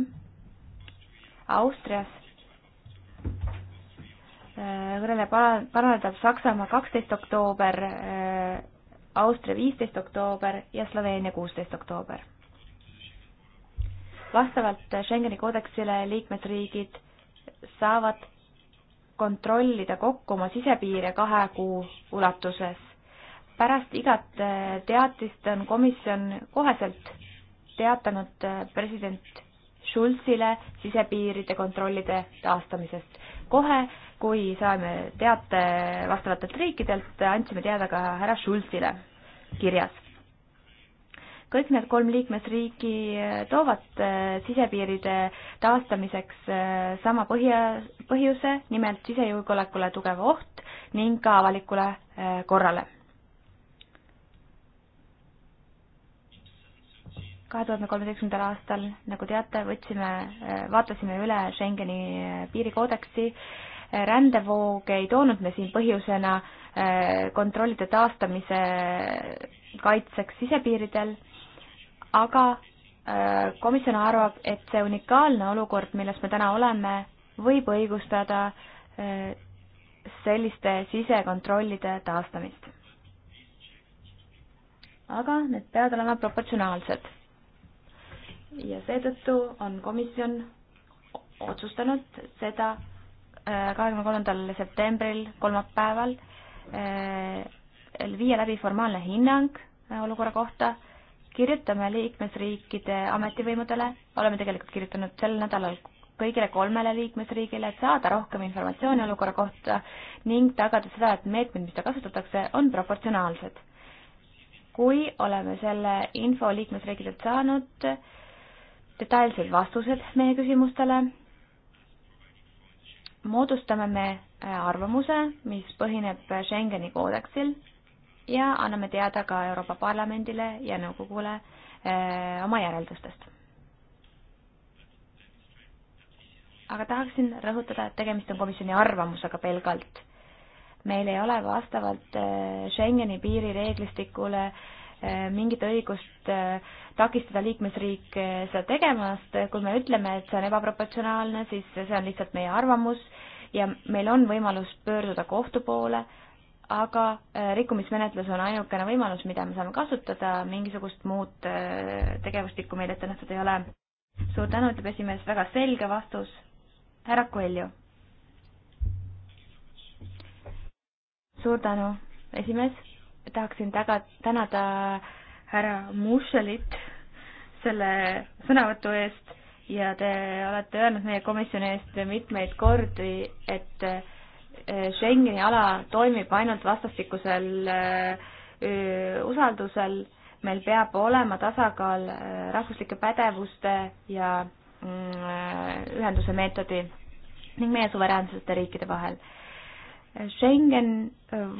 Austrias kõnele parandab Saksamaa kaksteist oktoober, äh, Austria viisteist oktoober ja Sloveenia kuusteist oktoober. vastavalt Schengeni koodeksile liikmesriigid saavad kontrollida kokku oma sisepiire kahe kuu ulatuses. pärast igat äh, teatist on komisjon koheselt teatanud äh, president Schulzile sisepiiride kontrollide taastamisest. kohe kui saime teate vastavatelt riikidelt, andsime teada ka härra Schulzile kirjas. kõik need kolm liikmesriiki toovad eh, sisepiiride taastamiseks eh, sama põhja, põhjuse, nimelt sisejulgeolekule tugev oht ning ka avalikule eh, korrale. kahe tuhande kolmeteistkümnendal aastal, nagu teate, võtsime, vaatasime üle Schengeni piirikoodeksi rändevoog ei toonud me siin põhjusena äh, kontrollide taastamise kaitseks sisepiiridel, aga äh, komisjon arvab, et see unikaalne olukord, milles me täna oleme, võib õigustada äh, selliste sisekontrollide taastamist. aga need peavad olema proportsionaalsed. ja seetõttu on komisjon otsustanud seda kahekümne kolmandal septembril, kolmapäeval, eh, viia läbi formaalne hinnang eh, olukorra kohta, kirjutame liikmesriikide ametivõimudele, oleme tegelikult kirjutanud sel nädalal kõigile kolmele liikmesriigile, et saada rohkem informatsiooni olukorra kohta ning tagada seda, et meetmed, mida kasutatakse, on proportsionaalsed. kui oleme selle info liikmesriikidelt saanud, detailsed vastused meie küsimustele moodustame me äh, arvamuse, mis põhineb Schengeni koodeksil ja anname teada ka Euroopa Parlamendile ja nõukogule äh, oma järeldustest. aga tahaksin rõhutada, et tegemist on komisjoni arvamusega pelgalt. meil ei ole vastavalt äh, Schengeni piirireeglistikule äh, Eh, mingit õigust eh, takistada liikmesriike seda tegemast, kui me ütleme, et see on ebaproportsionaalne, siis see on lihtsalt meie arvamus ja meil on võimalus pöörduda kohtu poole, aga eh, rikkumismenetlus on ainukene võimalus, mida me saame kasutada, mingisugust muud tegevustikku meil ette nähtud ei ole. suur tänu, ütleb esimees, väga selge vastus. härra Koelju. suur tänu, esimees tahaksin taga, tänada härra Mušelit selle sõnavõtu eest ja te olete öelnud meie komisjoni eest mitmeid kordi, et eh, Schengeni ala toimib ainult vastastikusel eh, usaldusel. meil peab olema tasakaal eh, rahvuslike pädevuste ja mm, ühenduse meetodi ning meie suveräänsete riikide vahel Schengen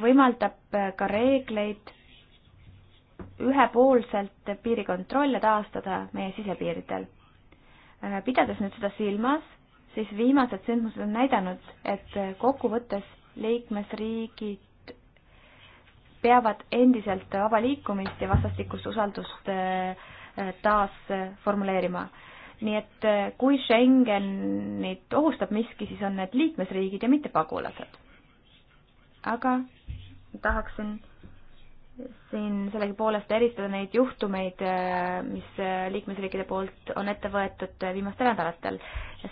võimaldab ka reegleid ühepoolselt piirikontrolle taastada meie sisepiiridel. pidades nüüd seda silmas, siis viimased sündmused on näidanud, et kokkuvõttes liikmesriigid peavad endiselt vaba liikumist ja vastastikust usaldust äh, taas äh, formuleerima. nii et äh, kui Schengenit ohustab miski, siis on need liikmesriigid ja mitte pagulased aga tahaksin siin sellegipoolest eristada neid juhtumeid, mis liikmesriikide poolt on ette võetud viimastel nädalatel.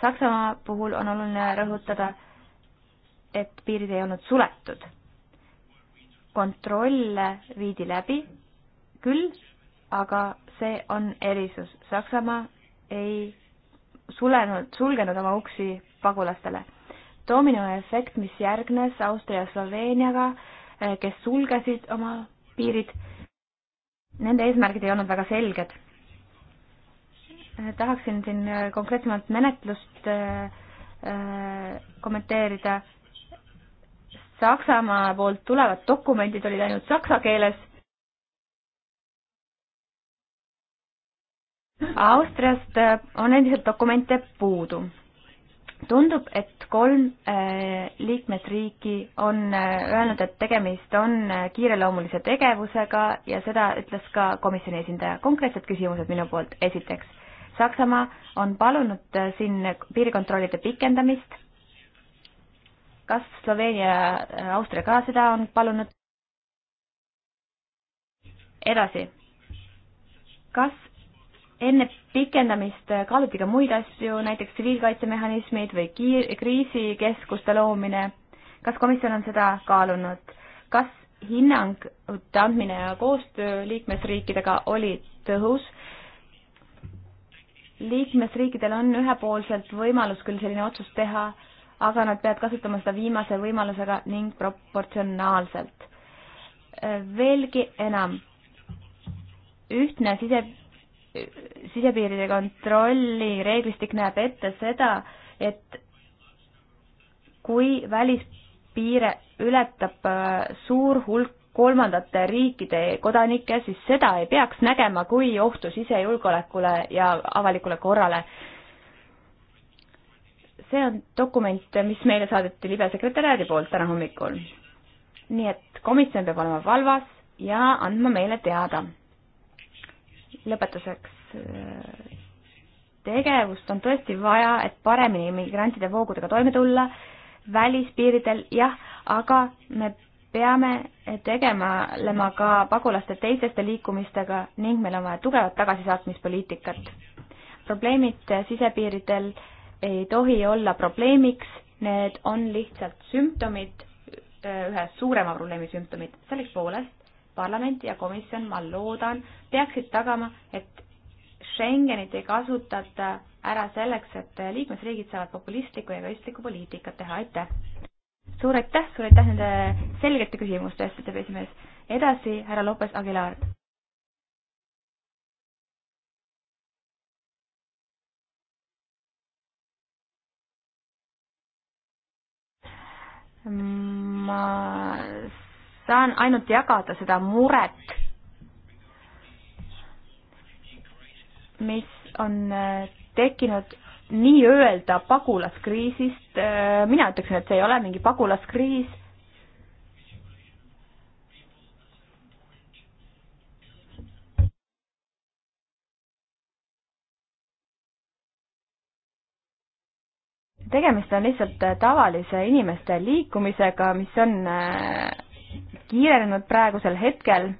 Saksamaa puhul on oluline rõhutada, et piirid ei olnud suletud. kontrolle viidi läbi küll, aga see on erisus. Saksamaa ei sulenud, sulgenud oma uksi pagulastele dominoefekt, mis järgnes Austria ja Sloveeniaga, eh, kes sulgesid oma piirid. Nende eesmärgid ei olnud väga selged. Eh, tahaksin siin eh, konkreetsemalt menetlust kommenteerida. Saksamaa poolt tulevad dokumendid olid ainult saksa keeles. Austriast on endiselt dokumente puudu tundub, et kolm äh, liikmesriiki on äh, öelnud, et tegemist on äh, kiireloomulise tegevusega ja seda ütles ka komisjoni esindaja. konkreetsed küsimused minu poolt, esiteks, Saksamaa on palunud siin piirikontrollide pikendamist, kas Sloveenia ja Austria ka seda on palunud? edasi, kas enne pikendamist kaaluti ka muid asju, näiteks tsiviilkaitsemehhanismid või kiir-, kriisikeskuste loomine. kas komisjon on seda kaalunud? kas hinnangute andmine ja koostöö liikmesriikidega oli tõhus? liikmesriikidel on ühepoolselt võimalus küll selline otsus teha, aga nad peavad kasutama seda viimase võimalusega ning proportsionaalselt. veelgi enam, ühtne sise sisepiiride kontrolli reeglistik näeb ette seda, et kui välispiire ületab äh, suur hulk kolmandate riikide kodanikke, siis seda ei peaks nägema kui ohtu sisejulgeolekule ja avalikule korrale. see on dokument, mis meile saadeti libe sekretäriaadi poolt täna hommikul. nii et komisjon peab olema valvas ja andma meile teada lõpetuseks, tegevust on tõesti vaja, et paremini migrantide voogudega toime tulla, välispiiridel jah, aga me peame tegelema ka pagulaste teiseste liikumistega ning meil on vaja tugevat tagasisaatmispoliitikat. probleemid sisepiiridel ei tohi olla probleemiks, need on lihtsalt sümptomid, ühe suurema probleemi sümptomid, sellegipoolest parlament ja komisjon, ma loodan, peaksid tagama, et Schengenit ei kasutata ära selleks, et liikmesriigid saavad populistlikku ja egoistlikku poliitikat teha, aitäh! suur aitäh, suur aitäh nende selgete küsimuste eest, ütleb esimees. edasi härra Lopes Aguilar. ma saan ainult jagada seda muret, mis on äh, tekkinud nii-öelda pagulaskriisist, äh, mina ütleksin, et see ei ole mingi pagulaskriis, tegemist on lihtsalt tavalise inimeste liikumisega, mis on äh, kiirenenud praegusel hetkel.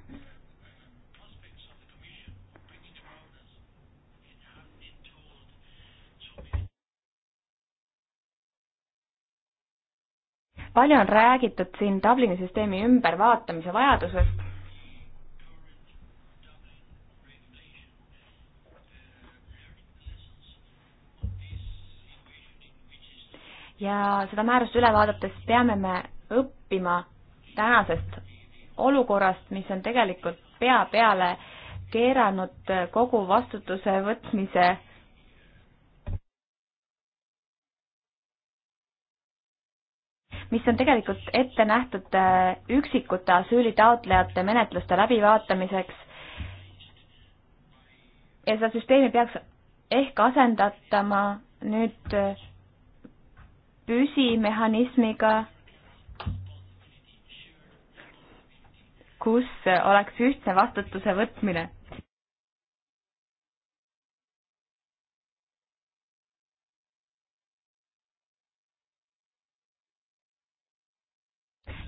palju on räägitud siin Dublini süsteemi ümbervaatamise vajadusest ja seda määrust üle vaadates peame me õppima tänasest olukorrast, mis on tegelikult pea peale keeranud kogu vastutuse võtmise mis on tegelikult ette nähtud äh, üksikute asüülitaotlejate menetluste läbivaatamiseks. ja seda süsteemi peaks ehk asendatama nüüd äh, püsimehhanismiga kus oleks ühtse vastutuse võtmine.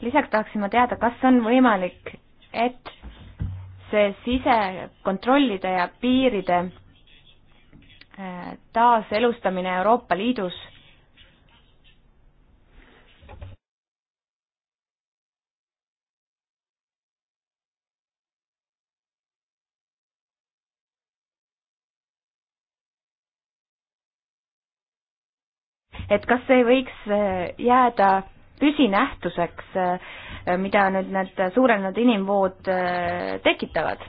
lisaks tahaksin ma teada, kas on võimalik, et see sisekontrollide ja piiride äh, taaselustamine Euroopa Liidus et kas see võiks eh, jääda püsinähtuseks, eh, mida nüüd need suurenenud inimvood eh, tekitavad?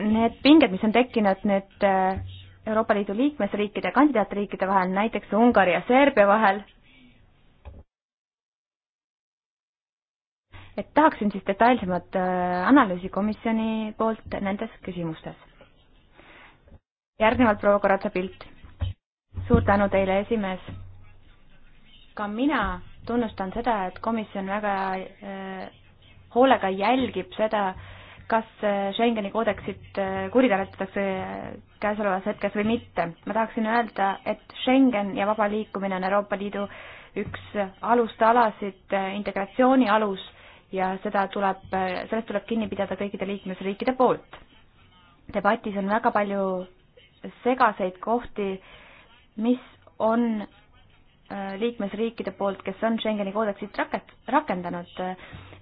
Need pinged, mis on tekkinud nüüd Euroopa Liidu liikmesriikide ja kandidaatriikide vahel, näiteks Ungari ja Serbia vahel, et tahaksin siis detailsemat äh, analüüsi komisjoni poolt nendes küsimustes. järgnevalt proua Koratsa pilt. suur tänu teile, esimees. ka mina tunnustan seda, et komisjon väga äh, hoolega jälgib seda, kas äh, Schengeni koodeksit äh, kuritarvitatakse käesolevas hetkes või mitte. ma tahaksin öelda, et Schengen ja vaba liikumine on Euroopa Liidu üks alustalasid, integratsiooni alus ja seda tuleb, sellest tuleb kinni pidada kõikide liikmesriikide poolt. debatis on väga palju segaseid kohti, mis on äh, liikmesriikide poolt, kes on Schengeni koodeksit raket-, rakendanud.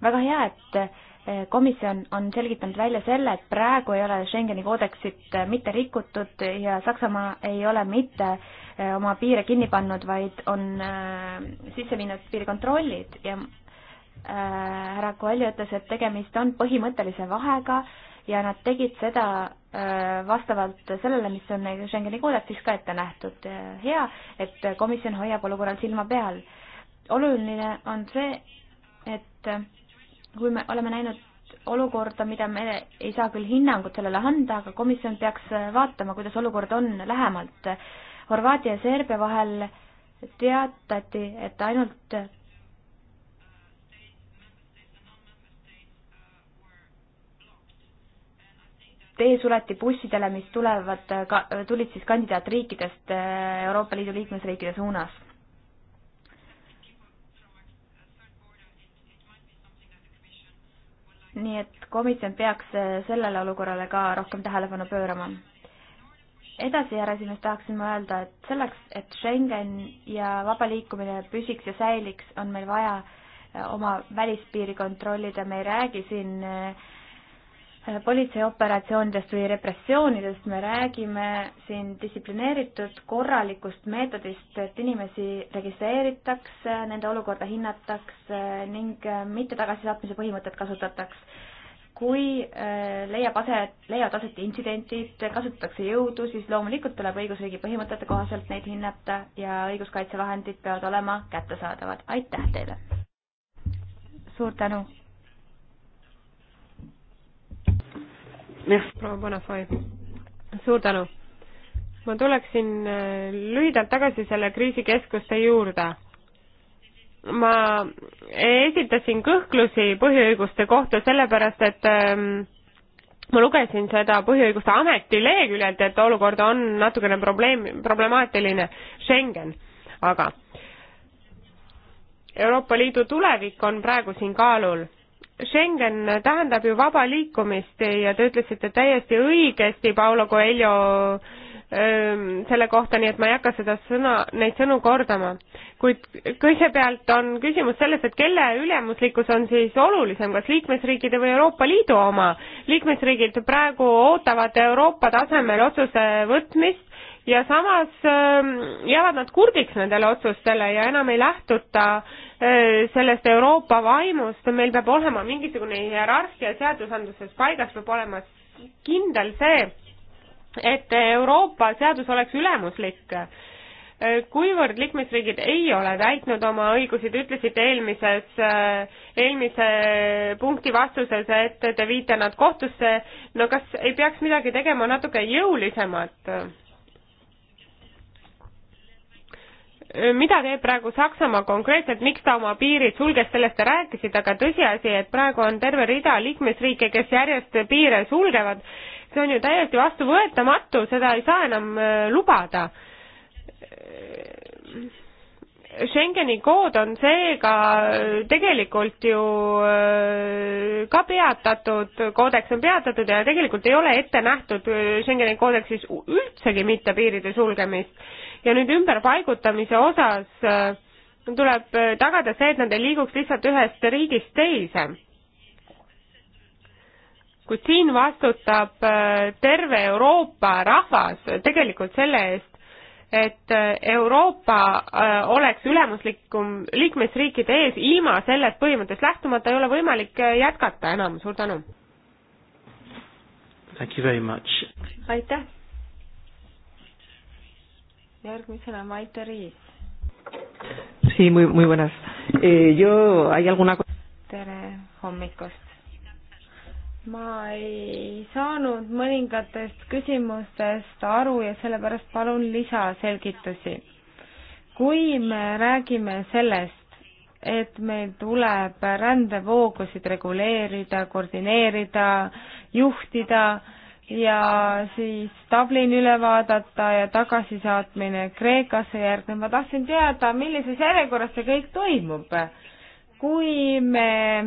väga hea, et äh, komisjon on selgitanud välja selle, et praegu ei ole Schengeni koodeksit äh, mitte rikutud ja Saksamaa ei ole mitte oma piire kinni pannud, vaid on sisse viinud piirikontrollid ja Äh, härra Koelju ütles, et tegemist on põhimõttelise vahega ja nad tegid seda äh, vastavalt sellele, mis on Schengeni koodeksis ka ette nähtud. Äh, hea, et komisjon hoiab olukorral silma peal. oluline on see, et kui me oleme näinud olukorda, mida me ei saa küll hinnangut sellele anda, aga komisjon peaks vaatama, kuidas olukord on lähemalt. Horvaatia ja Serbia vahel teatati, et ainult tee suleti bussidele, mis tulevad, äh, äh, tulid siis kandidaatriikidest äh, Euroopa Liidu liikmesriikide suunas. nii et komisjon peaks sellele olukorrale ka rohkem tähelepanu pöörama. edasi järjesimees tahaksin ma öelda, et selleks, et Schengen ja vaba liikumine püsiks ja säiliks, on meil vaja oma välispiiri kontrollida, me ei räägi siin äh, politseioperatsioonidest või repressioonidest me räägime siin distsiplineeritud korralikust meetodist, et inimesi registreeritakse, nende olukorda hinnatakse ning äh, mitte tagasisaatmise põhimõtet kasutatakse. kui äh, leiab aset, leiavad aset intsidentid, kasutatakse jõudu, siis loomulikult tuleb õigusriigi põhimõtete kohaselt neid hinnata ja õiguskaitsevahendid peavad olema kättesaadavad. aitäh teile! suur tänu! proua Bonafai, suur tänu. ma tuleksin äh, lühidalt tagasi selle kriisikeskuste juurde ma esitasin kõhklusi põhiõiguste kohta sellepärast, et ähm, ma lugesin seda Põhiõiguste Ameti leheküljelt, et olukord on natukene probleem, problemaatiline Schengen, aga Euroopa Liidu tulevik on praegu siin kaalul Schengen tähendab ju vaba liikumist ja te ütlesite täiesti õigesti, Paolo Coelho, ähm, selle kohta, nii et ma ei hakka seda sõna, neid sõnu kordama. kuid kõigepealt on küsimus selles, et kelle ülemuslikkus on siis olulisem, kas liikmesriikide või Euroopa Liidu oma? liikmesriigid praegu ootavad Euroopa tasemel otsuse võtmist ja samas ähm, jäävad nad kurdiks nendele otsustele ja enam ei lähtuta äh, sellest Euroopa vaimust, meil peab olema mingisugune hierarhia seadusandluses paigas, peab olema kindel see, et Euroopa seadus oleks ülemuslik äh, kuivõrd liikmesriigid ei ole täitnud oma õigusi, te ütlesite eelmises, äh, eelmise punkti vastuses, et te viite nad kohtusse, no kas ei peaks midagi tegema natuke jõulisemat? mida teeb praegu Saksamaa konkreetselt, miks ta oma piirid sulges, sellest te rääkisite, aga tõsiasi, et praegu on terve rida liikmesriike, kes järjest piire sulgevad, see on ju täiesti vastuvõetamatu, seda ei saa enam äh, lubada. Schengeni kood on seega tegelikult ju äh, ka peatatud, koodeks on peatatud ja tegelikult ei ole ette nähtud äh, Schengeni koodeksis üldsegi mitte piiride sulgemist ja nüüd ümberpaigutamise osas äh, tuleb äh, tagada see, et nad ei liiguks lihtsalt ühest riigist teise. kuid siin vastutab äh, terve Euroopa rahvas tegelikult selle eest, et Euroopa oleks ülemuslikum liikmesriikide ees, ilma sellest põhimõttest lähtumata ei ole võimalik jätkata enam, suur tänu! aitäh! järgmisena Maite Riis. Sí, muy, muy buenas. Eh, yo, hay alguna... tere hommikust! ma ei saanud mõningatest küsimustest aru ja sellepärast palun lisaselgitusi. kui me räägime sellest, et meil tuleb rändevoogusid reguleerida, koordineerida, juhtida, ja siis Dublin üle vaadata ja tagasisaatmine Kreekasse järgneb. ma tahtsin teada, millises järjekorras see kõik toimub. kui me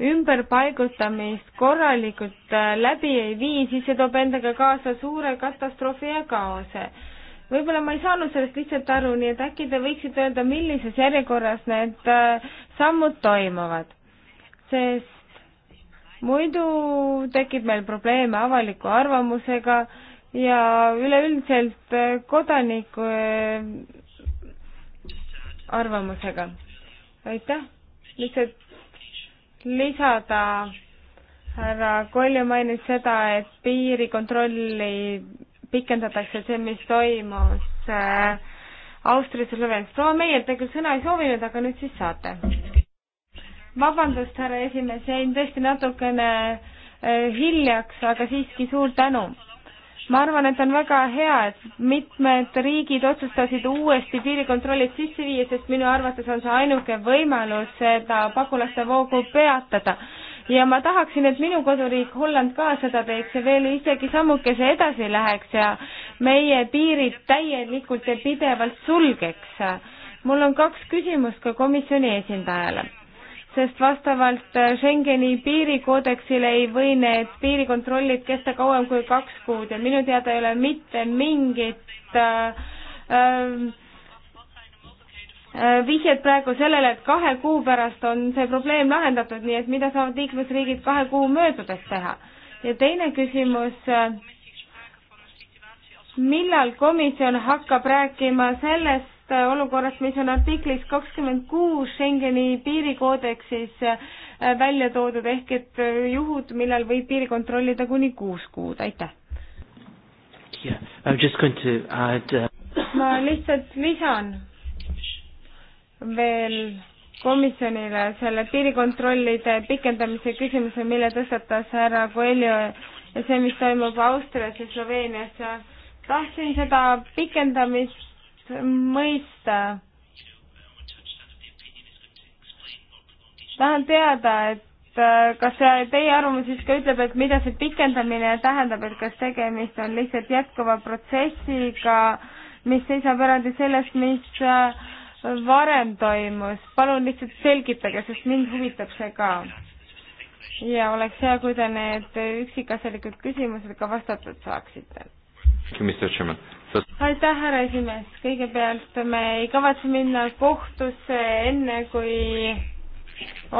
ümberpaigutamist korralikult äh, läbi ei vii, siis see toob endaga kaasa suure katastroofi ja kaose. võib-olla ma ei saanud sellest lihtsalt aru, nii et äkki te võiksite öelda, millises järjekorras need äh, sammud toimuvad? sest muidu tekib meil probleeme avaliku arvamusega ja üleüldiselt eh, kodaniku eh, arvamusega. aitäh, lihtsalt lisada, härra Kolju mainis seda, et piirikontrolli pikendatakse, see, mis toimus äh, Austrias ja Sloveenias. proua Meier, te küll sõna ei soovinud, aga nüüd siis saate vabandust, härra esimees, jäin tõesti natukene eh, hiljaks, aga siiski suur tänu. ma arvan, et on väga hea, et mitmed riigid otsustasid uuesti piirikontrollid sisse viia, sest minu arvates on see ainuke võimalus seda pagulaste voogu peatada ja ma tahaksin, et minu koduriik Holland ka seda teeks ja veel isegi sammukese edasi läheks ja meie piirid täielikult ja pidevalt sulgeks. mul on kaks küsimust ka komisjoni esindajale sest vastavalt äh, Schengeni piirikoodeksile ei või need piirikontrollid kesta kauem kui kaks kuud ja minu teada ei ole mitte mingit äh, äh, äh, vihjet praegu sellele, et kahe kuu pärast on see probleem lahendatud, nii et mida saavad liikmesriigid kahe kuu möödudes teha. ja teine küsimus äh,, millal komisjon hakkab rääkima sellest, sellest äh, olukorrast, mis on artiklis kakskümmend kuus Schengeni piirikoodeksis äh, välja toodud, ehk et äh, juhud, millal võib piiri kontrollida kuni kuus kuud, aitäh yeah,. Uh... ma lihtsalt lisan veel komisjonile selle piirikontrollide pikendamise küsimuse, mille tõstatas härra Coelho ja see, mis toimub Austrias ja Sloveenias. tahtsin seda pikendamist mõista. tahan teada, et äh, kas see teie arvamus siis ka ütleb, et mida see pikendamine tähendab, et kas tegemist on lihtsalt jätkuva protsessiga, mis seisab eraldi sellest, mis äh, varem toimus, palun lihtsalt selgitage, sest mind huvitab see ka ja oleks hea, kui te need üksikasjalikud küsimused ka vastatud saaksite aitäh, härra esimees, kõigepealt me ei kavatse minna kohtusse enne, kui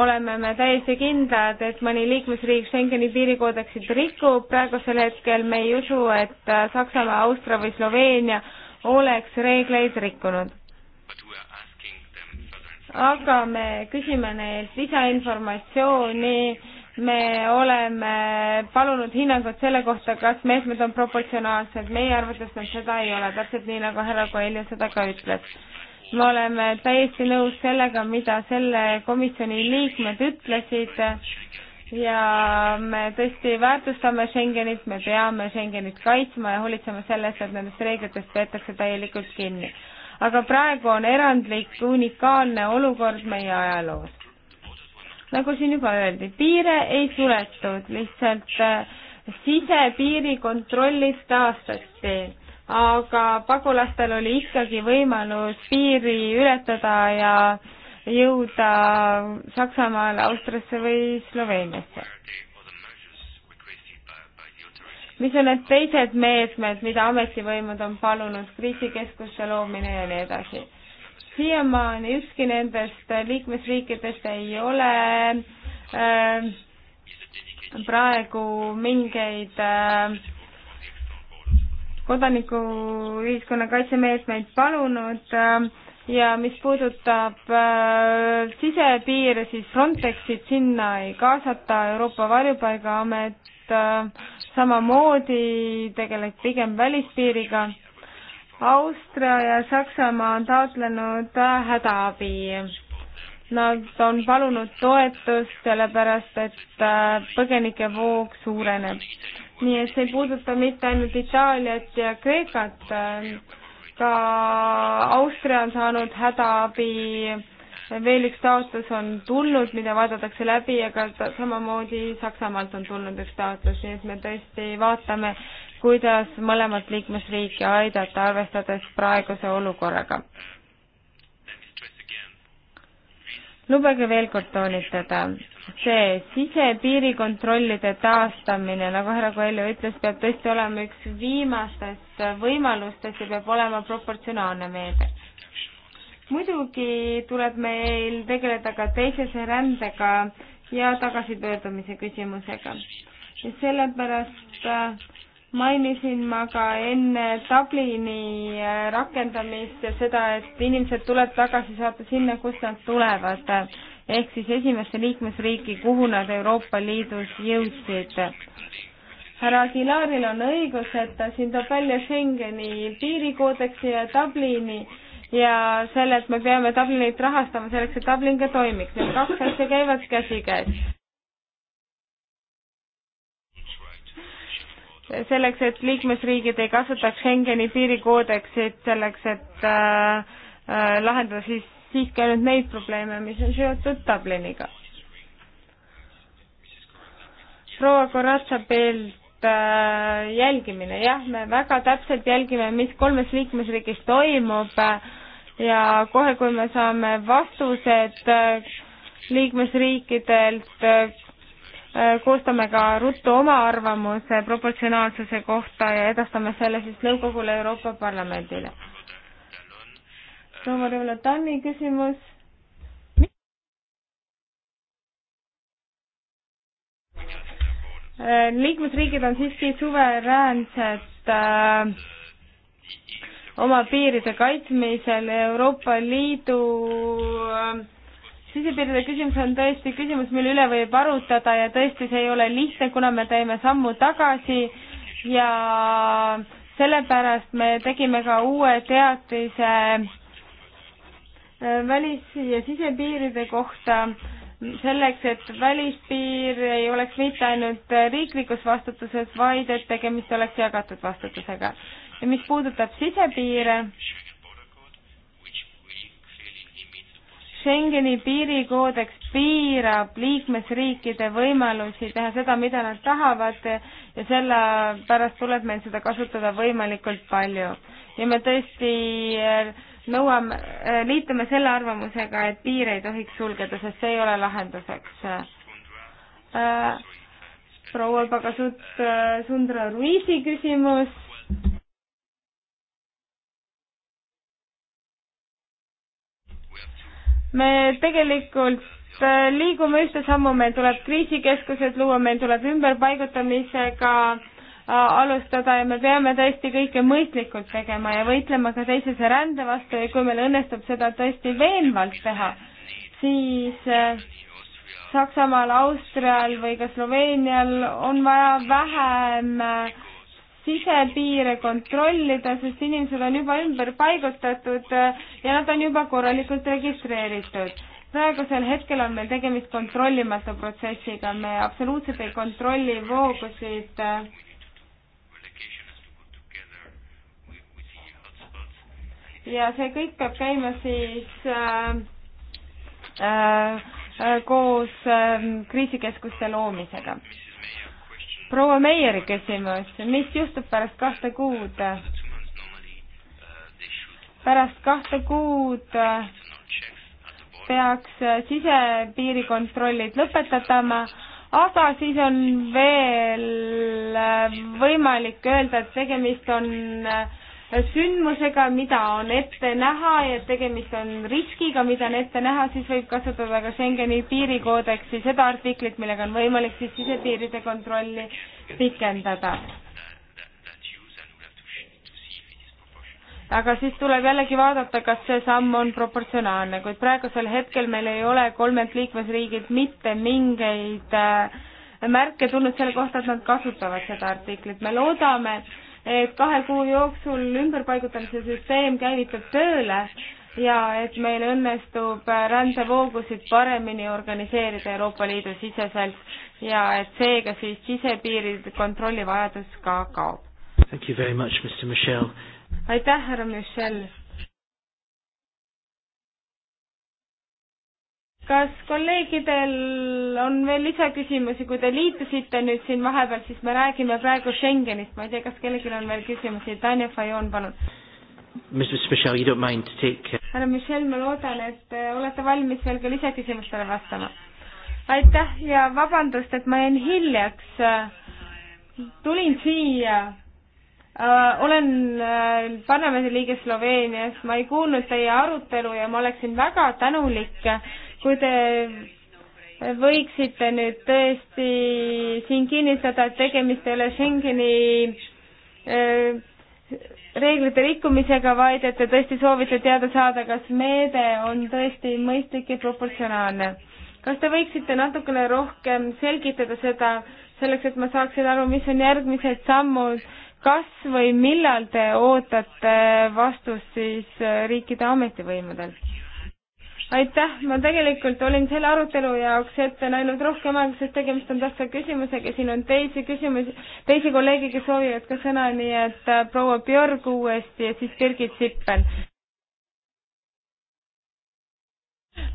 oleme me täiesti kindlad, et mõni liikmesriik Schengeni piirikoodeksit rikub, praegusel hetkel me ei usu, et Saksamaa, Austria või Sloveenia oleks reegleid rikkunud. aga me küsime neilt lisainformatsiooni me oleme palunud hinnangut selle kohta, kas meetmed on proportsionaalsed, meie arvates nad seda ei ole, täpselt nii, nagu härra Koelja seda ka ütles. me oleme täiesti nõus sellega, mida selle komisjoni liikmed ütlesid ja me tõesti väärtustame Schengenit, me peame Schengenit kaitsma ja hoolitsema selle eest, et nendest reeglitest peetakse täielikult kinni. aga praegu on erandlik, unikaalne olukord meie ajaloos nagu siin juba öeldi, piire ei suletud, lihtsalt äh, sisepiiri kontrollid taastati, aga pagulastel oli ikkagi võimalus piiri ületada ja jõuda Saksamaale, Austriasse või Sloveeniasse. mis on need teised meetmed, mida ametivõimud on palunud, kriisikeskuste loomine ja nii edasi siiamaani ükski nendest liikmesriikidest ei ole äh, praegu mingeid äh, kodanikuühiskonna kaitsemeetmeid palunud äh, ja mis puudutab äh, sisepiire, siis Frontexit sinna ei kaasata, Euroopa Varjupaigaamet äh, samamoodi tegeleb pigem välispiiriga Austria ja Saksamaa on taotlenud hädaabi. Nad on palunud toetust, sellepärast et äh, põgenikevoog suureneb. nii et see ei puuduta mitte ainult Itaaliat ja Kreekat, äh, ka Austria on saanud hädaabi veel üks taotlus on tulnud, mida vaadatakse läbi, aga samamoodi Saksamaalt on tulnud üks taotlus, nii et me tõesti vaatame, kuidas mõlemat liikmesriiki aidata, arvestades praeguse olukorraga. lubage veel kord toonitada, see sisepiirikontrollide taastamine, nagu härra Koelju ütles, peab tõesti olema üks viimastest võimalustest ja peab olema proportsionaalne meede muidugi tuleb meil tegeleda ka teisese rändega ja tagasipöördumise küsimusega. ja sellepärast äh, mainisin ma ka enne Dublini äh, rakendamist ja seda, et inimesed tuleb tagasi saata sinna, kust nad tulevad, ehk siis esimesse liikmesriiki, kuhu nad Euroopa Liidus jõudsid härra Aguilaril on õigus, et ta siin toob välja Schengeni piirikoodeksi ja Dublini ja selle, et me peame Dublinit rahastama selleks, et Dublin ka toimiks. Need kaks asja käivad käsikäes. selleks, et liikmesriigid ei kasutaks Schengeni piirikoodeksit, selleks, et äh, äh, lahendada siis siiski ainult neid probleeme, mis on seotud Dubliniga. proua Koratsa-Peelt äh, jälgimine, jah, me väga täpselt jälgime, mis kolmes liikmesriigis toimub äh, ja kohe, kui me saame vastused äh, liikmesriikidelt, äh, äh, koostame ka ruttu oma arvamuse proportsionaalsuse kohta ja edastame selle siis nõukogule Euroopa Parlamendile. proua Rõivla Tanni küsimus. liikmesriigid on siiski suveräänsed äh, oma piiride kaitsmisel Euroopa Liidu äh, sisepiiride küsimus on tõesti küsimus, mille üle võib arutada ja tõesti, see ei ole lihtne, kuna me teeme sammu tagasi ja sellepärast me tegime ka uue teatise äh, välis- ja sisepiiride kohta selleks, et välispiir ei oleks mitte ainult riiklikus vastutuses, vaid et tegemist oleks jagatud vastutusega mis puudutab sisepiire, Schengeni piirikoodeks piirab liikmesriikide võimalusi teha seda, mida nad tahavad ja sellepärast tuleb meil seda kasutada võimalikult palju. ja me tõesti eh, nõuame, eh, liitume selle arvamusega, et piire ei tohiks sulgeda, sest see ei ole lahenduseks. Eh, proua Pagasut Sundra Ruiisi küsimus me tegelikult äh, liigume ühte sammu, meil tuleb kriisikeskused luua, meil tuleb ümberpaigutamisega äh, alustada ja me peame tõesti kõike mõistlikult tegema ja võitlema ka teisese rände vastu ja kui meil õnnestub seda tõesti veenvalt teha, siis äh, Saksamaal, Austrial või ka Sloveenial on vaja vähem äh, sisepiire kontrollida, sest inimesed on juba ümber paigutatud äh, ja nad on juba korralikult registreeritud. praegusel hetkel on meil tegemist kontrollimata protsessiga, me absoluutselt ei kontrolli voogusid äh, ja see kõik peab käima siis äh, äh, äh koos äh, kriisikeskuste loomisega proua Meieri küsimus, mis juhtub pärast kahte kuud? pärast kahte kuud äh, peaks äh, sisepiirikontrollid lõpetatama, aga siis on veel äh, võimalik öelda, et tegemist on äh, sündmusega, mida on ette näha ja tegemist on riskiga, mida on ette näha, siis võib kasutada ka Schengeni piirikoodeksi seda artiklit, millega on võimalik siis sisepiiride kontrolli pikendada. aga siis tuleb jällegi vaadata, kas see samm on proportsionaalne, kuid praegusel hetkel meil ei ole kolmelt liikmesriigilt mitte mingeid äh, märke tulnud selle kohta, et nad kasutavad seda artiklit. me loodame, et kahe kuu jooksul ümberpaigutamise süsteem käivitub tööle ja et meil õnnestub rändevoogusid paremini organiseerida Euroopa Liidu siseselt ja et seega siis sisepiiride kontrolli vajadus ka kaob. aitäh, härra Michel! kas kolleegidel on veel lisaküsimusi, kui te liitusite nüüd siin vahepeal, siis me räägime praegu Schengenist, ma ei tea, kas kellelgi on veel küsimusi, Tanja Fajon, palun. härra Michel, ma loodan, et äh, olete valmis veel ka lisaküsimustele vastama. aitäh ja vabandust, et ma jäin hiljaks. tulin siia Uh, olen uh, parlamendiliige Sloveenias, ma ei kuulnud teie arutelu ja ma oleksin väga tänulik, kui te võiksite nüüd tõesti siin kinnitada, et tegemist ei ole Schengeni äh, reeglite rikkumisega, vaid et te tõesti soovite teada saada, kas meede on tõesti mõistlik ja proportsionaalne. kas te võiksite natukene rohkem selgitada seda, selleks et ma saaksin aru, mis on järgmised sammud, kas või millal te ootate vastust siis äh, riikide ametivõimudelt? aitäh, ma tegelikult olin selle arutelu jaoks ette näinud rohkem aega, sest tegemist on tähtsa küsimusega, siin on teisi küsimusi, teisi kolleege, kes soovivad ka sõna, nii et äh, proua Björg uuesti ja siis Birgit Sippel.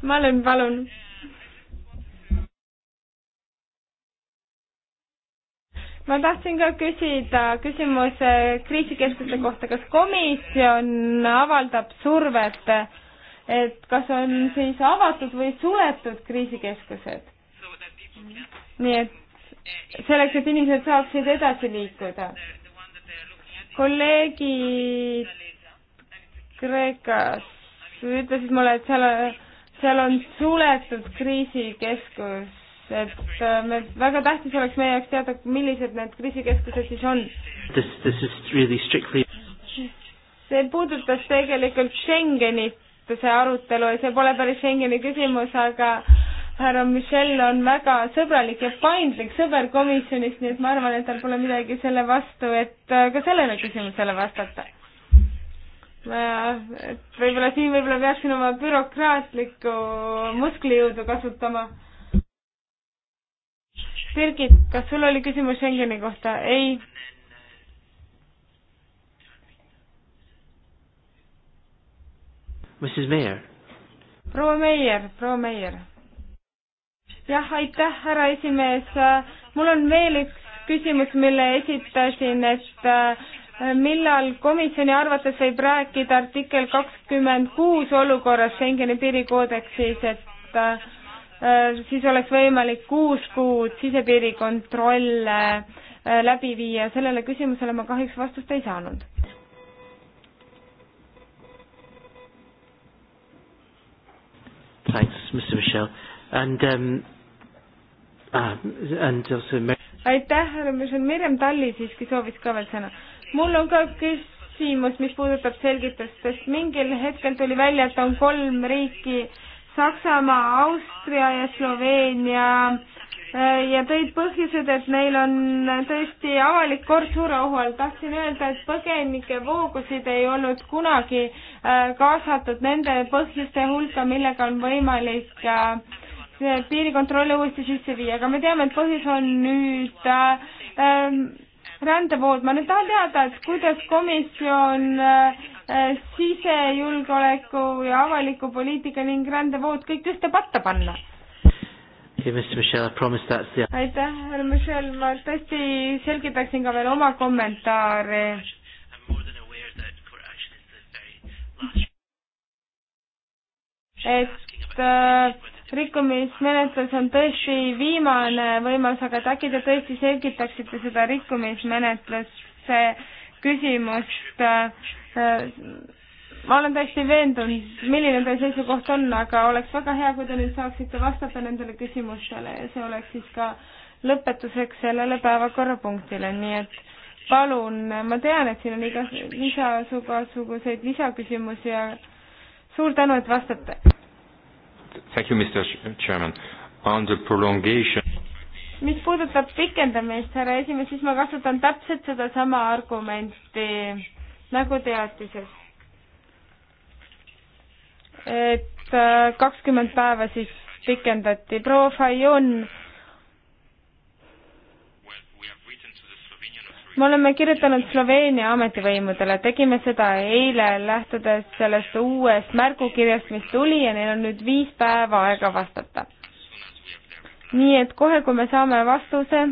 Malen, palun. ma tahtsin ka küsida küsimuse kriisikeskuste kohta, kas komisjon avaldab survet et kas on siis avatud või suletud kriisikeskused. nii et selleks, et inimesed saaksid edasi liikuda. kolleegid Kreekas ütlesid mulle, et seal, seal on suletud kriisikeskus, et äh, me, väga tähtis oleks meie jaoks teada, millised need kriisikeskused siis on. Really strictly... see puudutas tegelikult Schengenit see arutelu ja see pole päris Schengeni küsimus, aga härra Michel on väga sõbralik ja paindlik sõber komisjonist, nii et ma arvan, et tal pole midagi selle vastu, et äh, ka sellele küsimusele vastata. võib-olla siin võib-olla peaksin oma bürokraatlikku musklijõudu kasutama. Birgit, kas sul oli küsimus Schengeni kohta? ei Mrs Meier. proua Meier, proua Meier. jah, aitäh, härra esimees. mul on veel üks küsimus, mille esitasin, et äh, millal komisjoni arvates võib rääkida artikkel kakskümmend kuus olukorras Schengeni piirikoodeksis, et äh, siis oleks võimalik kuus kuud sisepiirikontrolle äh, läbi viia, sellele küsimusele ma kahjuks vastust ei saanud Thanks, Mr Michel and um, ah, and also aitäh, härra Michel, Merjam Talli siiski soovis ka veel sõna. mul on ka küsimus, mis puudutab selgitust, sest mingil hetkel tuli välja, et on kolm riiki, Saksamaa, Austria ja Sloveenia Äh, ja tõid põhjused, et meil on tõesti avalik kord suure ohu all. tahtsin öelda, et põgenike voogusid ei olnud kunagi äh, kaasatud nende põhjuste hulka, millega on võimalik äh, piirikontrolli uuesti sisse viia, aga me teame, et põhjus on nüüd ähm, rändevood. ma nüüd tahan teada, et kuidas komisjon sisejulgeoleku ja avaliku poliitika ning rändevood kõik ühte patta panna aitäh, härra Michel, ma tõesti selgitaksin ka veel oma kommentaari et äh, rikkumismenetlus on tõesti viimane võimalus, aga et äkki te tõesti selgitaksite seda rikkumismenetluse küsimust äh, ma olen täiesti veendunud, milline teie seisukoht on, aga oleks väga hea, kui te nüüd saaksite vastata nendele küsimustele ja see oleks siis ka lõpetuseks sellele päevakorrapunktile, nii et palun, ma tean, et siin on igas, lisasuguseid lisaküsimusi ja suur tänu, et vastate. Thank you, Mr Chairman. On the prolongation mis puudutab pikendamist, härra esimees, siis ma kasutan täpselt sedasama argumenti nagu teatises et äh, kakskümmend päeva siis pikendati. proua Fajon, me oleme kirjutanud Sloveenia ametivõimudele, tegime seda eile, lähtudes sellest uuest märgukirjast, mis tuli ja neil on nüüd viis päeva aega vastata. nii et kohe, kui me saame vastuse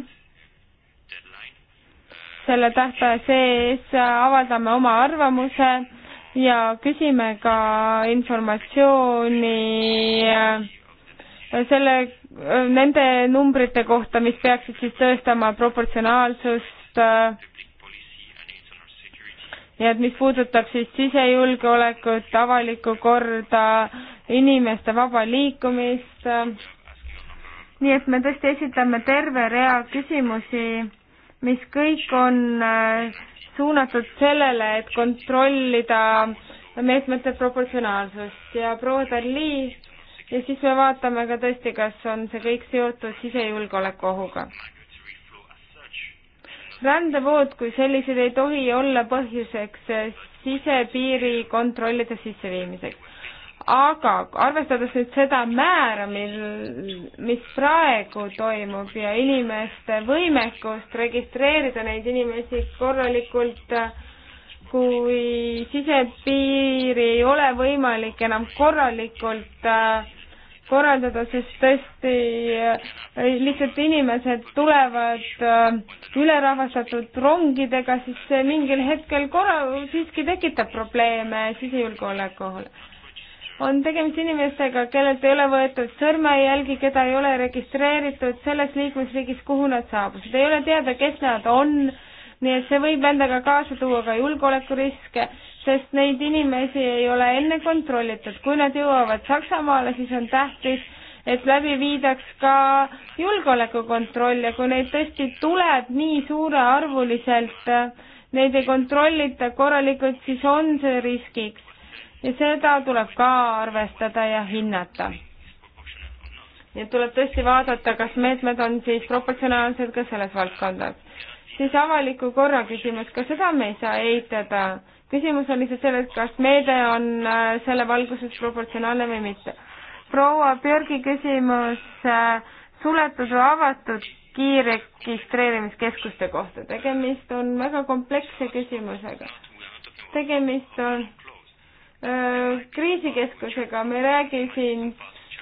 selle tähtaja sees, avaldame oma arvamuse ja küsime ka informatsiooni äh, selle, äh, nende numbrite kohta, mis peaksid siis tõestama proportsionaalsust äh, ja et mis puudutab siis sisejulgeolekut, avalikku korda, inimeste vaba liikumist. nii et me tõesti esitame terve rea küsimusi, mis kõik on äh, suunatud sellele, et kontrollida meetmete proportsionaalsust ja proua Dali ja siis me vaatame ka tõesti, kas on see kõik seotud sisejulgeoleku ohuga. rändevood kui sellised ei tohi olla põhjuseks sisepiiri kontrollide sisseviimiseks aga arvestades nüüd seda määra, mil, mis praegu toimub ja inimeste võimekust registreerida neid inimesi korralikult, kui sisepiiri ei ole võimalik enam korralikult äh, korraldada, sest tõesti äh, lihtsalt inimesed tulevad äh, ülerahvastatud rongidega, siis see mingil hetkel korra-, siiski tekitab probleeme sisejulgeolekule on tegemist inimestega, kellelt ei ole võetud sõrmejälgi, keda ei ole registreeritud selles liikmesriigis, kuhu nad saabusid, ei ole teada, kes nad on, nii et see võib endaga kaasa tuua ka julgeolekuriske, sest neid inimesi ei ole enne kontrollitud, kui nad jõuavad Saksamaale, siis on tähtis, et läbi viidaks ka julgeolekukontroll ja kui neid tõesti tuleb nii suurearvuliselt, neid ei kontrollita korralikult, siis on see riskiks ja seda tuleb ka arvestada ja hinnata. nii et tuleb tõesti vaadata, kas meetmed on siis proportsionaalsed ka selles valdkondas. siis avaliku korra küsimus, ka seda me ei saa eitada. küsimus on lihtsalt selles, kas meede on äh, selle valguses proportsionaalne või mitte. proua Björgi küsimus äh, suletud või avatud kiirregistreerimiskeskuste kohta, tegemist on väga kompleksse küsimusega. tegemist on Äh, kriisikeskusega, me ei räägi siin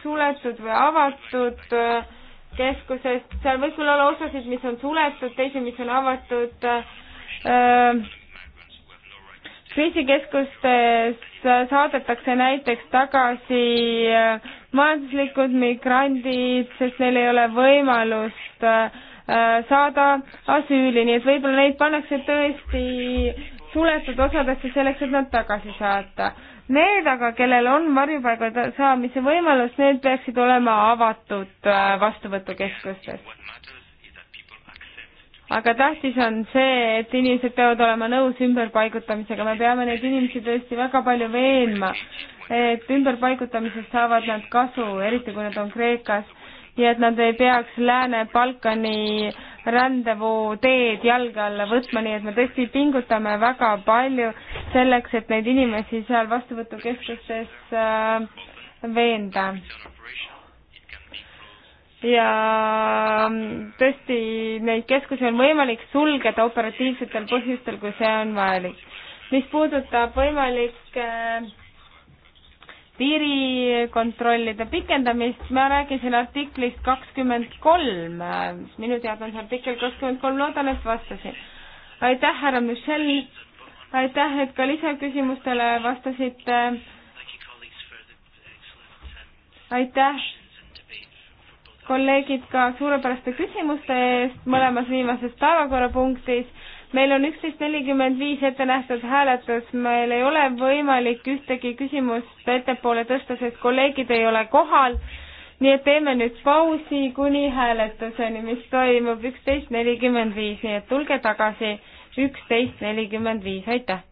suletud või avatud äh, keskusest, seal võib küll olla osasid, mis on suletud, teisi, mis on avatud. Äh, kriisikeskustes saadetakse näiteks tagasi majanduslikud migrandid, sest neil ei ole võimalust saada asüüli, nii et võib-olla neid pannakse tõesti suletud osadesse selleks, et nad tagasi saata. Need aga, kellel on varjupaiga saamise võimalus, need peaksid olema avatud äh, vastuvõtukeskustes. aga tähtis on see, et inimesed peavad olema nõus ümberpaigutamisega, me peame neid inimesi tõesti väga palju veenma, et ümberpaigutamisest saavad nad kasu, eriti kui nad on Kreekas ja et nad ei peaks Lääne-Balkani rändevoo teed jalge alla võtma, nii et me tõesti pingutame väga palju selleks, et neid inimesi seal vastuvõtukeskustes äh, veenda. ja mm, tõesti, neid keskusi on võimalik sulgeda operatiivsetel põhjustel, kui see on vajalik. mis puudutab võimalikke äh, piirikontrollide pikendamist, ma räägin siin artiklist kakskümmend kolm, minu teada on see artikkel kakskümmend kolm, loodan, et vastasin. aitäh, härra Michel, aitäh, et ka lisaküsimustele vastasite. aitäh, kolleegid, ka suurepäraste küsimuste eest mõlemas viimases päevakorrapunktis meil on üksteist nelikümmend viis ette nähtud hääletus, meil ei ole võimalik ühtegi küsimust ettepoole tõsta, sest kolleegid ei ole kohal. nii et teeme nüüd pausi kuni hääletuseni, mis toimub üksteist nelikümmend viis, nii et tulge tagasi üksteist nelikümmend viis, aitäh!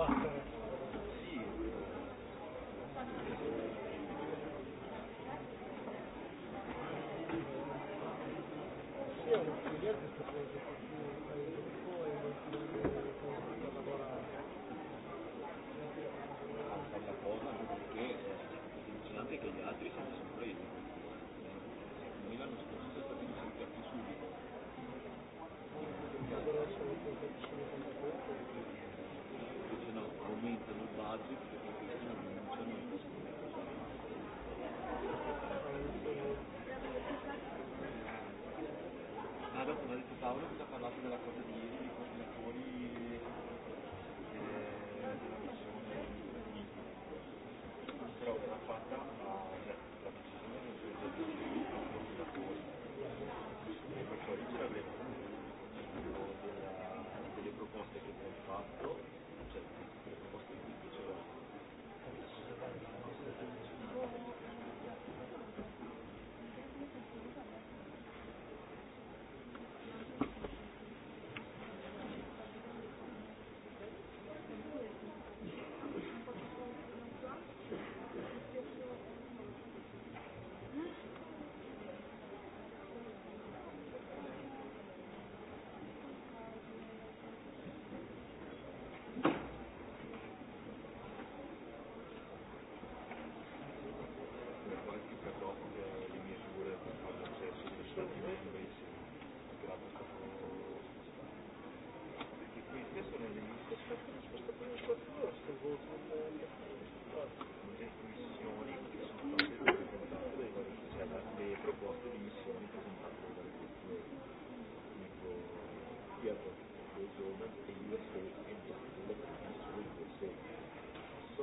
Basta. argomento basic Nada, como ha dicho Pablo, la palabra de la Corte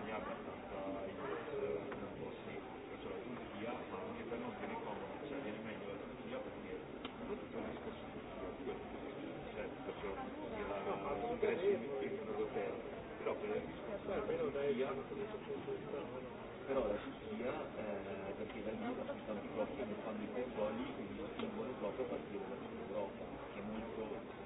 Spagna abbastanza in questi posti verso la Turchia, ma anche per non tenere comodo, cioè viene meglio la Turchia perché non tutto un discorso turco, cioè faccio la Grecia dell'Unione Europea, però per il discorso della Turchia, però la Turchia, eh, perché da lì stanno proprio che fanno i petroli, quindi spingono proprio a partire dall'Europa, che è molto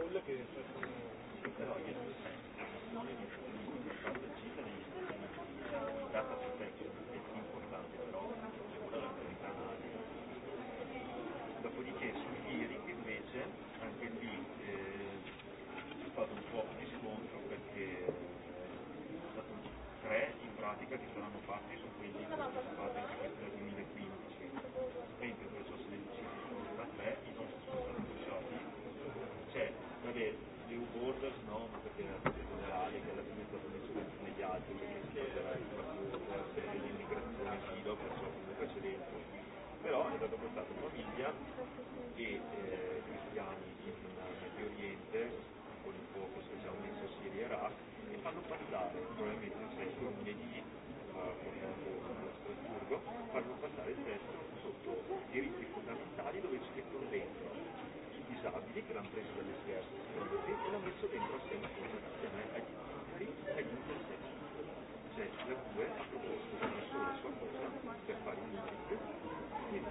بقول لك ايه però è stato portato in famiglia e eh, cristiani in eh, Medio Oriente, con il fuoco specialmente Siria e Iraq, e fanno passare, probabilmente il sesto lunedì, portato eh, a Strasburgo, fanno passare il testo sotto diritti fondamentali dove ci mettono dentro i disabili che l'hanno preso dall'esercito e l'hanno messo dentro assieme, assieme agli zingari e agli intersessi. E cioè la CUE ha proposto una sola sua cosa per fare i numeri Cioè,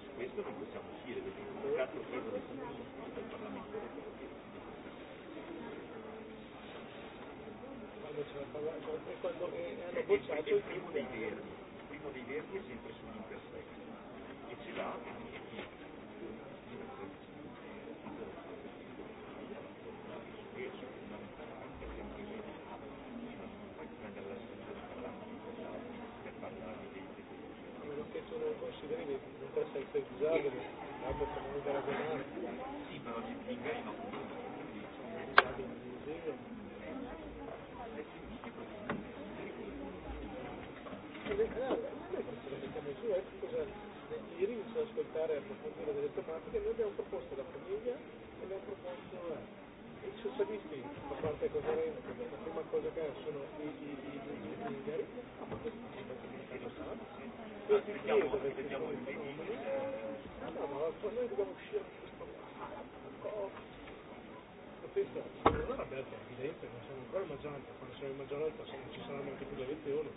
su questo non possiamo uscire, perché il contratto quello del Parlamento quando c'è la parola e quando è, hanno bocciato il primo dei verdi, il primo dei verdi è sempre sugli imperfetti e ce l'ha è disabile, l'altro è comunque ragionare. Sì, però gli zingari non sono disabili di disegno. Ieri mi sono ascoltare e approfondire delle tematiche, noi abbiamo proposto la famiglia e abbiamo proposto eh, i socialisti, a parte cosa rende, la prima cosa che sono i, i, i, i zingari, e di chiesa, perché sono i fenomeni, non aperta, è evidente, non siamo ancora in maggioranza, quando siamo in maggioranza se non ci sarà neanche più la elezione,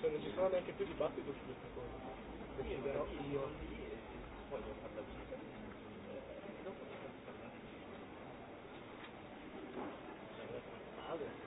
se non ci sarà neanche più dibattito su questa cosa. Quindi però io voglio farla dopo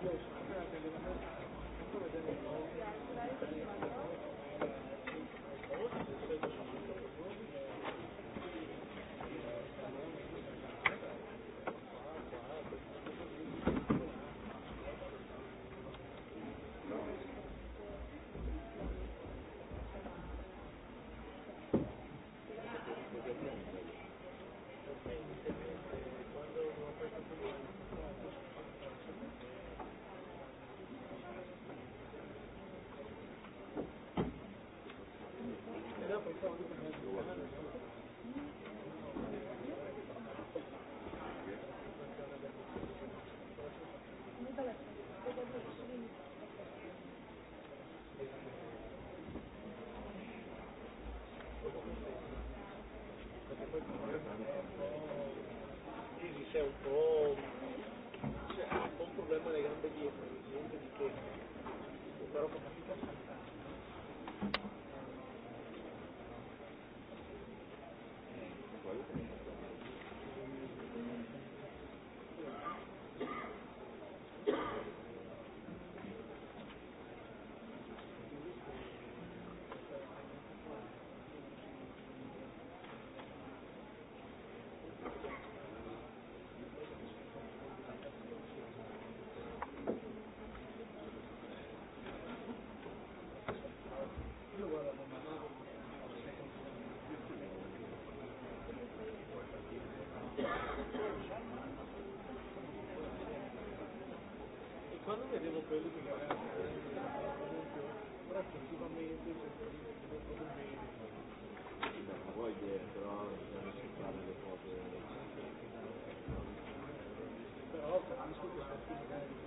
Thank you. si è un po', cioè, un po' un problema alle gambe dietro, mi sento di che, però ho capito quando vedevo quelli che avevano ora effettivamente ma poi dietro bisogna accettare le cose però capisco che sono più magari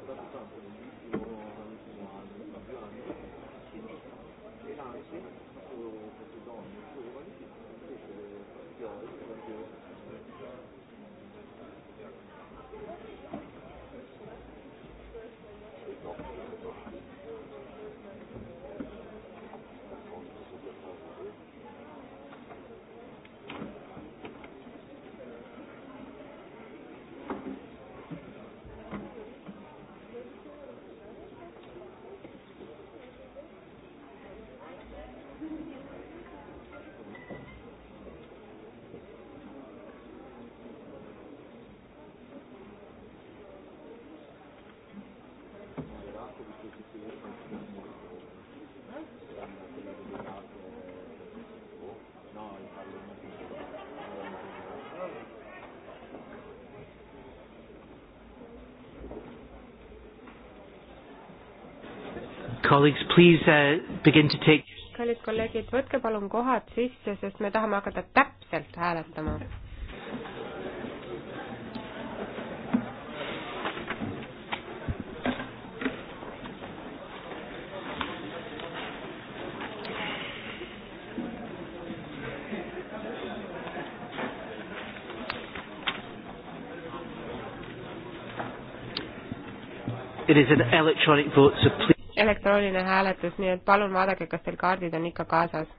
colleagues, please uh, begin to take kallid kolleegid, võtke palun kohad sisse, sest me tahame hakata täpselt hääletama. It is an electronic vote, so please elektrooniline hääletus, nii et palun vaadake, kas teil kaardid on ikka kaasas.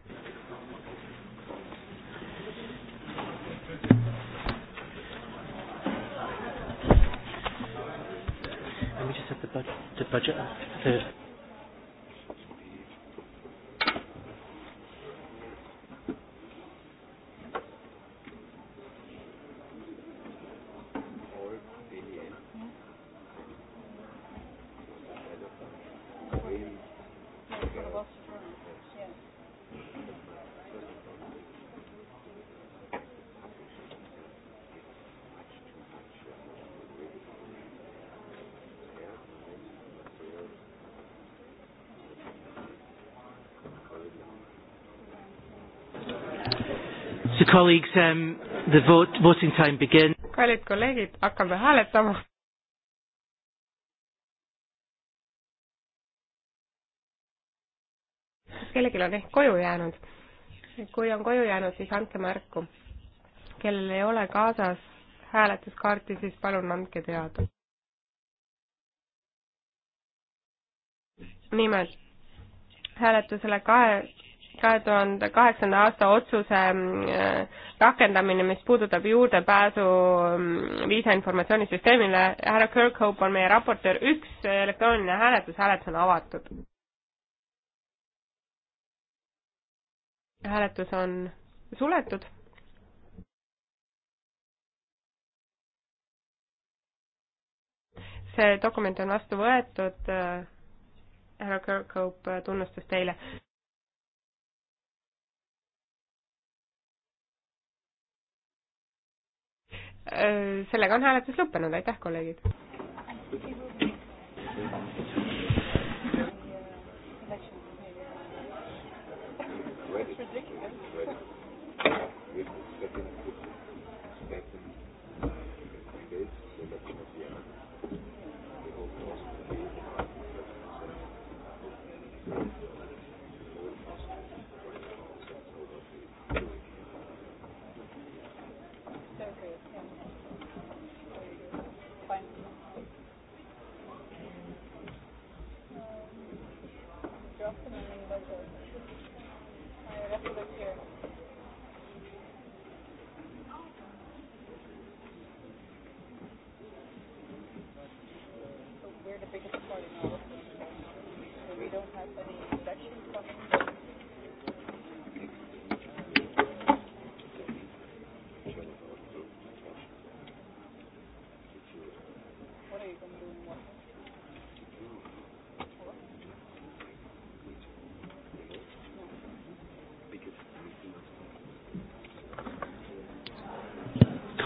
Colleagues, um, the vote, voting time begins. kallid kolleegid, hakkame hääletama. kas kellelgi on ehk koju jäänud? kui on koju jäänud, siis andke märku. kellel ei ole kaasas hääletuskaarti, siis palun andke teada. nimelt hääletusele kahe kahe tuhande kaheksanda aasta otsuse mm, äh, rakendamine, mis puudutab juurdepääsu mm, viisainformatsioonisüsteemile. härra Kirkhope on meie raportöör, üks elektrooniline hääletus, hääletus on avatud. hääletus on suletud. see dokument on vastu võetud äh, härra Kirkhope, tunnustus teile. Äh, sellega on hääletus lõppenud, aitäh, kolleegid!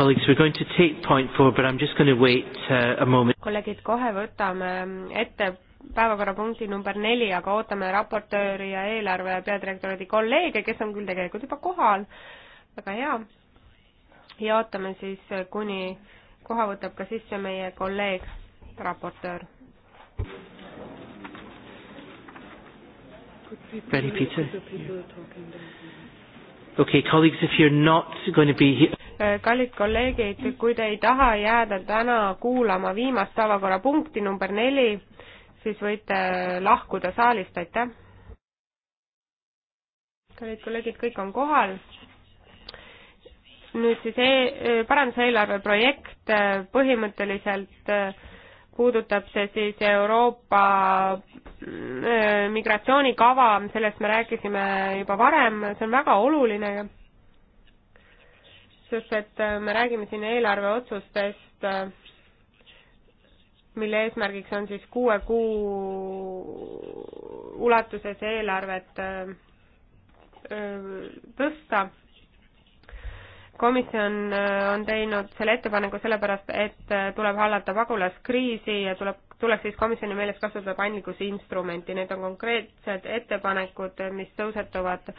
colleagues, we're going to take point four, but I'm just going to wait uh, a moment. kolleegid, kohe võtame ette päevakorrapunkti number neli, aga ootame raportööri ja eelarve peadirektori kolleege, kes on küll tegelikult juba kohal, väga hea. ja ootame siis, kuni koha võtab ka sisse meie kolleeg, raportöör. Ready, Peter? Okay, colleagues, if you're not going to be here Eh, kallid kolleegid, kui te ei taha jääda täna kuulama viimast päevakorrapunkti number neli, siis võite lahkuda saalist, aitäh. kallid kolleegid, kõik on kohal. nüüd siis e, e- paranduseelarve projekt eh, põhimõtteliselt eh, puudutab see siis Euroopa mm, migratsioonikava, sellest me rääkisime juba varem, see on väga oluline sest et äh, me räägime siin eelarveotsustest, äh, mille eesmärgiks on siis kuue kuu ulatuses eelarvet äh, tõsta. komisjon on teinud selle ettepaneku sellepärast, et tuleb hallata pagulaskriisi ja tuleb, tuleks siis komisjoni meeles kasutada paindlikkuse instrumenti, need on konkreetsed ettepanekud, mis tõusetuvad äh,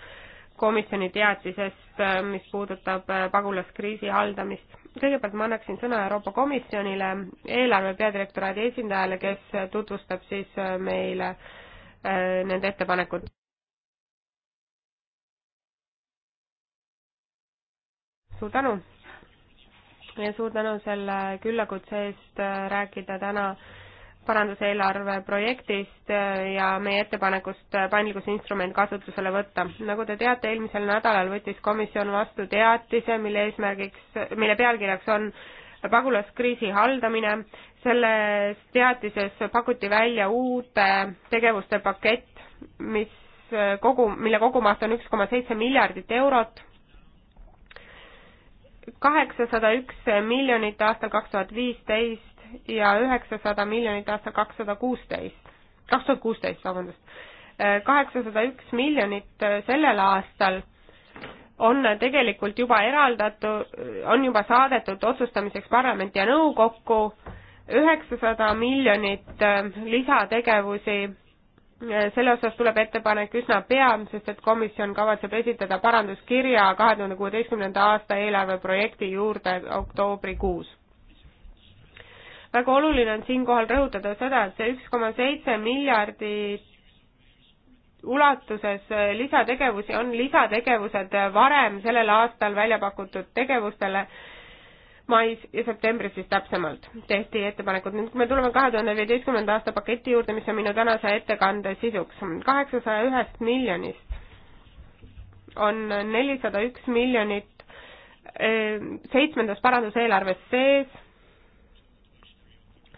komisjoni teatisest, äh, mis puudutab äh, pagulaskriisi haldamist. kõigepealt ma annaksin sõna Euroopa Komisjonile, eelarve peadirektoraadi esindajale, kes tutvustab siis äh, meile nende ettepanekud. suur tänu ja suur tänu selle küllakutse eest rääkida täna äh, paranduseelarve projektist äh, ja meie ettepanekust äh, paindlikkusinstrument kasutusele võtta. nagu te teate, eelmisel nädalal võttis komisjon vastu teatise, mille eesmärgiks, mille pealkirjaks on pagulaskriisi haldamine. selles teatises pakuti välja uute tegevuste pakett, mis äh, kogu, mille kogumaht on üks koma seitse miljardit eurot kaheksasada üks miljonit aastal kaks tuhat viisteist ja üheksasada miljonit aastal kakssada kuusteist, kaks tuhat kuusteist, vabandust. kaheksasada üks miljonit äh, sellel aastal on tegelikult juba eraldatud, on juba saadetud otsustamiseks parlamenti ja nõukokku, üheksasada miljonit äh, lisategevusi, äh, selle osas tuleb ettepanek üsna pea, sest et komisjon kavatseb esitada paranduskirja kahe tuhande kuueteistkümnenda aasta eelarve projekti juurde oktoobrikuus väga oluline on siinkohal rõhutada seda, et see üks koma seitse miljardit ulatuses lisategevusi on lisategevused varem sellel aastal välja pakutud tegevustele mais ja septembris siis täpsemalt tehti ettepanekud. nüüd me tuleme kahe tuhande viieteistkümnenda aasta paketi juurde, mis on minu tänase ettekande sisuks. kaheksasaja ühest miljonist on nelisada üks miljonit eh, seitsmendas paranduseelarves sees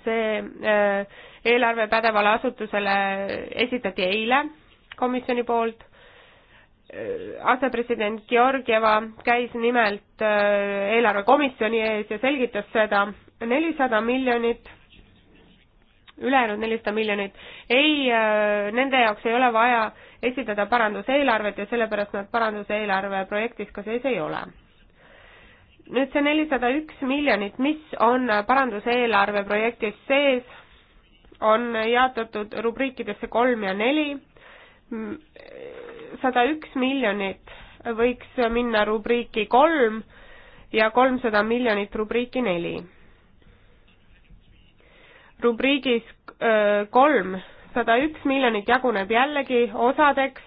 see äh, eelarve pädevale asutusele esitati eile komisjoni poolt. Äh, asepresident Georgieva käis nimelt äh, eelarvekomisjoni ees ja selgitas seda nelisada miljonit, ülejäänud nelisada miljonit, ei, nende jaoks ei ole vaja esitada paranduseelarvet ja sellepärast nad paranduseelarve projektis ka sees ei ole nüüd see nelisada üks miljonit, mis on paranduseelarve projektis sees, on jaotatud rubriikidesse kolm ja neli. sada üks miljonit võiks minna rubriiki kolm ja kolmsada miljonit rubriiki neli. rubriigis kolm sada üks miljonit jaguneb jällegi osadeks,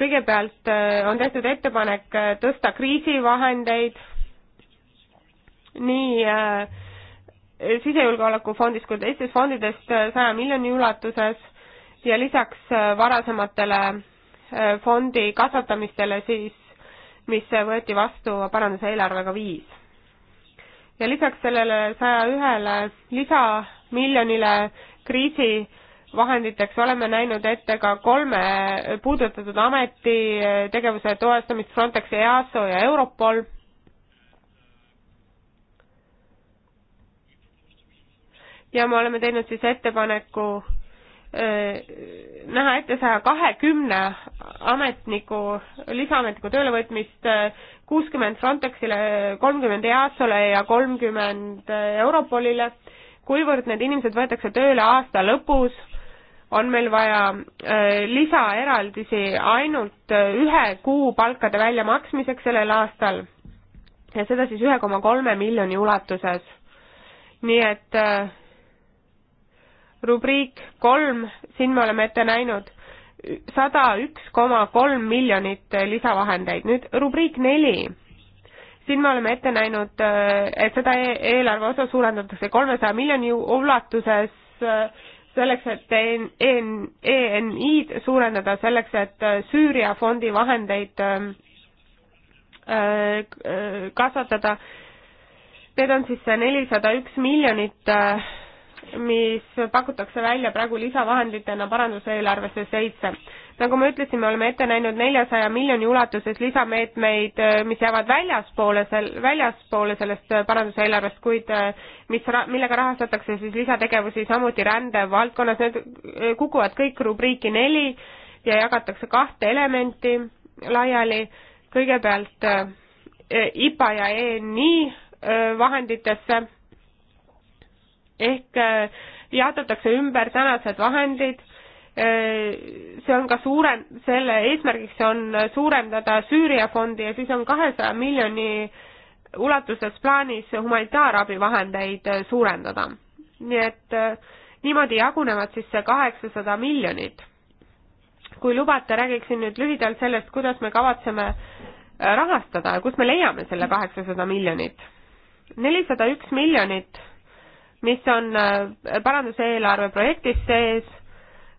kõigepealt on tehtud ettepanek tõsta kriisivahendeid nii äh, sisejulgeolekufondist kui teistest fondidest äh, saja miljoni ulatuses ja lisaks äh, varasematele fondi kasvatamistele siis, mis võeti vastu paranduse eelarvega viis. ja lisaks sellele saja ühele lisamiljonile kriisi vahenditeks oleme näinud ette ka kolme puudutatud ameti tegevuse toestamist Frontex, EASO ja Europol ja me oleme teinud siis ettepaneku äh, näha ette saja kahekümne ametniku, lisaametniku töölevõtmist, äh, kuuskümmend Frontexile, kolmkümmend EASO-le ja kolmkümmend äh, Europolile. kuivõrd need inimesed võetakse tööle aasta lõpus, on meil vaja lisaeraldisi ainult ühe kuu palkade väljamaksmiseks sellel aastal ja seda siis ühe koma kolme miljoni ulatuses. nii et äh, rubriik kolm, siin me oleme ette näinud sada üks koma kolm miljonit lisavahendeid. nüüd rubriik neli, siin me oleme ette näinud, äh, et seda e- eelarve osa suurendatakse kolmesaja miljoni ulatuses äh, selleks, et ENI-d suurendada, selleks, et äh, Süüria fondi vahendeid kasvatada. Need on siis see nelisada üks miljonit mis pakutakse välja praegu lisavahenditena paranduse eelarvesse seitse. nagu ma ütlesin, me oleme ette näinud neljasaja miljoni ulatuses lisameetmeid, mis jäävad väljaspoole sel-, väljaspoole sellest paranduse eelarvest, kuid mis ra-, millega rahastatakse siis lisategevusi samuti rändevaldkonnas, need kukuvad kõik rubriiki neli ja jagatakse kahte elementi laiali, kõigepealt e-, IPA ja ENI vahenditesse ehk äh, jaotatakse ümber tänased vahendid, äh, see on ka suurem, selle eesmärgiks on suurendada Süüria fondi ja siis on kahesaja miljoni ulatuses plaanis humanitaarabivahendeid äh, suurendada. nii et niimoodi jagunevad siis see kaheksasada miljonit. kui lubate, räägiksin nüüd lühidalt sellest, kuidas me kavatseme rahastada ja kust me leiame selle kaheksasada miljonit. nelisada üks miljonit mis on äh, paranduse eelarve projektis sees,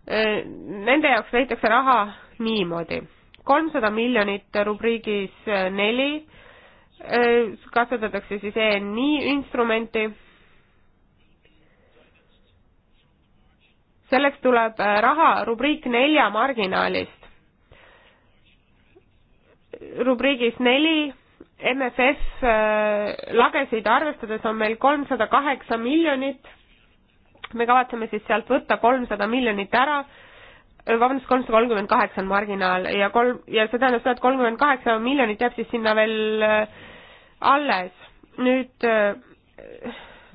äh, nende jaoks leitakse raha niimoodi. kolmsada miljonit rubriigis äh, neli, kasutatakse siis ENI instrumenti selleks tuleb raha rubriik nelja marginaalist. rubriigis neli MFF äh, lagesid arvestades on meil kolmsada kaheksa miljonit, me kavatseme siis sealt võtta kolmsada miljonit ära, äh, vabandust, kolmsada kolmkümmend kaheksa on marginaal ja kolm, ja see tähendab seda, et kolmkümmend kaheksa miljonit jääb siis sinna veel äh, alles. nüüd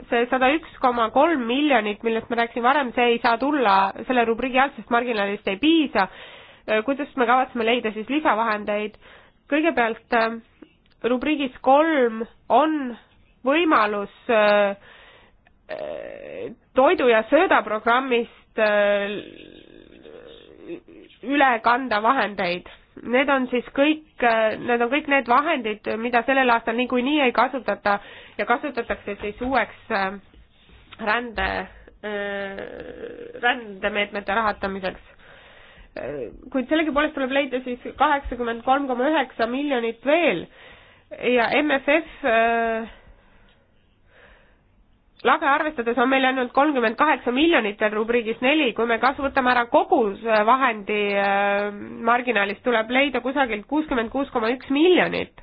see sada üks koma kolm miljonit, millest ma rääkisin varem, see ei saa tulla selle rubriigi alt, sest marginaalist ei piisa. kuidas me kavatseme leida siis lisavahendeid? kõigepealt äh, rubriigis kolm on võimalus äh, äh, toidu ja söödaprogrammist äh, üle kanda vahendeid. Need on siis kõik, need on kõik need vahendid, mida sellel aastal niikuinii ei kasutata ja kasutatakse siis uueks rände, rändemeetmete rahastamiseks kuid sellegipoolest tuleb leida siis kaheksakümmend kolm koma üheksa miljonit veel ja MFF äh, lage arvestades on meil ainult kolmkümmend kaheksa miljonit veel rubriigis neli, kui me kas võtame ära kogu äh, vahendi äh, marginaalist, tuleb leida kusagilt kuuskümmend kuus koma üks miljonit.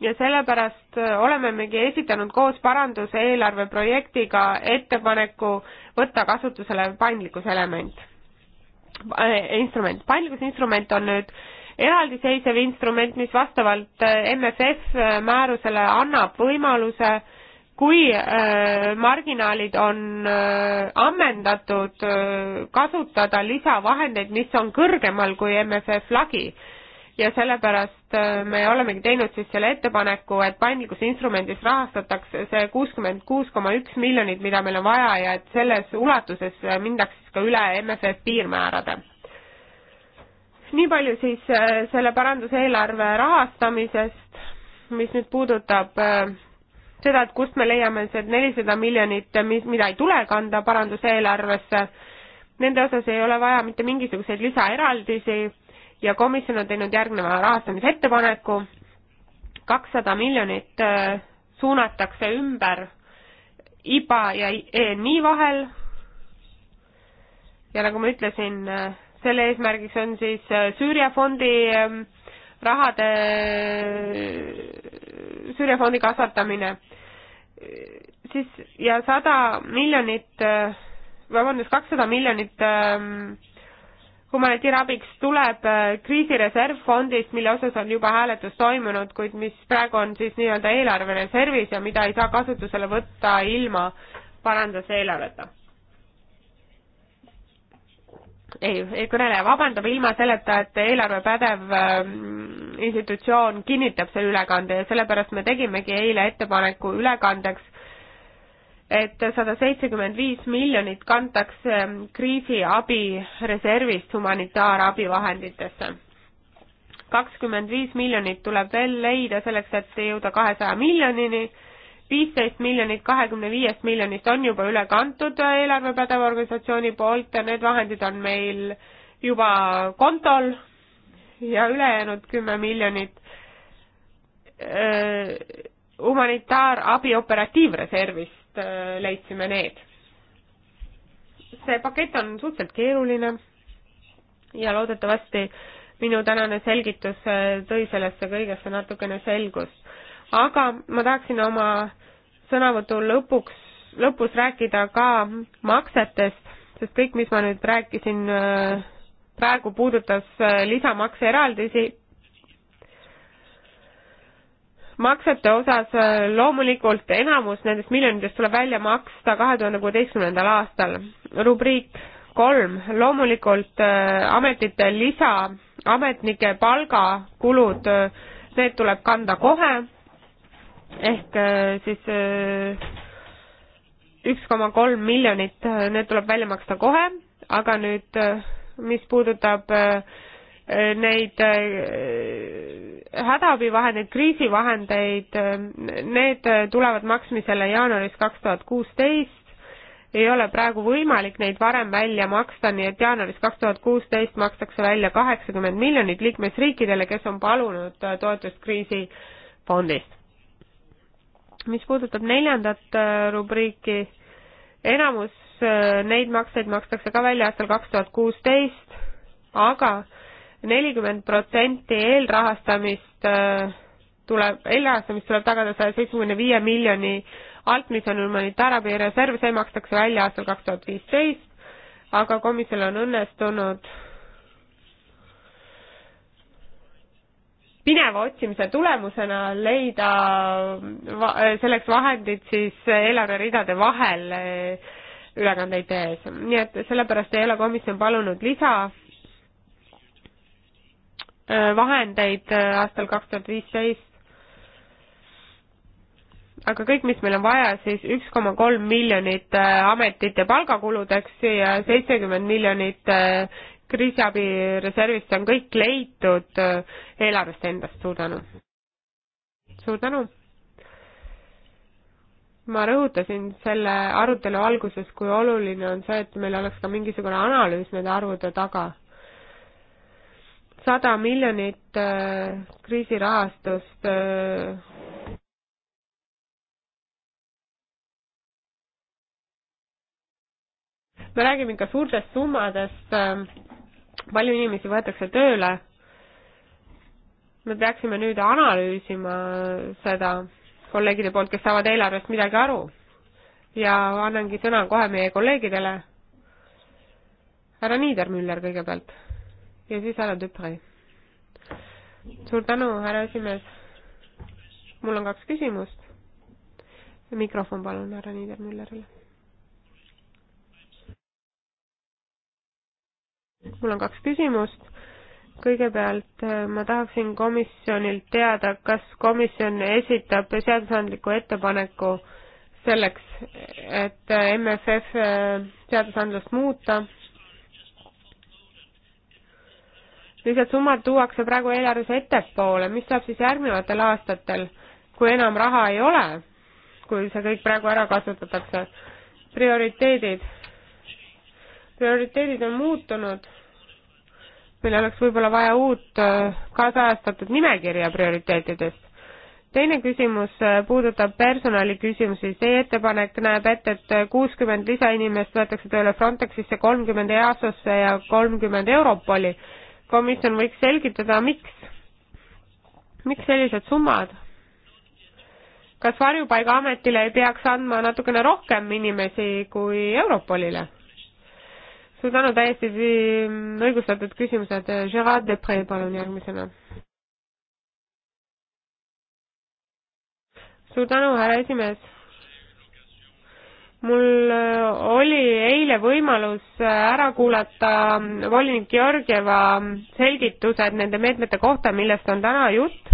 ja sellepärast olemegi esitanud koos paranduseelarve projektiga ettepaneku võtta kasutusele paindlikkuselement, instrument. paindlikkusinstrument on nüüd äh, eraldiseisev instrument, mis vastavalt äh, MFF äh, määrusele annab võimaluse kui äh, marginaalid on äh, ammendatud äh,, kasutada lisavahendeid, mis on kõrgemal kui MFF lagi. ja sellepärast äh, me olemegi teinud siis selle ettepaneku, et paindlikkuse instrumendis rahastatakse see kuuskümmend kuus koma üks miljonit, mida meil on vaja ja et selles ulatuses äh, mindaks siis ka üle MFF piirmäärade nii palju siis äh, selle paranduseelarve rahastamisest, mis nüüd puudutab äh, seda, et kust me leiame see nelisada miljonit, äh, mis, mida ei tule kanda paranduseelarvesse, nende osas ei ole vaja mitte mingisuguseid lisaeraldisi ja komisjon on teinud järgneva rahastamisettepaneku, kakssada miljonit suunatakse ümber IBA ja ENI e vahel ja nagu ma ütlesin, selle eesmärgiks on siis äh, Süüria fondi ähm, rahade, äh, Süüria fondi kasvatamine. Äh, siis ja sada miljonit, vabandust, kakssada miljonit ähm, humanitaarabiks tuleb kriisireservfondist, mille osas on juba hääletus toimunud, kuid mis praegu on siis nii-öelda eelarvereservis ja mida ei saa kasutusele võtta ilma paranduse eelarveta ei, ei kõneleja vabandab, ilma selleta, et eelarvepädev ähm, institutsioon kinnitab selle ülekande ja sellepärast me tegimegi eile ettepaneku ülekandeks, et sada seitsekümmend viis miljonit kantakse ähm, kriisiabi reservist humanitaarabivahenditesse. kakskümmend viis miljonit tuleb veel leida selleks, et jõuda kahesaja miljonini viisteist miljonit kahekümne viiest miljonist on juba üle kantud eelarvepädeva organisatsiooni poolt, need vahendid on meil juba kontol ja ülejäänud kümme miljonit humanitaarabi operatiivreservist leidsime need. see pakett on suhteliselt keeruline ja loodetavasti minu tänane selgitus tõi sellesse kõigesse natukene selgust aga ma tahaksin oma sõnavõtu lõpuks, lõpus rääkida ka maksetest, sest kõik, mis ma nüüd rääkisin äh, praegu, puudutas äh, lisamakseeraldisi. maksete osas äh, loomulikult enamus nendest miljonitest tuleb välja maksta kahe tuhande kuueteistkümnendal aastal. rubriik kolm, loomulikult ametite lisa, ametnike palgakulud, need tuleb kanda kohe ehk äh, siis äh, üks koma kolm miljonit, äh, need tuleb välja maksta kohe, aga nüüd mis puudutab neid hädaabivahendeid, kriisivahendeid, need tulevad maksmisele jaanuaris kaks tuhat kuusteist, ei ole praegu võimalik neid varem välja maksta, nii et jaanuaris kaks tuhat kuusteist makstakse välja kaheksakümmend miljonit liikmesriikidele, kes on palunud toetust kriisifondist mis puudutab neljandat äh, rubriiki, enamus äh, neid makseid makstakse ka välja aastal kaks tuhat kuusteist, aga nelikümmend protsenti eelrahastamist äh, tuleb, eelrahastamist tuleb tagada saja seitsmekümne viie miljoni alt, mis on humanitaarabi reserv, see makstakse välja aastal kaks tuhat viisteist, aga komisjonil on õnnestunud pineva otsimise tulemusena leida va selleks vahendid siis eelarveridade vahel eh, ülekandeid tehes. nii et sellepärast ei ole komisjon palunud lisa eh, vahendeid eh, aastal kaks tuhat viisteist. aga kõik, mis meil on vaja, siis üks koma kolm miljonit ametite palgakuludeks ja seitsekümmend miljonit kriisiabireservist on kõik leitud äh, eelarvest endast, suur tänu. suur tänu. ma rõhutasin selle arutelu alguses, kui oluline on see, et meil oleks ka mingisugune analüüs nende arvude taga. sada miljonit äh, kriisirahastust äh, me räägime ikka suurtest summadest palju inimesi võetakse tööle. me peaksime nüüd analüüsima seda kolleegide poolt, kes saavad eelarvest midagi aru. ja annangi sõna kohe meie kolleegidele. härra Niidermüller kõigepealt ja siis härra Tüpre. suur tänu, härra esimees. mul on kaks küsimust. mikrofon palun härra Niidermüllerile mul on kaks küsimust. kõigepealt äh, ma tahaksin komisjonilt teada, kas komisjon esitab seadusandliku ettepaneku selleks, et äh, MFF äh, seadusandlust muuta. lihtsalt summad tuuakse praegu eelarves ettepoole, mis saab siis järgnevatel aastatel, kui enam raha ei ole, kui see kõik praegu ära kasutatakse? prioriteedid prioriteedid on muutunud, meil oleks võib-olla vaja uut äh, kaasajastatud nimekirja prioriteetidest. teine küsimus äh, puudutab personaliküsimusi, see ettepanek näeb ette, et äh, kuuskümmend lisainimest võetakse tööle Frontexisse, kolmkümmend EASO-sse ja kolmkümmend Europoli. komisjon võiks selgitada, miks, miks sellised summad? kas Varjupaigaametile ei peaks andma natukene rohkem inimesi kui Europolile? suur tänu, täiesti õigustatud küsimused. Gerard Depre, palun järgmisena. suur tänu, härra esimees. mul äh, oli eile võimalus äh, ära kuulata mm, volinik Georgieva selgitused nende meetmete kohta, millest on täna jutt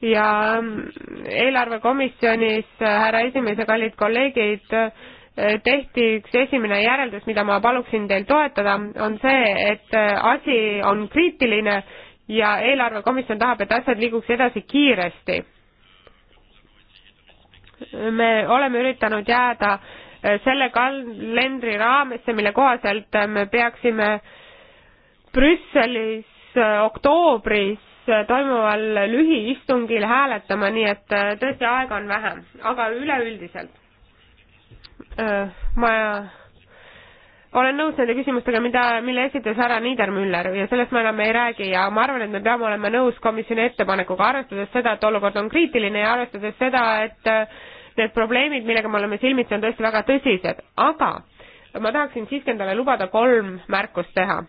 ja mm, eelarvekomisjonis äh, härra esimees ja kallid kolleegid, tehti üks esimene järeldus, mida ma paluksin teil toetada, on see, et äh, asi on kriitiline ja eelarvekomisjon tahab, et asjad liiguks edasi kiiresti. me oleme üritanud jääda äh, selle kalendri raamesse, mille kohaselt äh, me peaksime Brüsselis oktoobris toimuval lühiistungil hääletama, nii et tõesti aega on vähe, aga üleüldiselt Äh, ma olen nõus nende küsimustega, mida, mille esitas härra Niedermüller ja sellest me enam ei räägi ja ma arvan, et me peame olema nõus komisjoni ettepanekuga, arvestades seda, et olukord on kriitiline ja arvestades seda, et äh, need probleemid, millega me oleme silmitsi, on tõesti väga tõsised, aga ma tahaksin siiski endale lubada kolm märkust teha.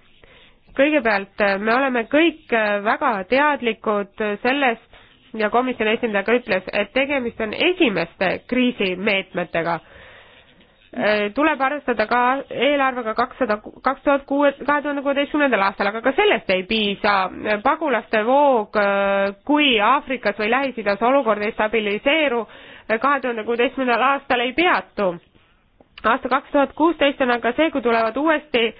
kõigepealt, äh, me oleme kõik väga teadlikud sellest ja komisjoni esindaja ka ütles, et tegemist on esimeste kriisimeetmetega Äh, tuleb arvestada ka eelarvega kakssada, kaks tuhat kuue, kahe tuhande kuueteistkümnendal aastal, aga ka sellest ei piisa. pagulaste voog, äh, kui Aafrikas või Lähis-Idas olukord ei stabiliseeru, äh, kahe tuhande kuueteistkümnendal aastal ei peatu. aasta kaks tuhat kuusteist on aga see, kui tulevad uuesti äh,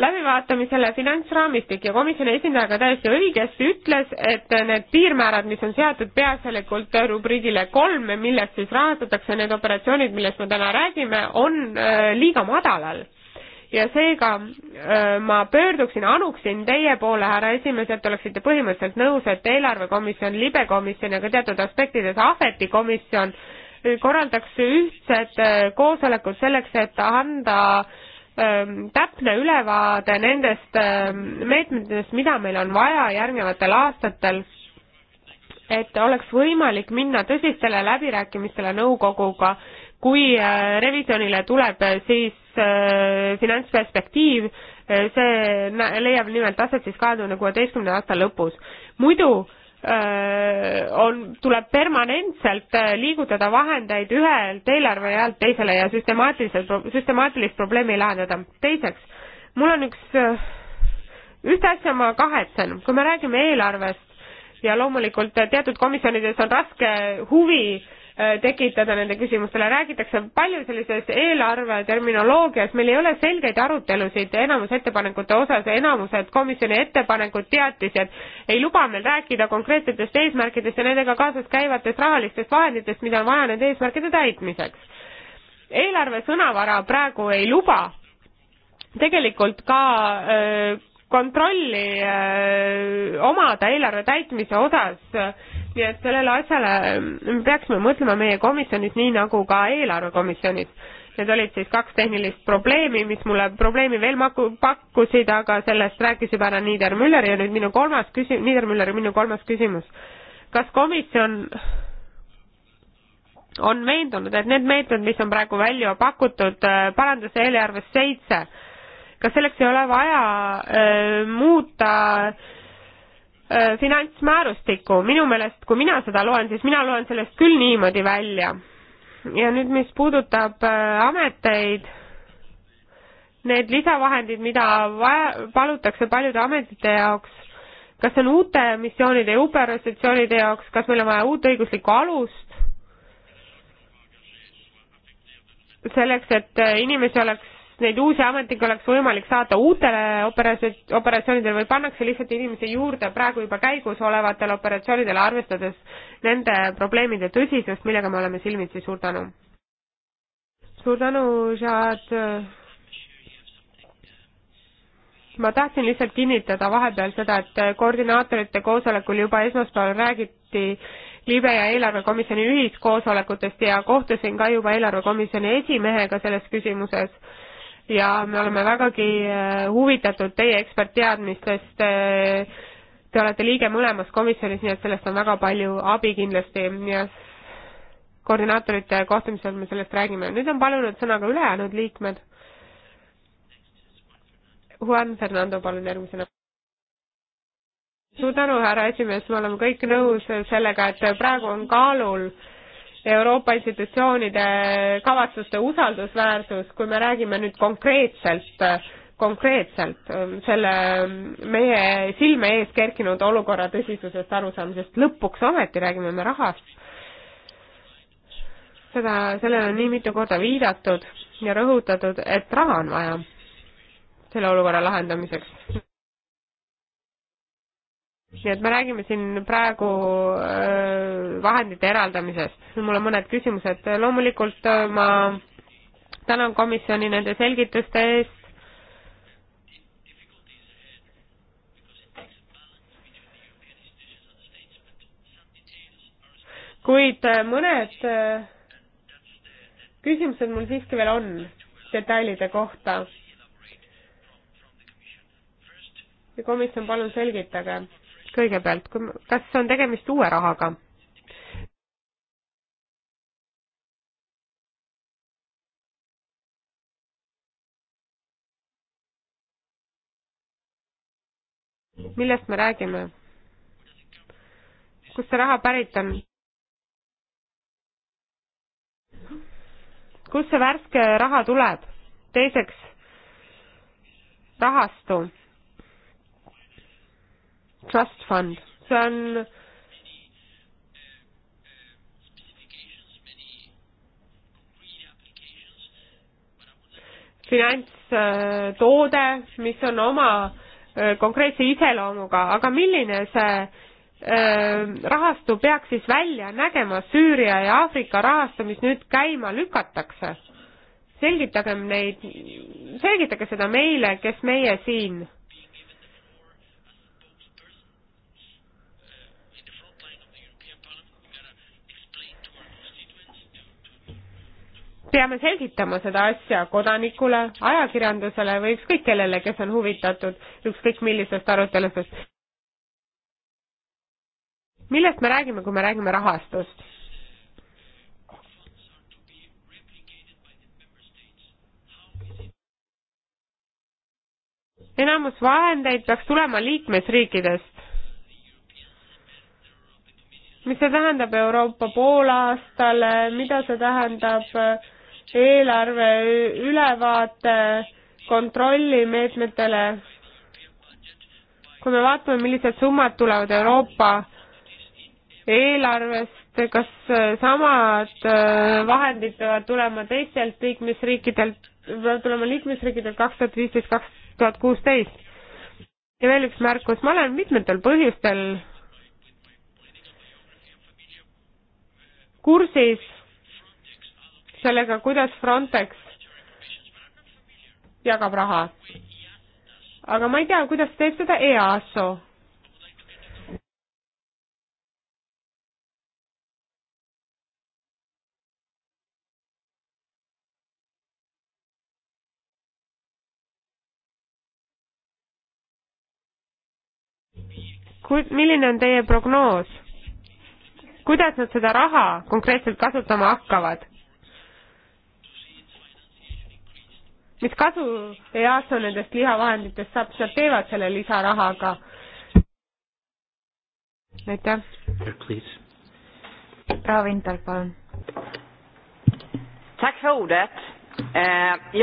läbivaatamisele finantsraamistik ja komisjoni esindaja ka täiesti õigesti ütles, et need piirmäärad, mis on seatud peaasjalikult rubriigile kolm, millest siis rahastatakse need operatsioonid, millest me täna räägime, on äh, liiga madalal. ja seega äh, ma pöörduksin, anuksin teie poole, härra esimees, et oleksite põhimõtteliselt nõus, et eelarvekomisjon, libekomisjon ja ka teatud aspektides ahvetikomisjon korraldaks ühtsed äh, koosolekud selleks, et anda Ehm, täpne ülevaade nendest ehm, meetmetest, mida meil on vaja järgnevatel aastatel, et oleks võimalik minna tõsistele läbirääkimistele nõukoguga, kui ehm, revisjonile tuleb siis finantsperspektiiv, see leiab nimelt aset siis kahe tuhande kuueteistkümnenda aasta lõpus. muidu äh, Äh, on, tuleb permanentselt äh, liigutada vahendeid ühelt eelarverealt teisele ja süstemaatiliselt, süstemaatilist probleemi lahendada. teiseks, mul on üks, äh, ühte asja ma kahetsen, kui me räägime eelarvest ja loomulikult teatud komisjonides on raske huvi äh, Äh, tekitada nende küsimustele, räägitakse palju sellises eelarve terminoloogias, meil ei ole selgeid arutelusid enamus ettepanekute osas, enamused komisjoni ettepanekud, teatised ei luba meil rääkida konkreetsetest eesmärkidest ja nendega kaasas käivatest rahalistest vahenditest, mida on vaja nende eesmärkide täitmiseks. eelarve sõnavara praegu ei luba tegelikult ka öö, äh, kontrolli öö, äh, omada eelarve täitmise osas öö, nii et sellele asjale me peaksime mõtlema meie komisjonis nii nagu ka eelarvekomisjonis. Need olid siis kaks tehnilist probleemi, mis mulle probleemi veel maku-, pakkusid, aga sellest rääkis juba härra Niedermüller ja nüüd minu kolmas küsi-, Niedermülleri minu kolmas küsimus. kas komisjon on veendunud, et need meetmed, mis on praegu välja pakutud äh, paranduse eelarves seitse, kas selleks ei ole vaja öö, äh, muuta öö, Äh, finantsmäärustikku, minu meelest, kui mina seda loen, siis mina loen sellest küll niimoodi välja. ja nüüd, mis puudutab äh, ameteid, need lisavahendid, mida vaja, palutakse paljude ametite jaoks, kas see on uute missioonide ja uperastatsioonide jaoks, kas meil on vaja uut õiguslikku alust? selleks, et äh, inimesi oleks neid uusi ametnikke oleks võimalik saata uutele operatsioonidele või pannakse lihtsalt inimesi juurde praegu juba käigus olevatele operatsioonidele, arvestades nende probleemide tõsisust, millega me oleme silmitsi, suur tänu! suur tänu, Jad! ma tahtsin lihtsalt kinnitada vahepeal seda, et koordinaatorite koosolekul juba esmaspäeval räägiti libe ja eelarvekomisjoni ühiskoosolekutest ja kohtusin ka juba eelarvekomisjoni esimehega selles küsimuses ja me oleme vägagi äh, huvitatud teie ekspertteadmistest. Te olete liige mõlemas komisjonis, nii et sellest on väga palju abi kindlasti ja koordinaatorite kohtumisel me sellest räägime. nüüd on palunud sõna ka ülejäänud liikmed. Juan Fernando, palun järgmisena. suur tänu, härra esimees, me oleme kõik nõus sellega, et praegu on kaalul Euroopa institutsioonide kavatsuste usaldusväärsus, kui me räägime nüüd konkreetselt, konkreetselt ähm, selle ähm, meie silme ees kerkinud olukorra tõsisusest arusaamisest, lõpuks ometi räägime me rahast. seda, sellele on nii mitu korda viidatud ja rõhutatud, et raha on vaja selle olukorra lahendamiseks nii et me räägime siin praegu äh, vahendite eraldamisest. mul on mõned küsimused. loomulikult äh, ma tänan komisjoni nende selgituste eest. kuid äh, mõned küsimused mul siiski veel on detailide kohta. ja komisjon, palun selgitage kõigepealt, kas on tegemist uue rahaga? millest me räägime? kust see raha pärit on? kust see värske raha tuleb? teiseks, rahastu trust fund, see on finantstoode, mis on oma äh, konkreetse iseloomuga, aga milline see äh, rahastu peaks siis välja nägema Süüria ja Aafrika rahastu, mis nüüd käima lükatakse? selgitagem neid, selgitage seda meile, kes meie siin peame selgitama seda asja kodanikule, ajakirjandusele või ükskõik kellele, kes on huvitatud ükskõik millisest arutelust. millest me räägime, kui me räägime rahastust? enamus vahendeid peaks tulema liikmesriikidest. mis see tähendab Euroopa poolaastale, mida see tähendab äh, eelarve ülevaate kontrollimeetmetele, kui me vaatame, millised summad tulevad Euroopa eelarvest, kas samad äh, vahendid peavad tulema teistelt liikmesriikidelt, peavad tulema liikmesriikidelt kaks tuhat viisteist, kaks tuhat kuusteist? ja veel üks märkus, ma olen mitmetel põhjustel kursis sellega, kuidas Frontex jagab raha. aga ma ei tea, kuidas teeb seda EASO. kui, milline on teie prognoos? kuidas nad seda raha konkreetselt kasutama hakkavad? mis kasu EASO nendest lihavahenditest saab, mis nad teevad selle lisarahaga? aitäh. proua Vintal, palun. Eh,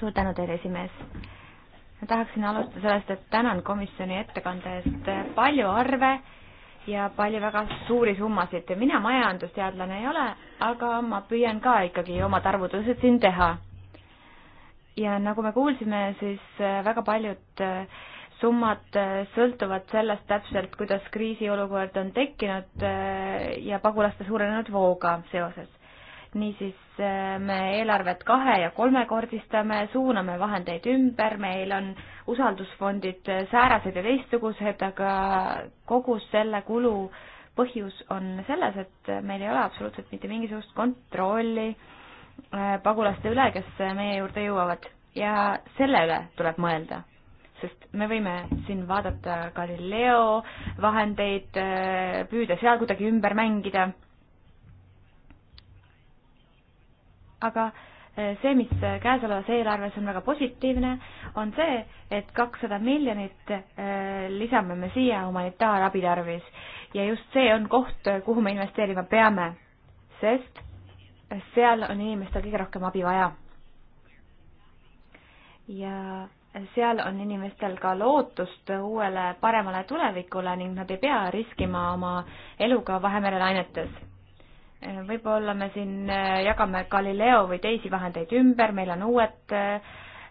suur tänu teile, esimees. ma tahaksin alustada sellest, et tänan komisjoni ettekande eest, palju arve ja palju väga suuri summasid. mina majandusteadlane ei ole, aga ma püüan ka ikkagi omad arvutused siin teha ja nagu me kuulsime, siis äh, väga paljud äh, summad äh, sõltuvad sellest täpselt, kuidas kriisiolukord on tekkinud ja pagulaste suurenenud vooga seoses. niisiis me eelarvet kahe- ja kolmekordistame, suuname vahendeid ümber, meil on usaldusfondid säärased ja teistsugused, aga kogu selle kulu põhjus on selles, et meil ei ole absoluutselt mitte mingisugust kontrolli äh, Äh, pagulaste üle, kes äh, meie juurde jõuavad ja selle üle tuleb mõelda, sest me võime siin vaadata Galileo vahendeid, äh, püüda seal kuidagi ümber mängida. aga see, mis käesolevas eelarves on väga positiivne, on see, et kakssada miljonit lisame me siia humanitaarabi tarvis ja just see on koht, kuhu me investeerima peame, sest seal on inimestel kõige rohkem abi vaja. ja seal on inimestel ka lootust uuele paremale tulevikule ning nad ei pea riskima oma eluga Vahemere lainetes. võib-olla me siin eh, jagame Galileo või teisi vahendeid ümber, meil on uued eh,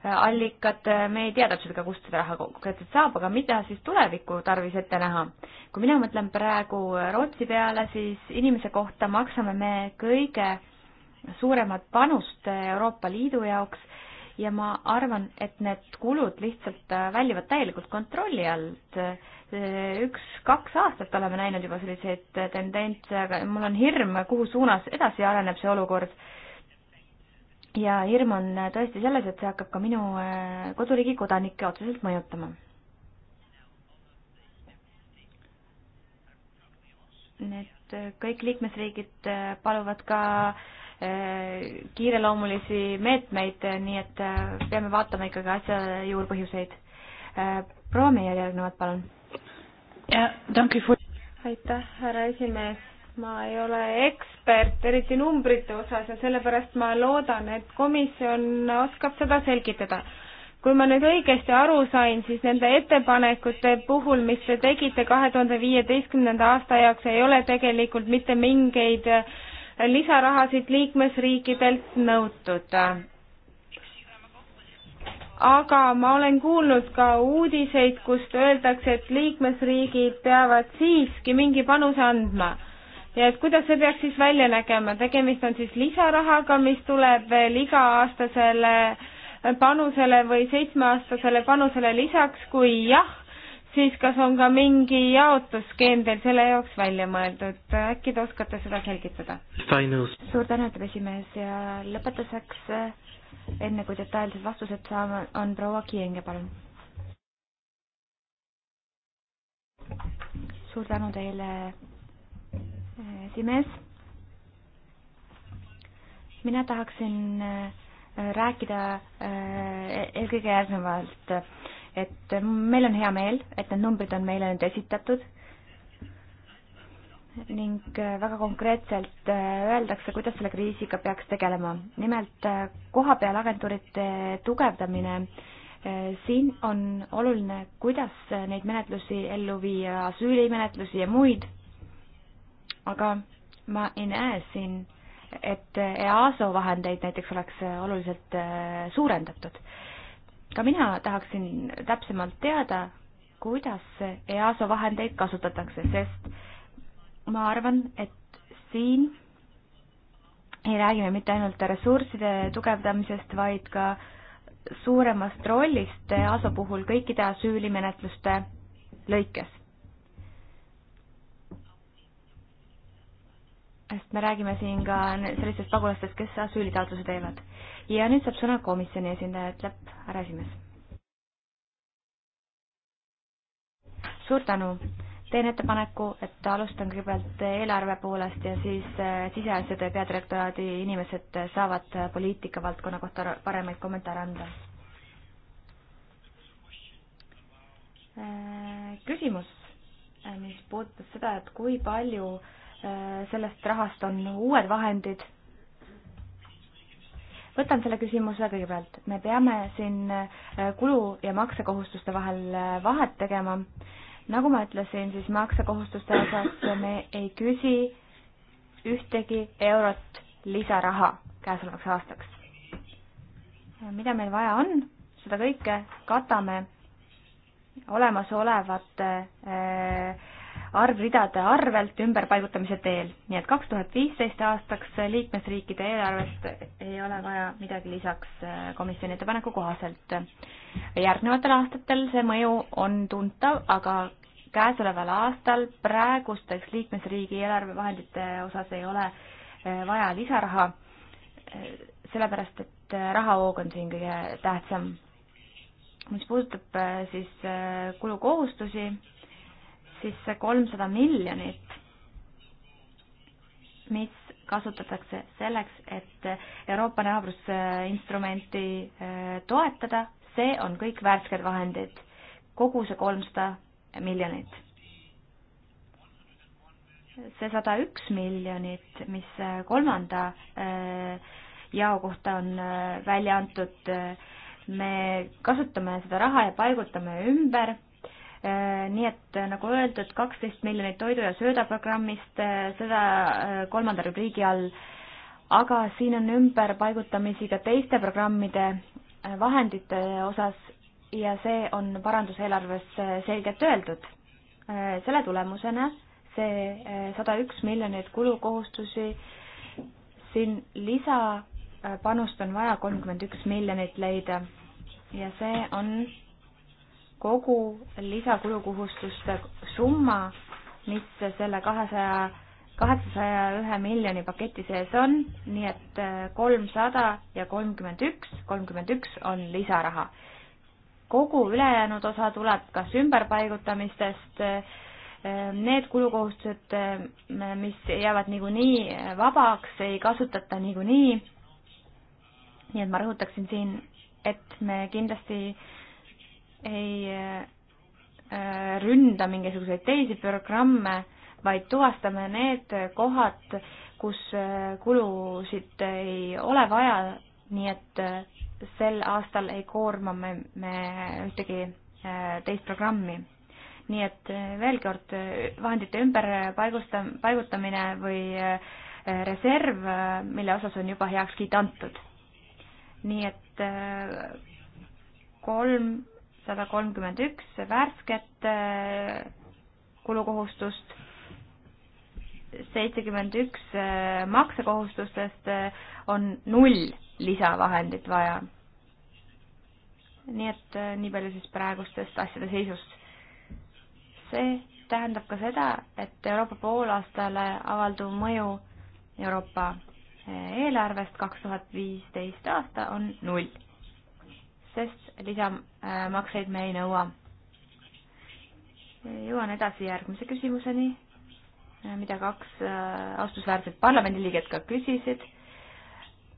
allikad, me ei tea täpselt ka, kust seda raha konkreetselt saab, aga mida siis tuleviku tarvis ette näha? kui mina mõtlen praegu Rootsi peale, siis inimese kohta maksame me kõige suuremat panust Euroopa Liidu jaoks ja ma arvan, et need kulud lihtsalt äh, väljuvad täielikult kontrolli alt. Äh, üks-kaks aastat oleme näinud juba selliseid äh, tendentse, aga mul on hirm, kuhu suunas edasi areneb see olukord. ja hirm on tõesti selles, et see hakkab ka minu koduriigi kodanikke otseselt mõjutama. Need kõik liikmesriigid paluvad ka äh, kiireloomulisi meetmeid, nii et äh, peame vaatama ikkagi asja juurpõhjuseid. Äh, proua Meier järgnevalt, palun. aitäh, härra esimees. ma ei ole ekspert, eriti numbrite osas ja sellepärast ma loodan, et komisjon oskab seda selgitada kui ma nüüd õigesti aru sain, siis nende ettepanekute puhul, mis te tegite kahe tuhande viieteistkümnenda aasta jaoks, ei ole tegelikult mitte mingeid äh, lisarahasid liikmesriikidelt nõutud. aga ma olen kuulnud ka uudiseid, kust öeldakse, et liikmesriigid peavad siiski mingi panuse andma ja et kuidas see peaks siis välja nägema, tegemist on siis lisarahaga, mis tuleb veel iga-aastasele panusele või seitsmeaastasele panusele lisaks, kui jah, siis kas on ka mingi jaotusskeem teil selle jaoks välja mõeldud, äkki te oskate seda selgitada? suur tänu, ütleb esimees ja lõpetuseks, enne kui detailsed vastused saame, on proua Kiiringe, palun. suur tänu teile, esimees. mina tahaksin äh, rääkida äh, eelkõige järgnevalt et meil on hea meel, et need numbrid on meile nüüd esitatud ning äh, väga konkreetselt äh, öeldakse, kuidas selle kriisiga peaks tegelema. nimelt äh, kohapeal agentuuride tugevdamine, siin on oluline, kuidas neid menetlusi ellu viia, asüülimenetlusi ja muid, aga ma ei näe siin, et EASO vahendeid näiteks oleks oluliselt suurendatud ka mina tahaksin täpsemalt teada, kuidas EASO vahendeid kasutatakse, sest ma arvan, et siin ei räägi me mitte ainult ressursside tugevdamisest, vaid ka suuremast rollist EASO puhul kõikide asüülimenetluste lõikes. sest me räägime siin ka sellistest pagulastest, kes asüülitaotluse teevad. ja nüüd saab sõna komisjoni esindaja, ütleb härra esimees. suur tänu. teen ettepaneku, et alustan kõigepealt eelarve poolest ja siis äh, siseasjade peadirektoraadi inimesed saavad poliitika valdkonna kohta paremaid kommentaare anda. Äh, küsimus, äh, mis puudutas seda, et kui palju äh, Äh, sellest rahast on uued vahendid. võtan selle küsimuse kõigepealt. me peame siin äh, kulu- ja maksekohustuste vahel äh, vahet tegema. nagu ma ütlesin, siis maksekohustuste osas me ei küsi ühtegi eurot lisaraha käesolevaks aastaks. mida meil vaja on, seda kõike katame olemasolevate äh, arvridade arvelt ümberpaigutamise teel, nii et kaks tuhat viisteist aastaks liikmesriikide eelarvest ei ole vaja midagi lisaks äh, komisjoni ettepaneku kohaselt. järgnevatel aastatel see mõju on tuntav, aga käesoleval aastal praegusteks liikmesriigi eelarvevahendite osas ei ole äh, vaja lisaraha, äh, sellepärast et rahavoog on siin kõige tähtsam. mis puudutab siis kulukohustusi, siis see kolmsada miljonit, mis kasutatakse selleks, et Euroopa naabrusinstrumenti äh, toetada, see on kõik värsked vahendid, kogu see kolmsada miljonit. see sada üks miljonit, mis äh, kolmanda äh, jao kohta on välja antud, me kasutame seda raha ja paigutame ümber Äh, nii et äh, nagu öeldud, kaksteist miljonit toidu- ja söödaprogrammist, äh, seda kolmanda rubriigi all, aga siin on ümberpaigutamisi ka teiste programmide vahendite osas ja see on paranduseelarves selgelt öeldud. selle tulemusena see sada üks miljonit kulukohustusi, siin lisapanust on vaja kolmkümmend üks miljonit leida ja see on kogu lisakulukohustuste summa, mis selle kahesaja, kaheksasaja ühe miljoni paketi sees on, nii et äh, kolmsada ja kolmkümmend üks, kolmkümmend üks on lisaraha. kogu ülejäänud osa tuleb kas ümberpaigutamistest, äh, need kulukohustused, äh, mis jäävad niikuinii vabaks, ei kasutata niikuinii, nii et ma rõhutaksin siin, et me kindlasti äh, ei äh, ründa mingisuguseid teisi programme, vaid tuvastame need kohad, kus äh, kulusid ei ole vaja, nii et äh, sel aastal ei koorma me, me ühtegi teist programmi. nii et veel kord, vahendite ümberpaigusta-, paigutamine või reserv, mille osas on juba heakskiit antud. nii et kolm sada kolmkümmend üks värsket äh, kulukohustust, seitsekümmend üks äh, maksekohustustest äh, on null lisavahendit vaja. nii et nii palju siis praegustest asjade seisust. see tähendab ka seda, et Euroopa poolaastale avalduv mõju Euroopa eelarvest kaks tuhat viisteist aasta on null sest lisamakseid me ei nõua. jõuan edasi järgmise küsimuseni, mida kaks äh, austusväärset parlamendiliiget ka küsisid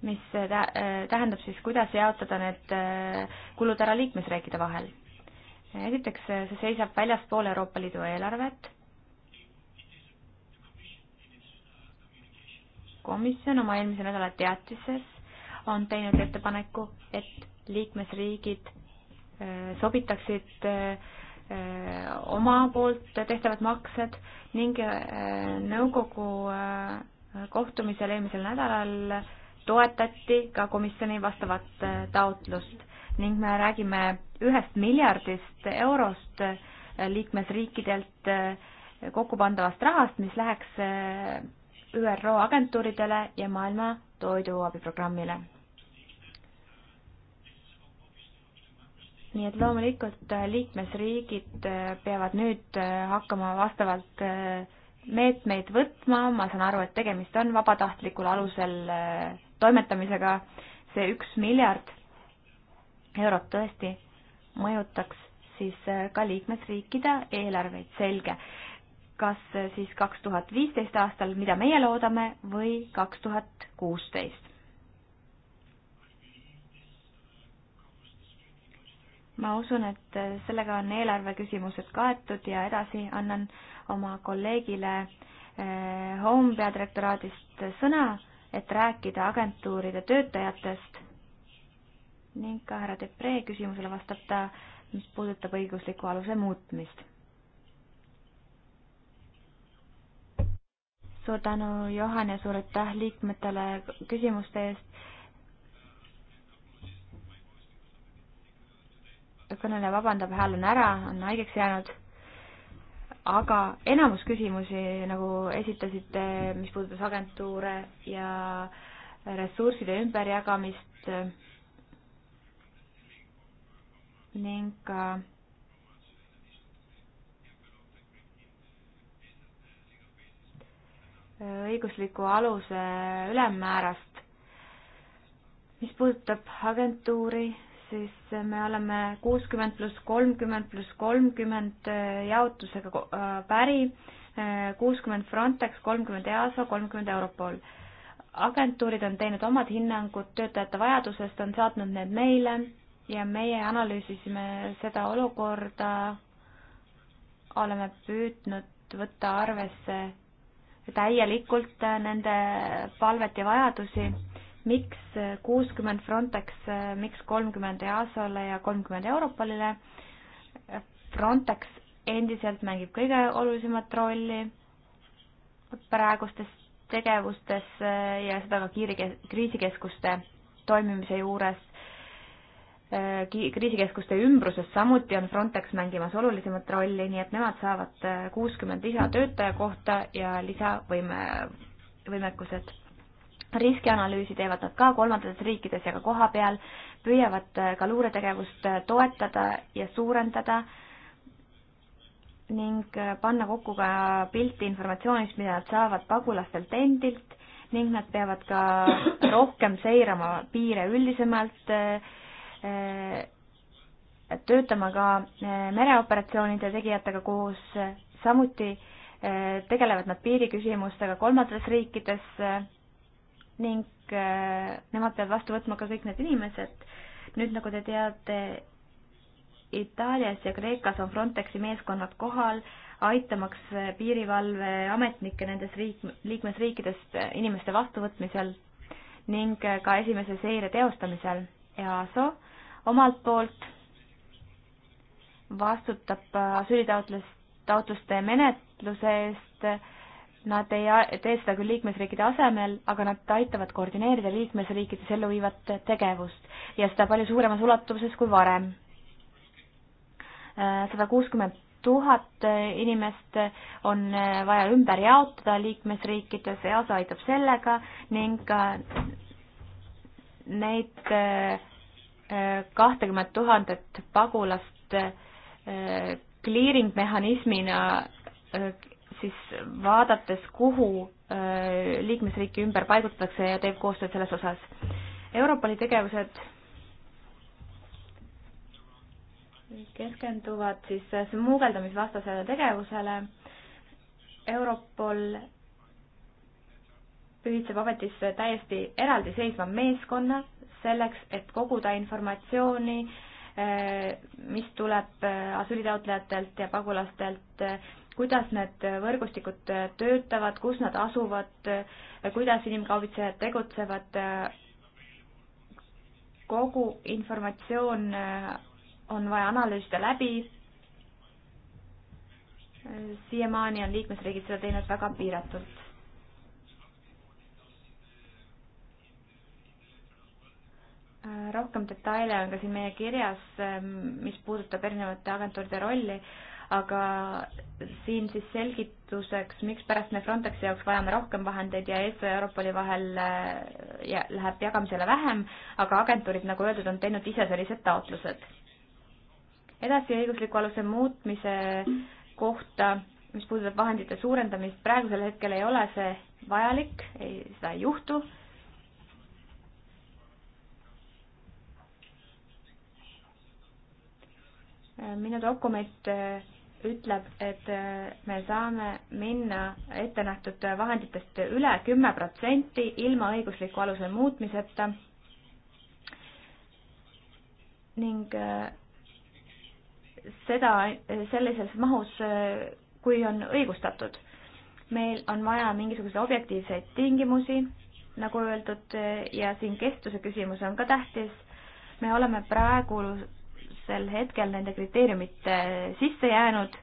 mis äh, äh, tähendab siis, kuidas jaotada need kulud ära liikmesriikide vahel. esiteks, see seisab väljaspool Euroopa Liidu eelarvet. komisjon oma eelmise nädala teatises on teinud ettepaneku, et liikmesriigid äh, sobitaksid äh, äh, oma poolt tehtavad maksed ning nõukogu kohtumisel eelmisel nädalal toetati ka komisjoni vastavat taotlust ning me räägime ühest miljardist eurost liikmesriikidelt kokku pandavast rahast, mis läheks ÜRO agentuuridele ja Maailma Toiduabiprogrammile. nii et loomulikult äh, liikmesriigid äh, peavad nüüd äh, hakkama vastavalt meetmeid võtma, ma saan aru, et tegemist on vabatahtlikul alusel toimetamisega, see üks miljard eurot tõesti mõjutaks siis ka liikmesriikide eelarveid, selge. kas siis kaks tuhat viisteist aastal, mida meie loodame, või kaks tuhat kuusteist? ma usun, et sellega on eelarve küsimused kaetud ja edasi annan oma kolleegile eh, Home peadirektoraadist sõna, et rääkida agentuuride töötajatest ning ka härra Depree küsimusele vastab ta, mis puudutab õigusliku aluse muutmist. suur tänu, Johan, ja suur aitäh liikmetele küsimuste eest kõneleja vabandab, hääl on ära, on haigeks jäänud. aga enamus küsimusi, nagu esitasite, mis puudutas agentuure ja ressursside ümberjagamist ning ka õigusliku aluse ülemmäärast, mis puudutab agentuuri siis me oleme kuuskümmend pluss kolmkümmend pluss kolmkümmend äh, jaotusega äh, päri, äh, kuuskümmend Frontex, kolmkümmend EASO, kolmkümmend Europol. agentuurid on teinud omad hinnangud töötajate vajadusest, on saatnud need meile ja meie analüüsisime seda olukorda, oleme püüdnud võtta arvesse täielikult nende palvet ja vajadusi miks kuuskümmend Frontex, miks kolmkümmend EASO-le ja kolmkümmend Europolile. Frontex endiselt mängib kõige olulisemat rolli praegustes tegevustes ja seda ka kiiri, kriisikeskuste toimimise juures. kriisikeskuste ümbruses samuti on Frontex mängimas olulisemat rolli, nii et nemad saavad kuuskümmend lisatöötaja kohta ja lisavõime, võimekused riskianalüüsi teevad nad ka kolmandates riikides ja ka kohapeal, püüavad äh, ka luuretegevust äh, toetada ja suurendada ning äh, panna kokku ka pilti informatsioonist, mida nad saavad pagulastelt endilt ning nad peavad ka rohkem seirama piire üldisemalt, töötama ka mereoperatsioonide tegijatega koos, samuti tegelevad nad piiriküsimustega kolmandates riikides ning äh, nemad peavad vastu võtma ka kõik need inimesed. nüüd, nagu te teate, Itaalias ja Kreekas on Frontexi meeskonnad kohal, aitamaks äh, piirivalveametnikke nendes riik, liikmesriikides äh, inimeste vastuvõtmisel ning ka esimese seire teostamisel. EASO omalt poolt vastutab asüülitaotluste menetluse eest Nad ei tee seda küll liikmesriikide asemel, aga nad aitavad koordineerida liikmesriikides ellu viivat tegevust ja seda palju suuremas ulatuses kui varem. Äh, sada kuuskümmend tuhat inimest on äh, vaja ümber jaotada liikmesriikides, EASA aitab sellega ning neid äh, kahtekümmet tuhandet pagulast kliiringmehhanismina siis vaadates, kuhu äh, liikmesriiki ümber paigutatakse ja teeb koostööd selles osas. Europoli tegevused keskenduvad siis smuugeldamisvastasele tegevusele. Europol pühitseb ametisse täiesti eraldiseisva meeskonna selleks, et koguda informatsiooni, äh, mis tuleb äh, asüülitaotlejatelt ja pagulastelt kuidas need võrgustikud töötavad, kus nad asuvad, kuidas inimkaubitsejad tegutsevad. kogu informatsioon on vaja analüüsida läbi. siiamaani on liikmesriigid seda teinud väga piiratult. rohkem detaile on ka siin meie kirjas, mis puudutab erinevate agentuuride rolli aga siin siis selgituseks, mikspärast me Frontexi jaoks vajame rohkem vahendeid ja ESA ja Europoli vahel äh, läheb jagamisele vähem, aga agentuurid, nagu öeldud, on teinud ise sellised taotlused. edasi õigusliku aluse muutmise kohta, mis puudutab vahendite suurendamist, praegusel hetkel ei ole see vajalik, ei, seda ei juhtu äh, minu dokument äh, ütleb, et äh, me saame minna ettenähtud vahenditest üle kümme protsenti ilma õigusliku aluse muutmiseta ning äh, seda äh, sellises mahus, kui on õigustatud. meil on vaja mingisuguseid objektiivseid tingimusi, nagu öeldud, ja siin kestuse küsimus on ka tähtis. me oleme praegu praegusel hetkel nende kriteeriumite sisse jäänud.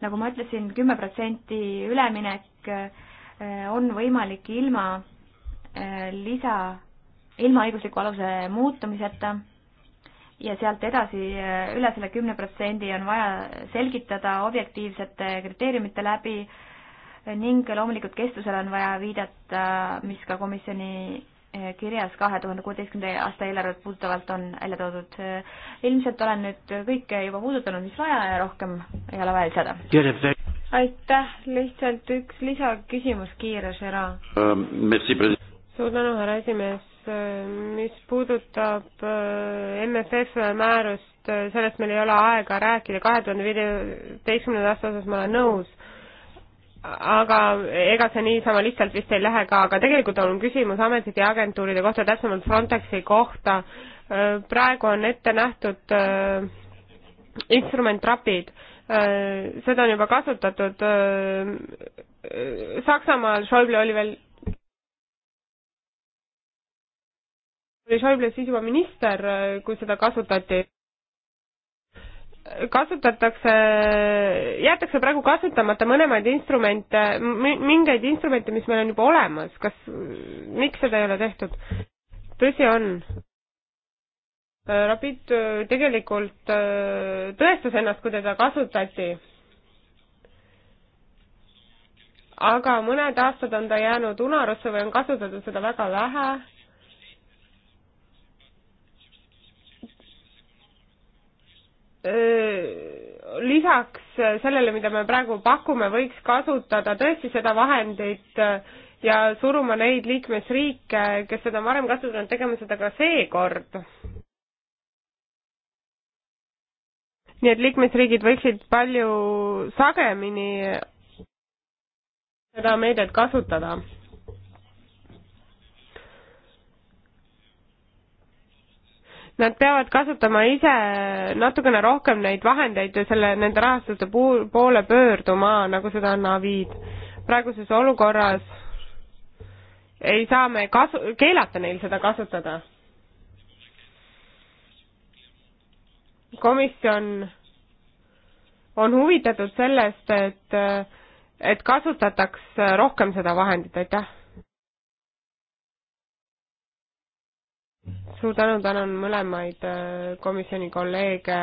nagu ma ütlesin, kümme protsenti üleminek eh, on võimalik ilma eh, lisa, ilma õigusliku aluse muutumiseta ja sealt edasi eh, üle selle kümne protsendi on vaja selgitada objektiivsete kriteeriumite läbi ning loomulikult kestusele on vaja viidata, mis ka komisjoni Eh, kirjas kahe tuhande kuueteistkümnenda aasta eelarvet puudutavalt on välja toodud. Eh, ilmselt olen nüüd kõike juba puudutanud, mis vaja ja rohkem ei ole vaja lisada. aitäh, lihtsalt üks lisaküsimus kiire, Gerard um,. suur tänu, härra esimees. Äh, mis puudutab äh, MFF määrust, äh, sellest meil ei ole aega rääkida, kahe tuhande viieteistkümnenda aasta osas ma olen nõus aga ega see niisama lihtsalt vist ei lähe ka, aga tegelikult on küsimus ametite ja agentuuride kohta, täpsemalt Frontexi kohta. praegu on ette nähtud äh, instrumentrapid, äh, seda on juba kasutatud. Äh, Saksamaal Schäuble oli veel oli Schäuble siis juba minister, kui seda kasutati kasutatakse, jäetakse praegu kasutamata mõlemaid instrumente, mingeid instrumente, mis meil on juba olemas, kas, miks seda ei ole tehtud? tõsi on. Rapid äh, tegelikult äh, tõestas ennast, kui teda kasutati. aga mõned aastad on ta jäänud unarusse või on kasutatud seda väga vähe lisaks sellele, mida me praegu pakume, võiks kasutada tõesti seda vahendit äh, ja suruma neid liikmesriike, kes seda on varem kasutanud, tegema seda ka seekord. nii et liikmesriigid võiksid palju sagemini seda meedet kasutada nad peavad kasutama ise natukene rohkem neid vahendeid ja selle, nende rahastuse poole pöörduma, nagu seda on Navid. praeguses olukorras ei saa me kasu-, keelata neil seda kasutada. komisjon on huvitatud sellest, et, et kasutataks rohkem seda vahendit, aitäh suur tänu, tänan mõlemaid äh, komisjoni kolleege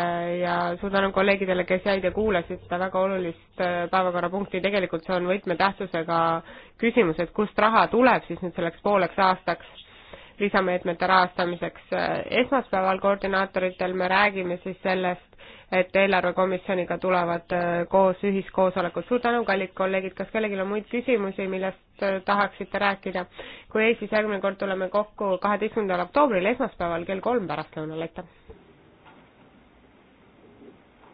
ja suur tänu kolleegidele, kes jäid ja kuulasid seda väga olulist äh, päevakorrapunkti, tegelikult see on võtmetähtsusega küsimus, et kust raha tuleb siis nüüd selleks pooleks aastaks lisameetmete rahastamiseks. Äh, esmaspäeval koordinaatoritel me räägime siis sellest, et eelarvekomisjoniga tulevad äh, koos ühiskoosolekud. suur tänu, kallid kolleegid, kas kellelgi on muid küsimusi, millest äh, tahaksite rääkida? kui ei, siis järgmine kord tuleme kokku kaheteistkümnendal oktoobril, esmaspäeval kell kolm pärastlõunal, aitäh!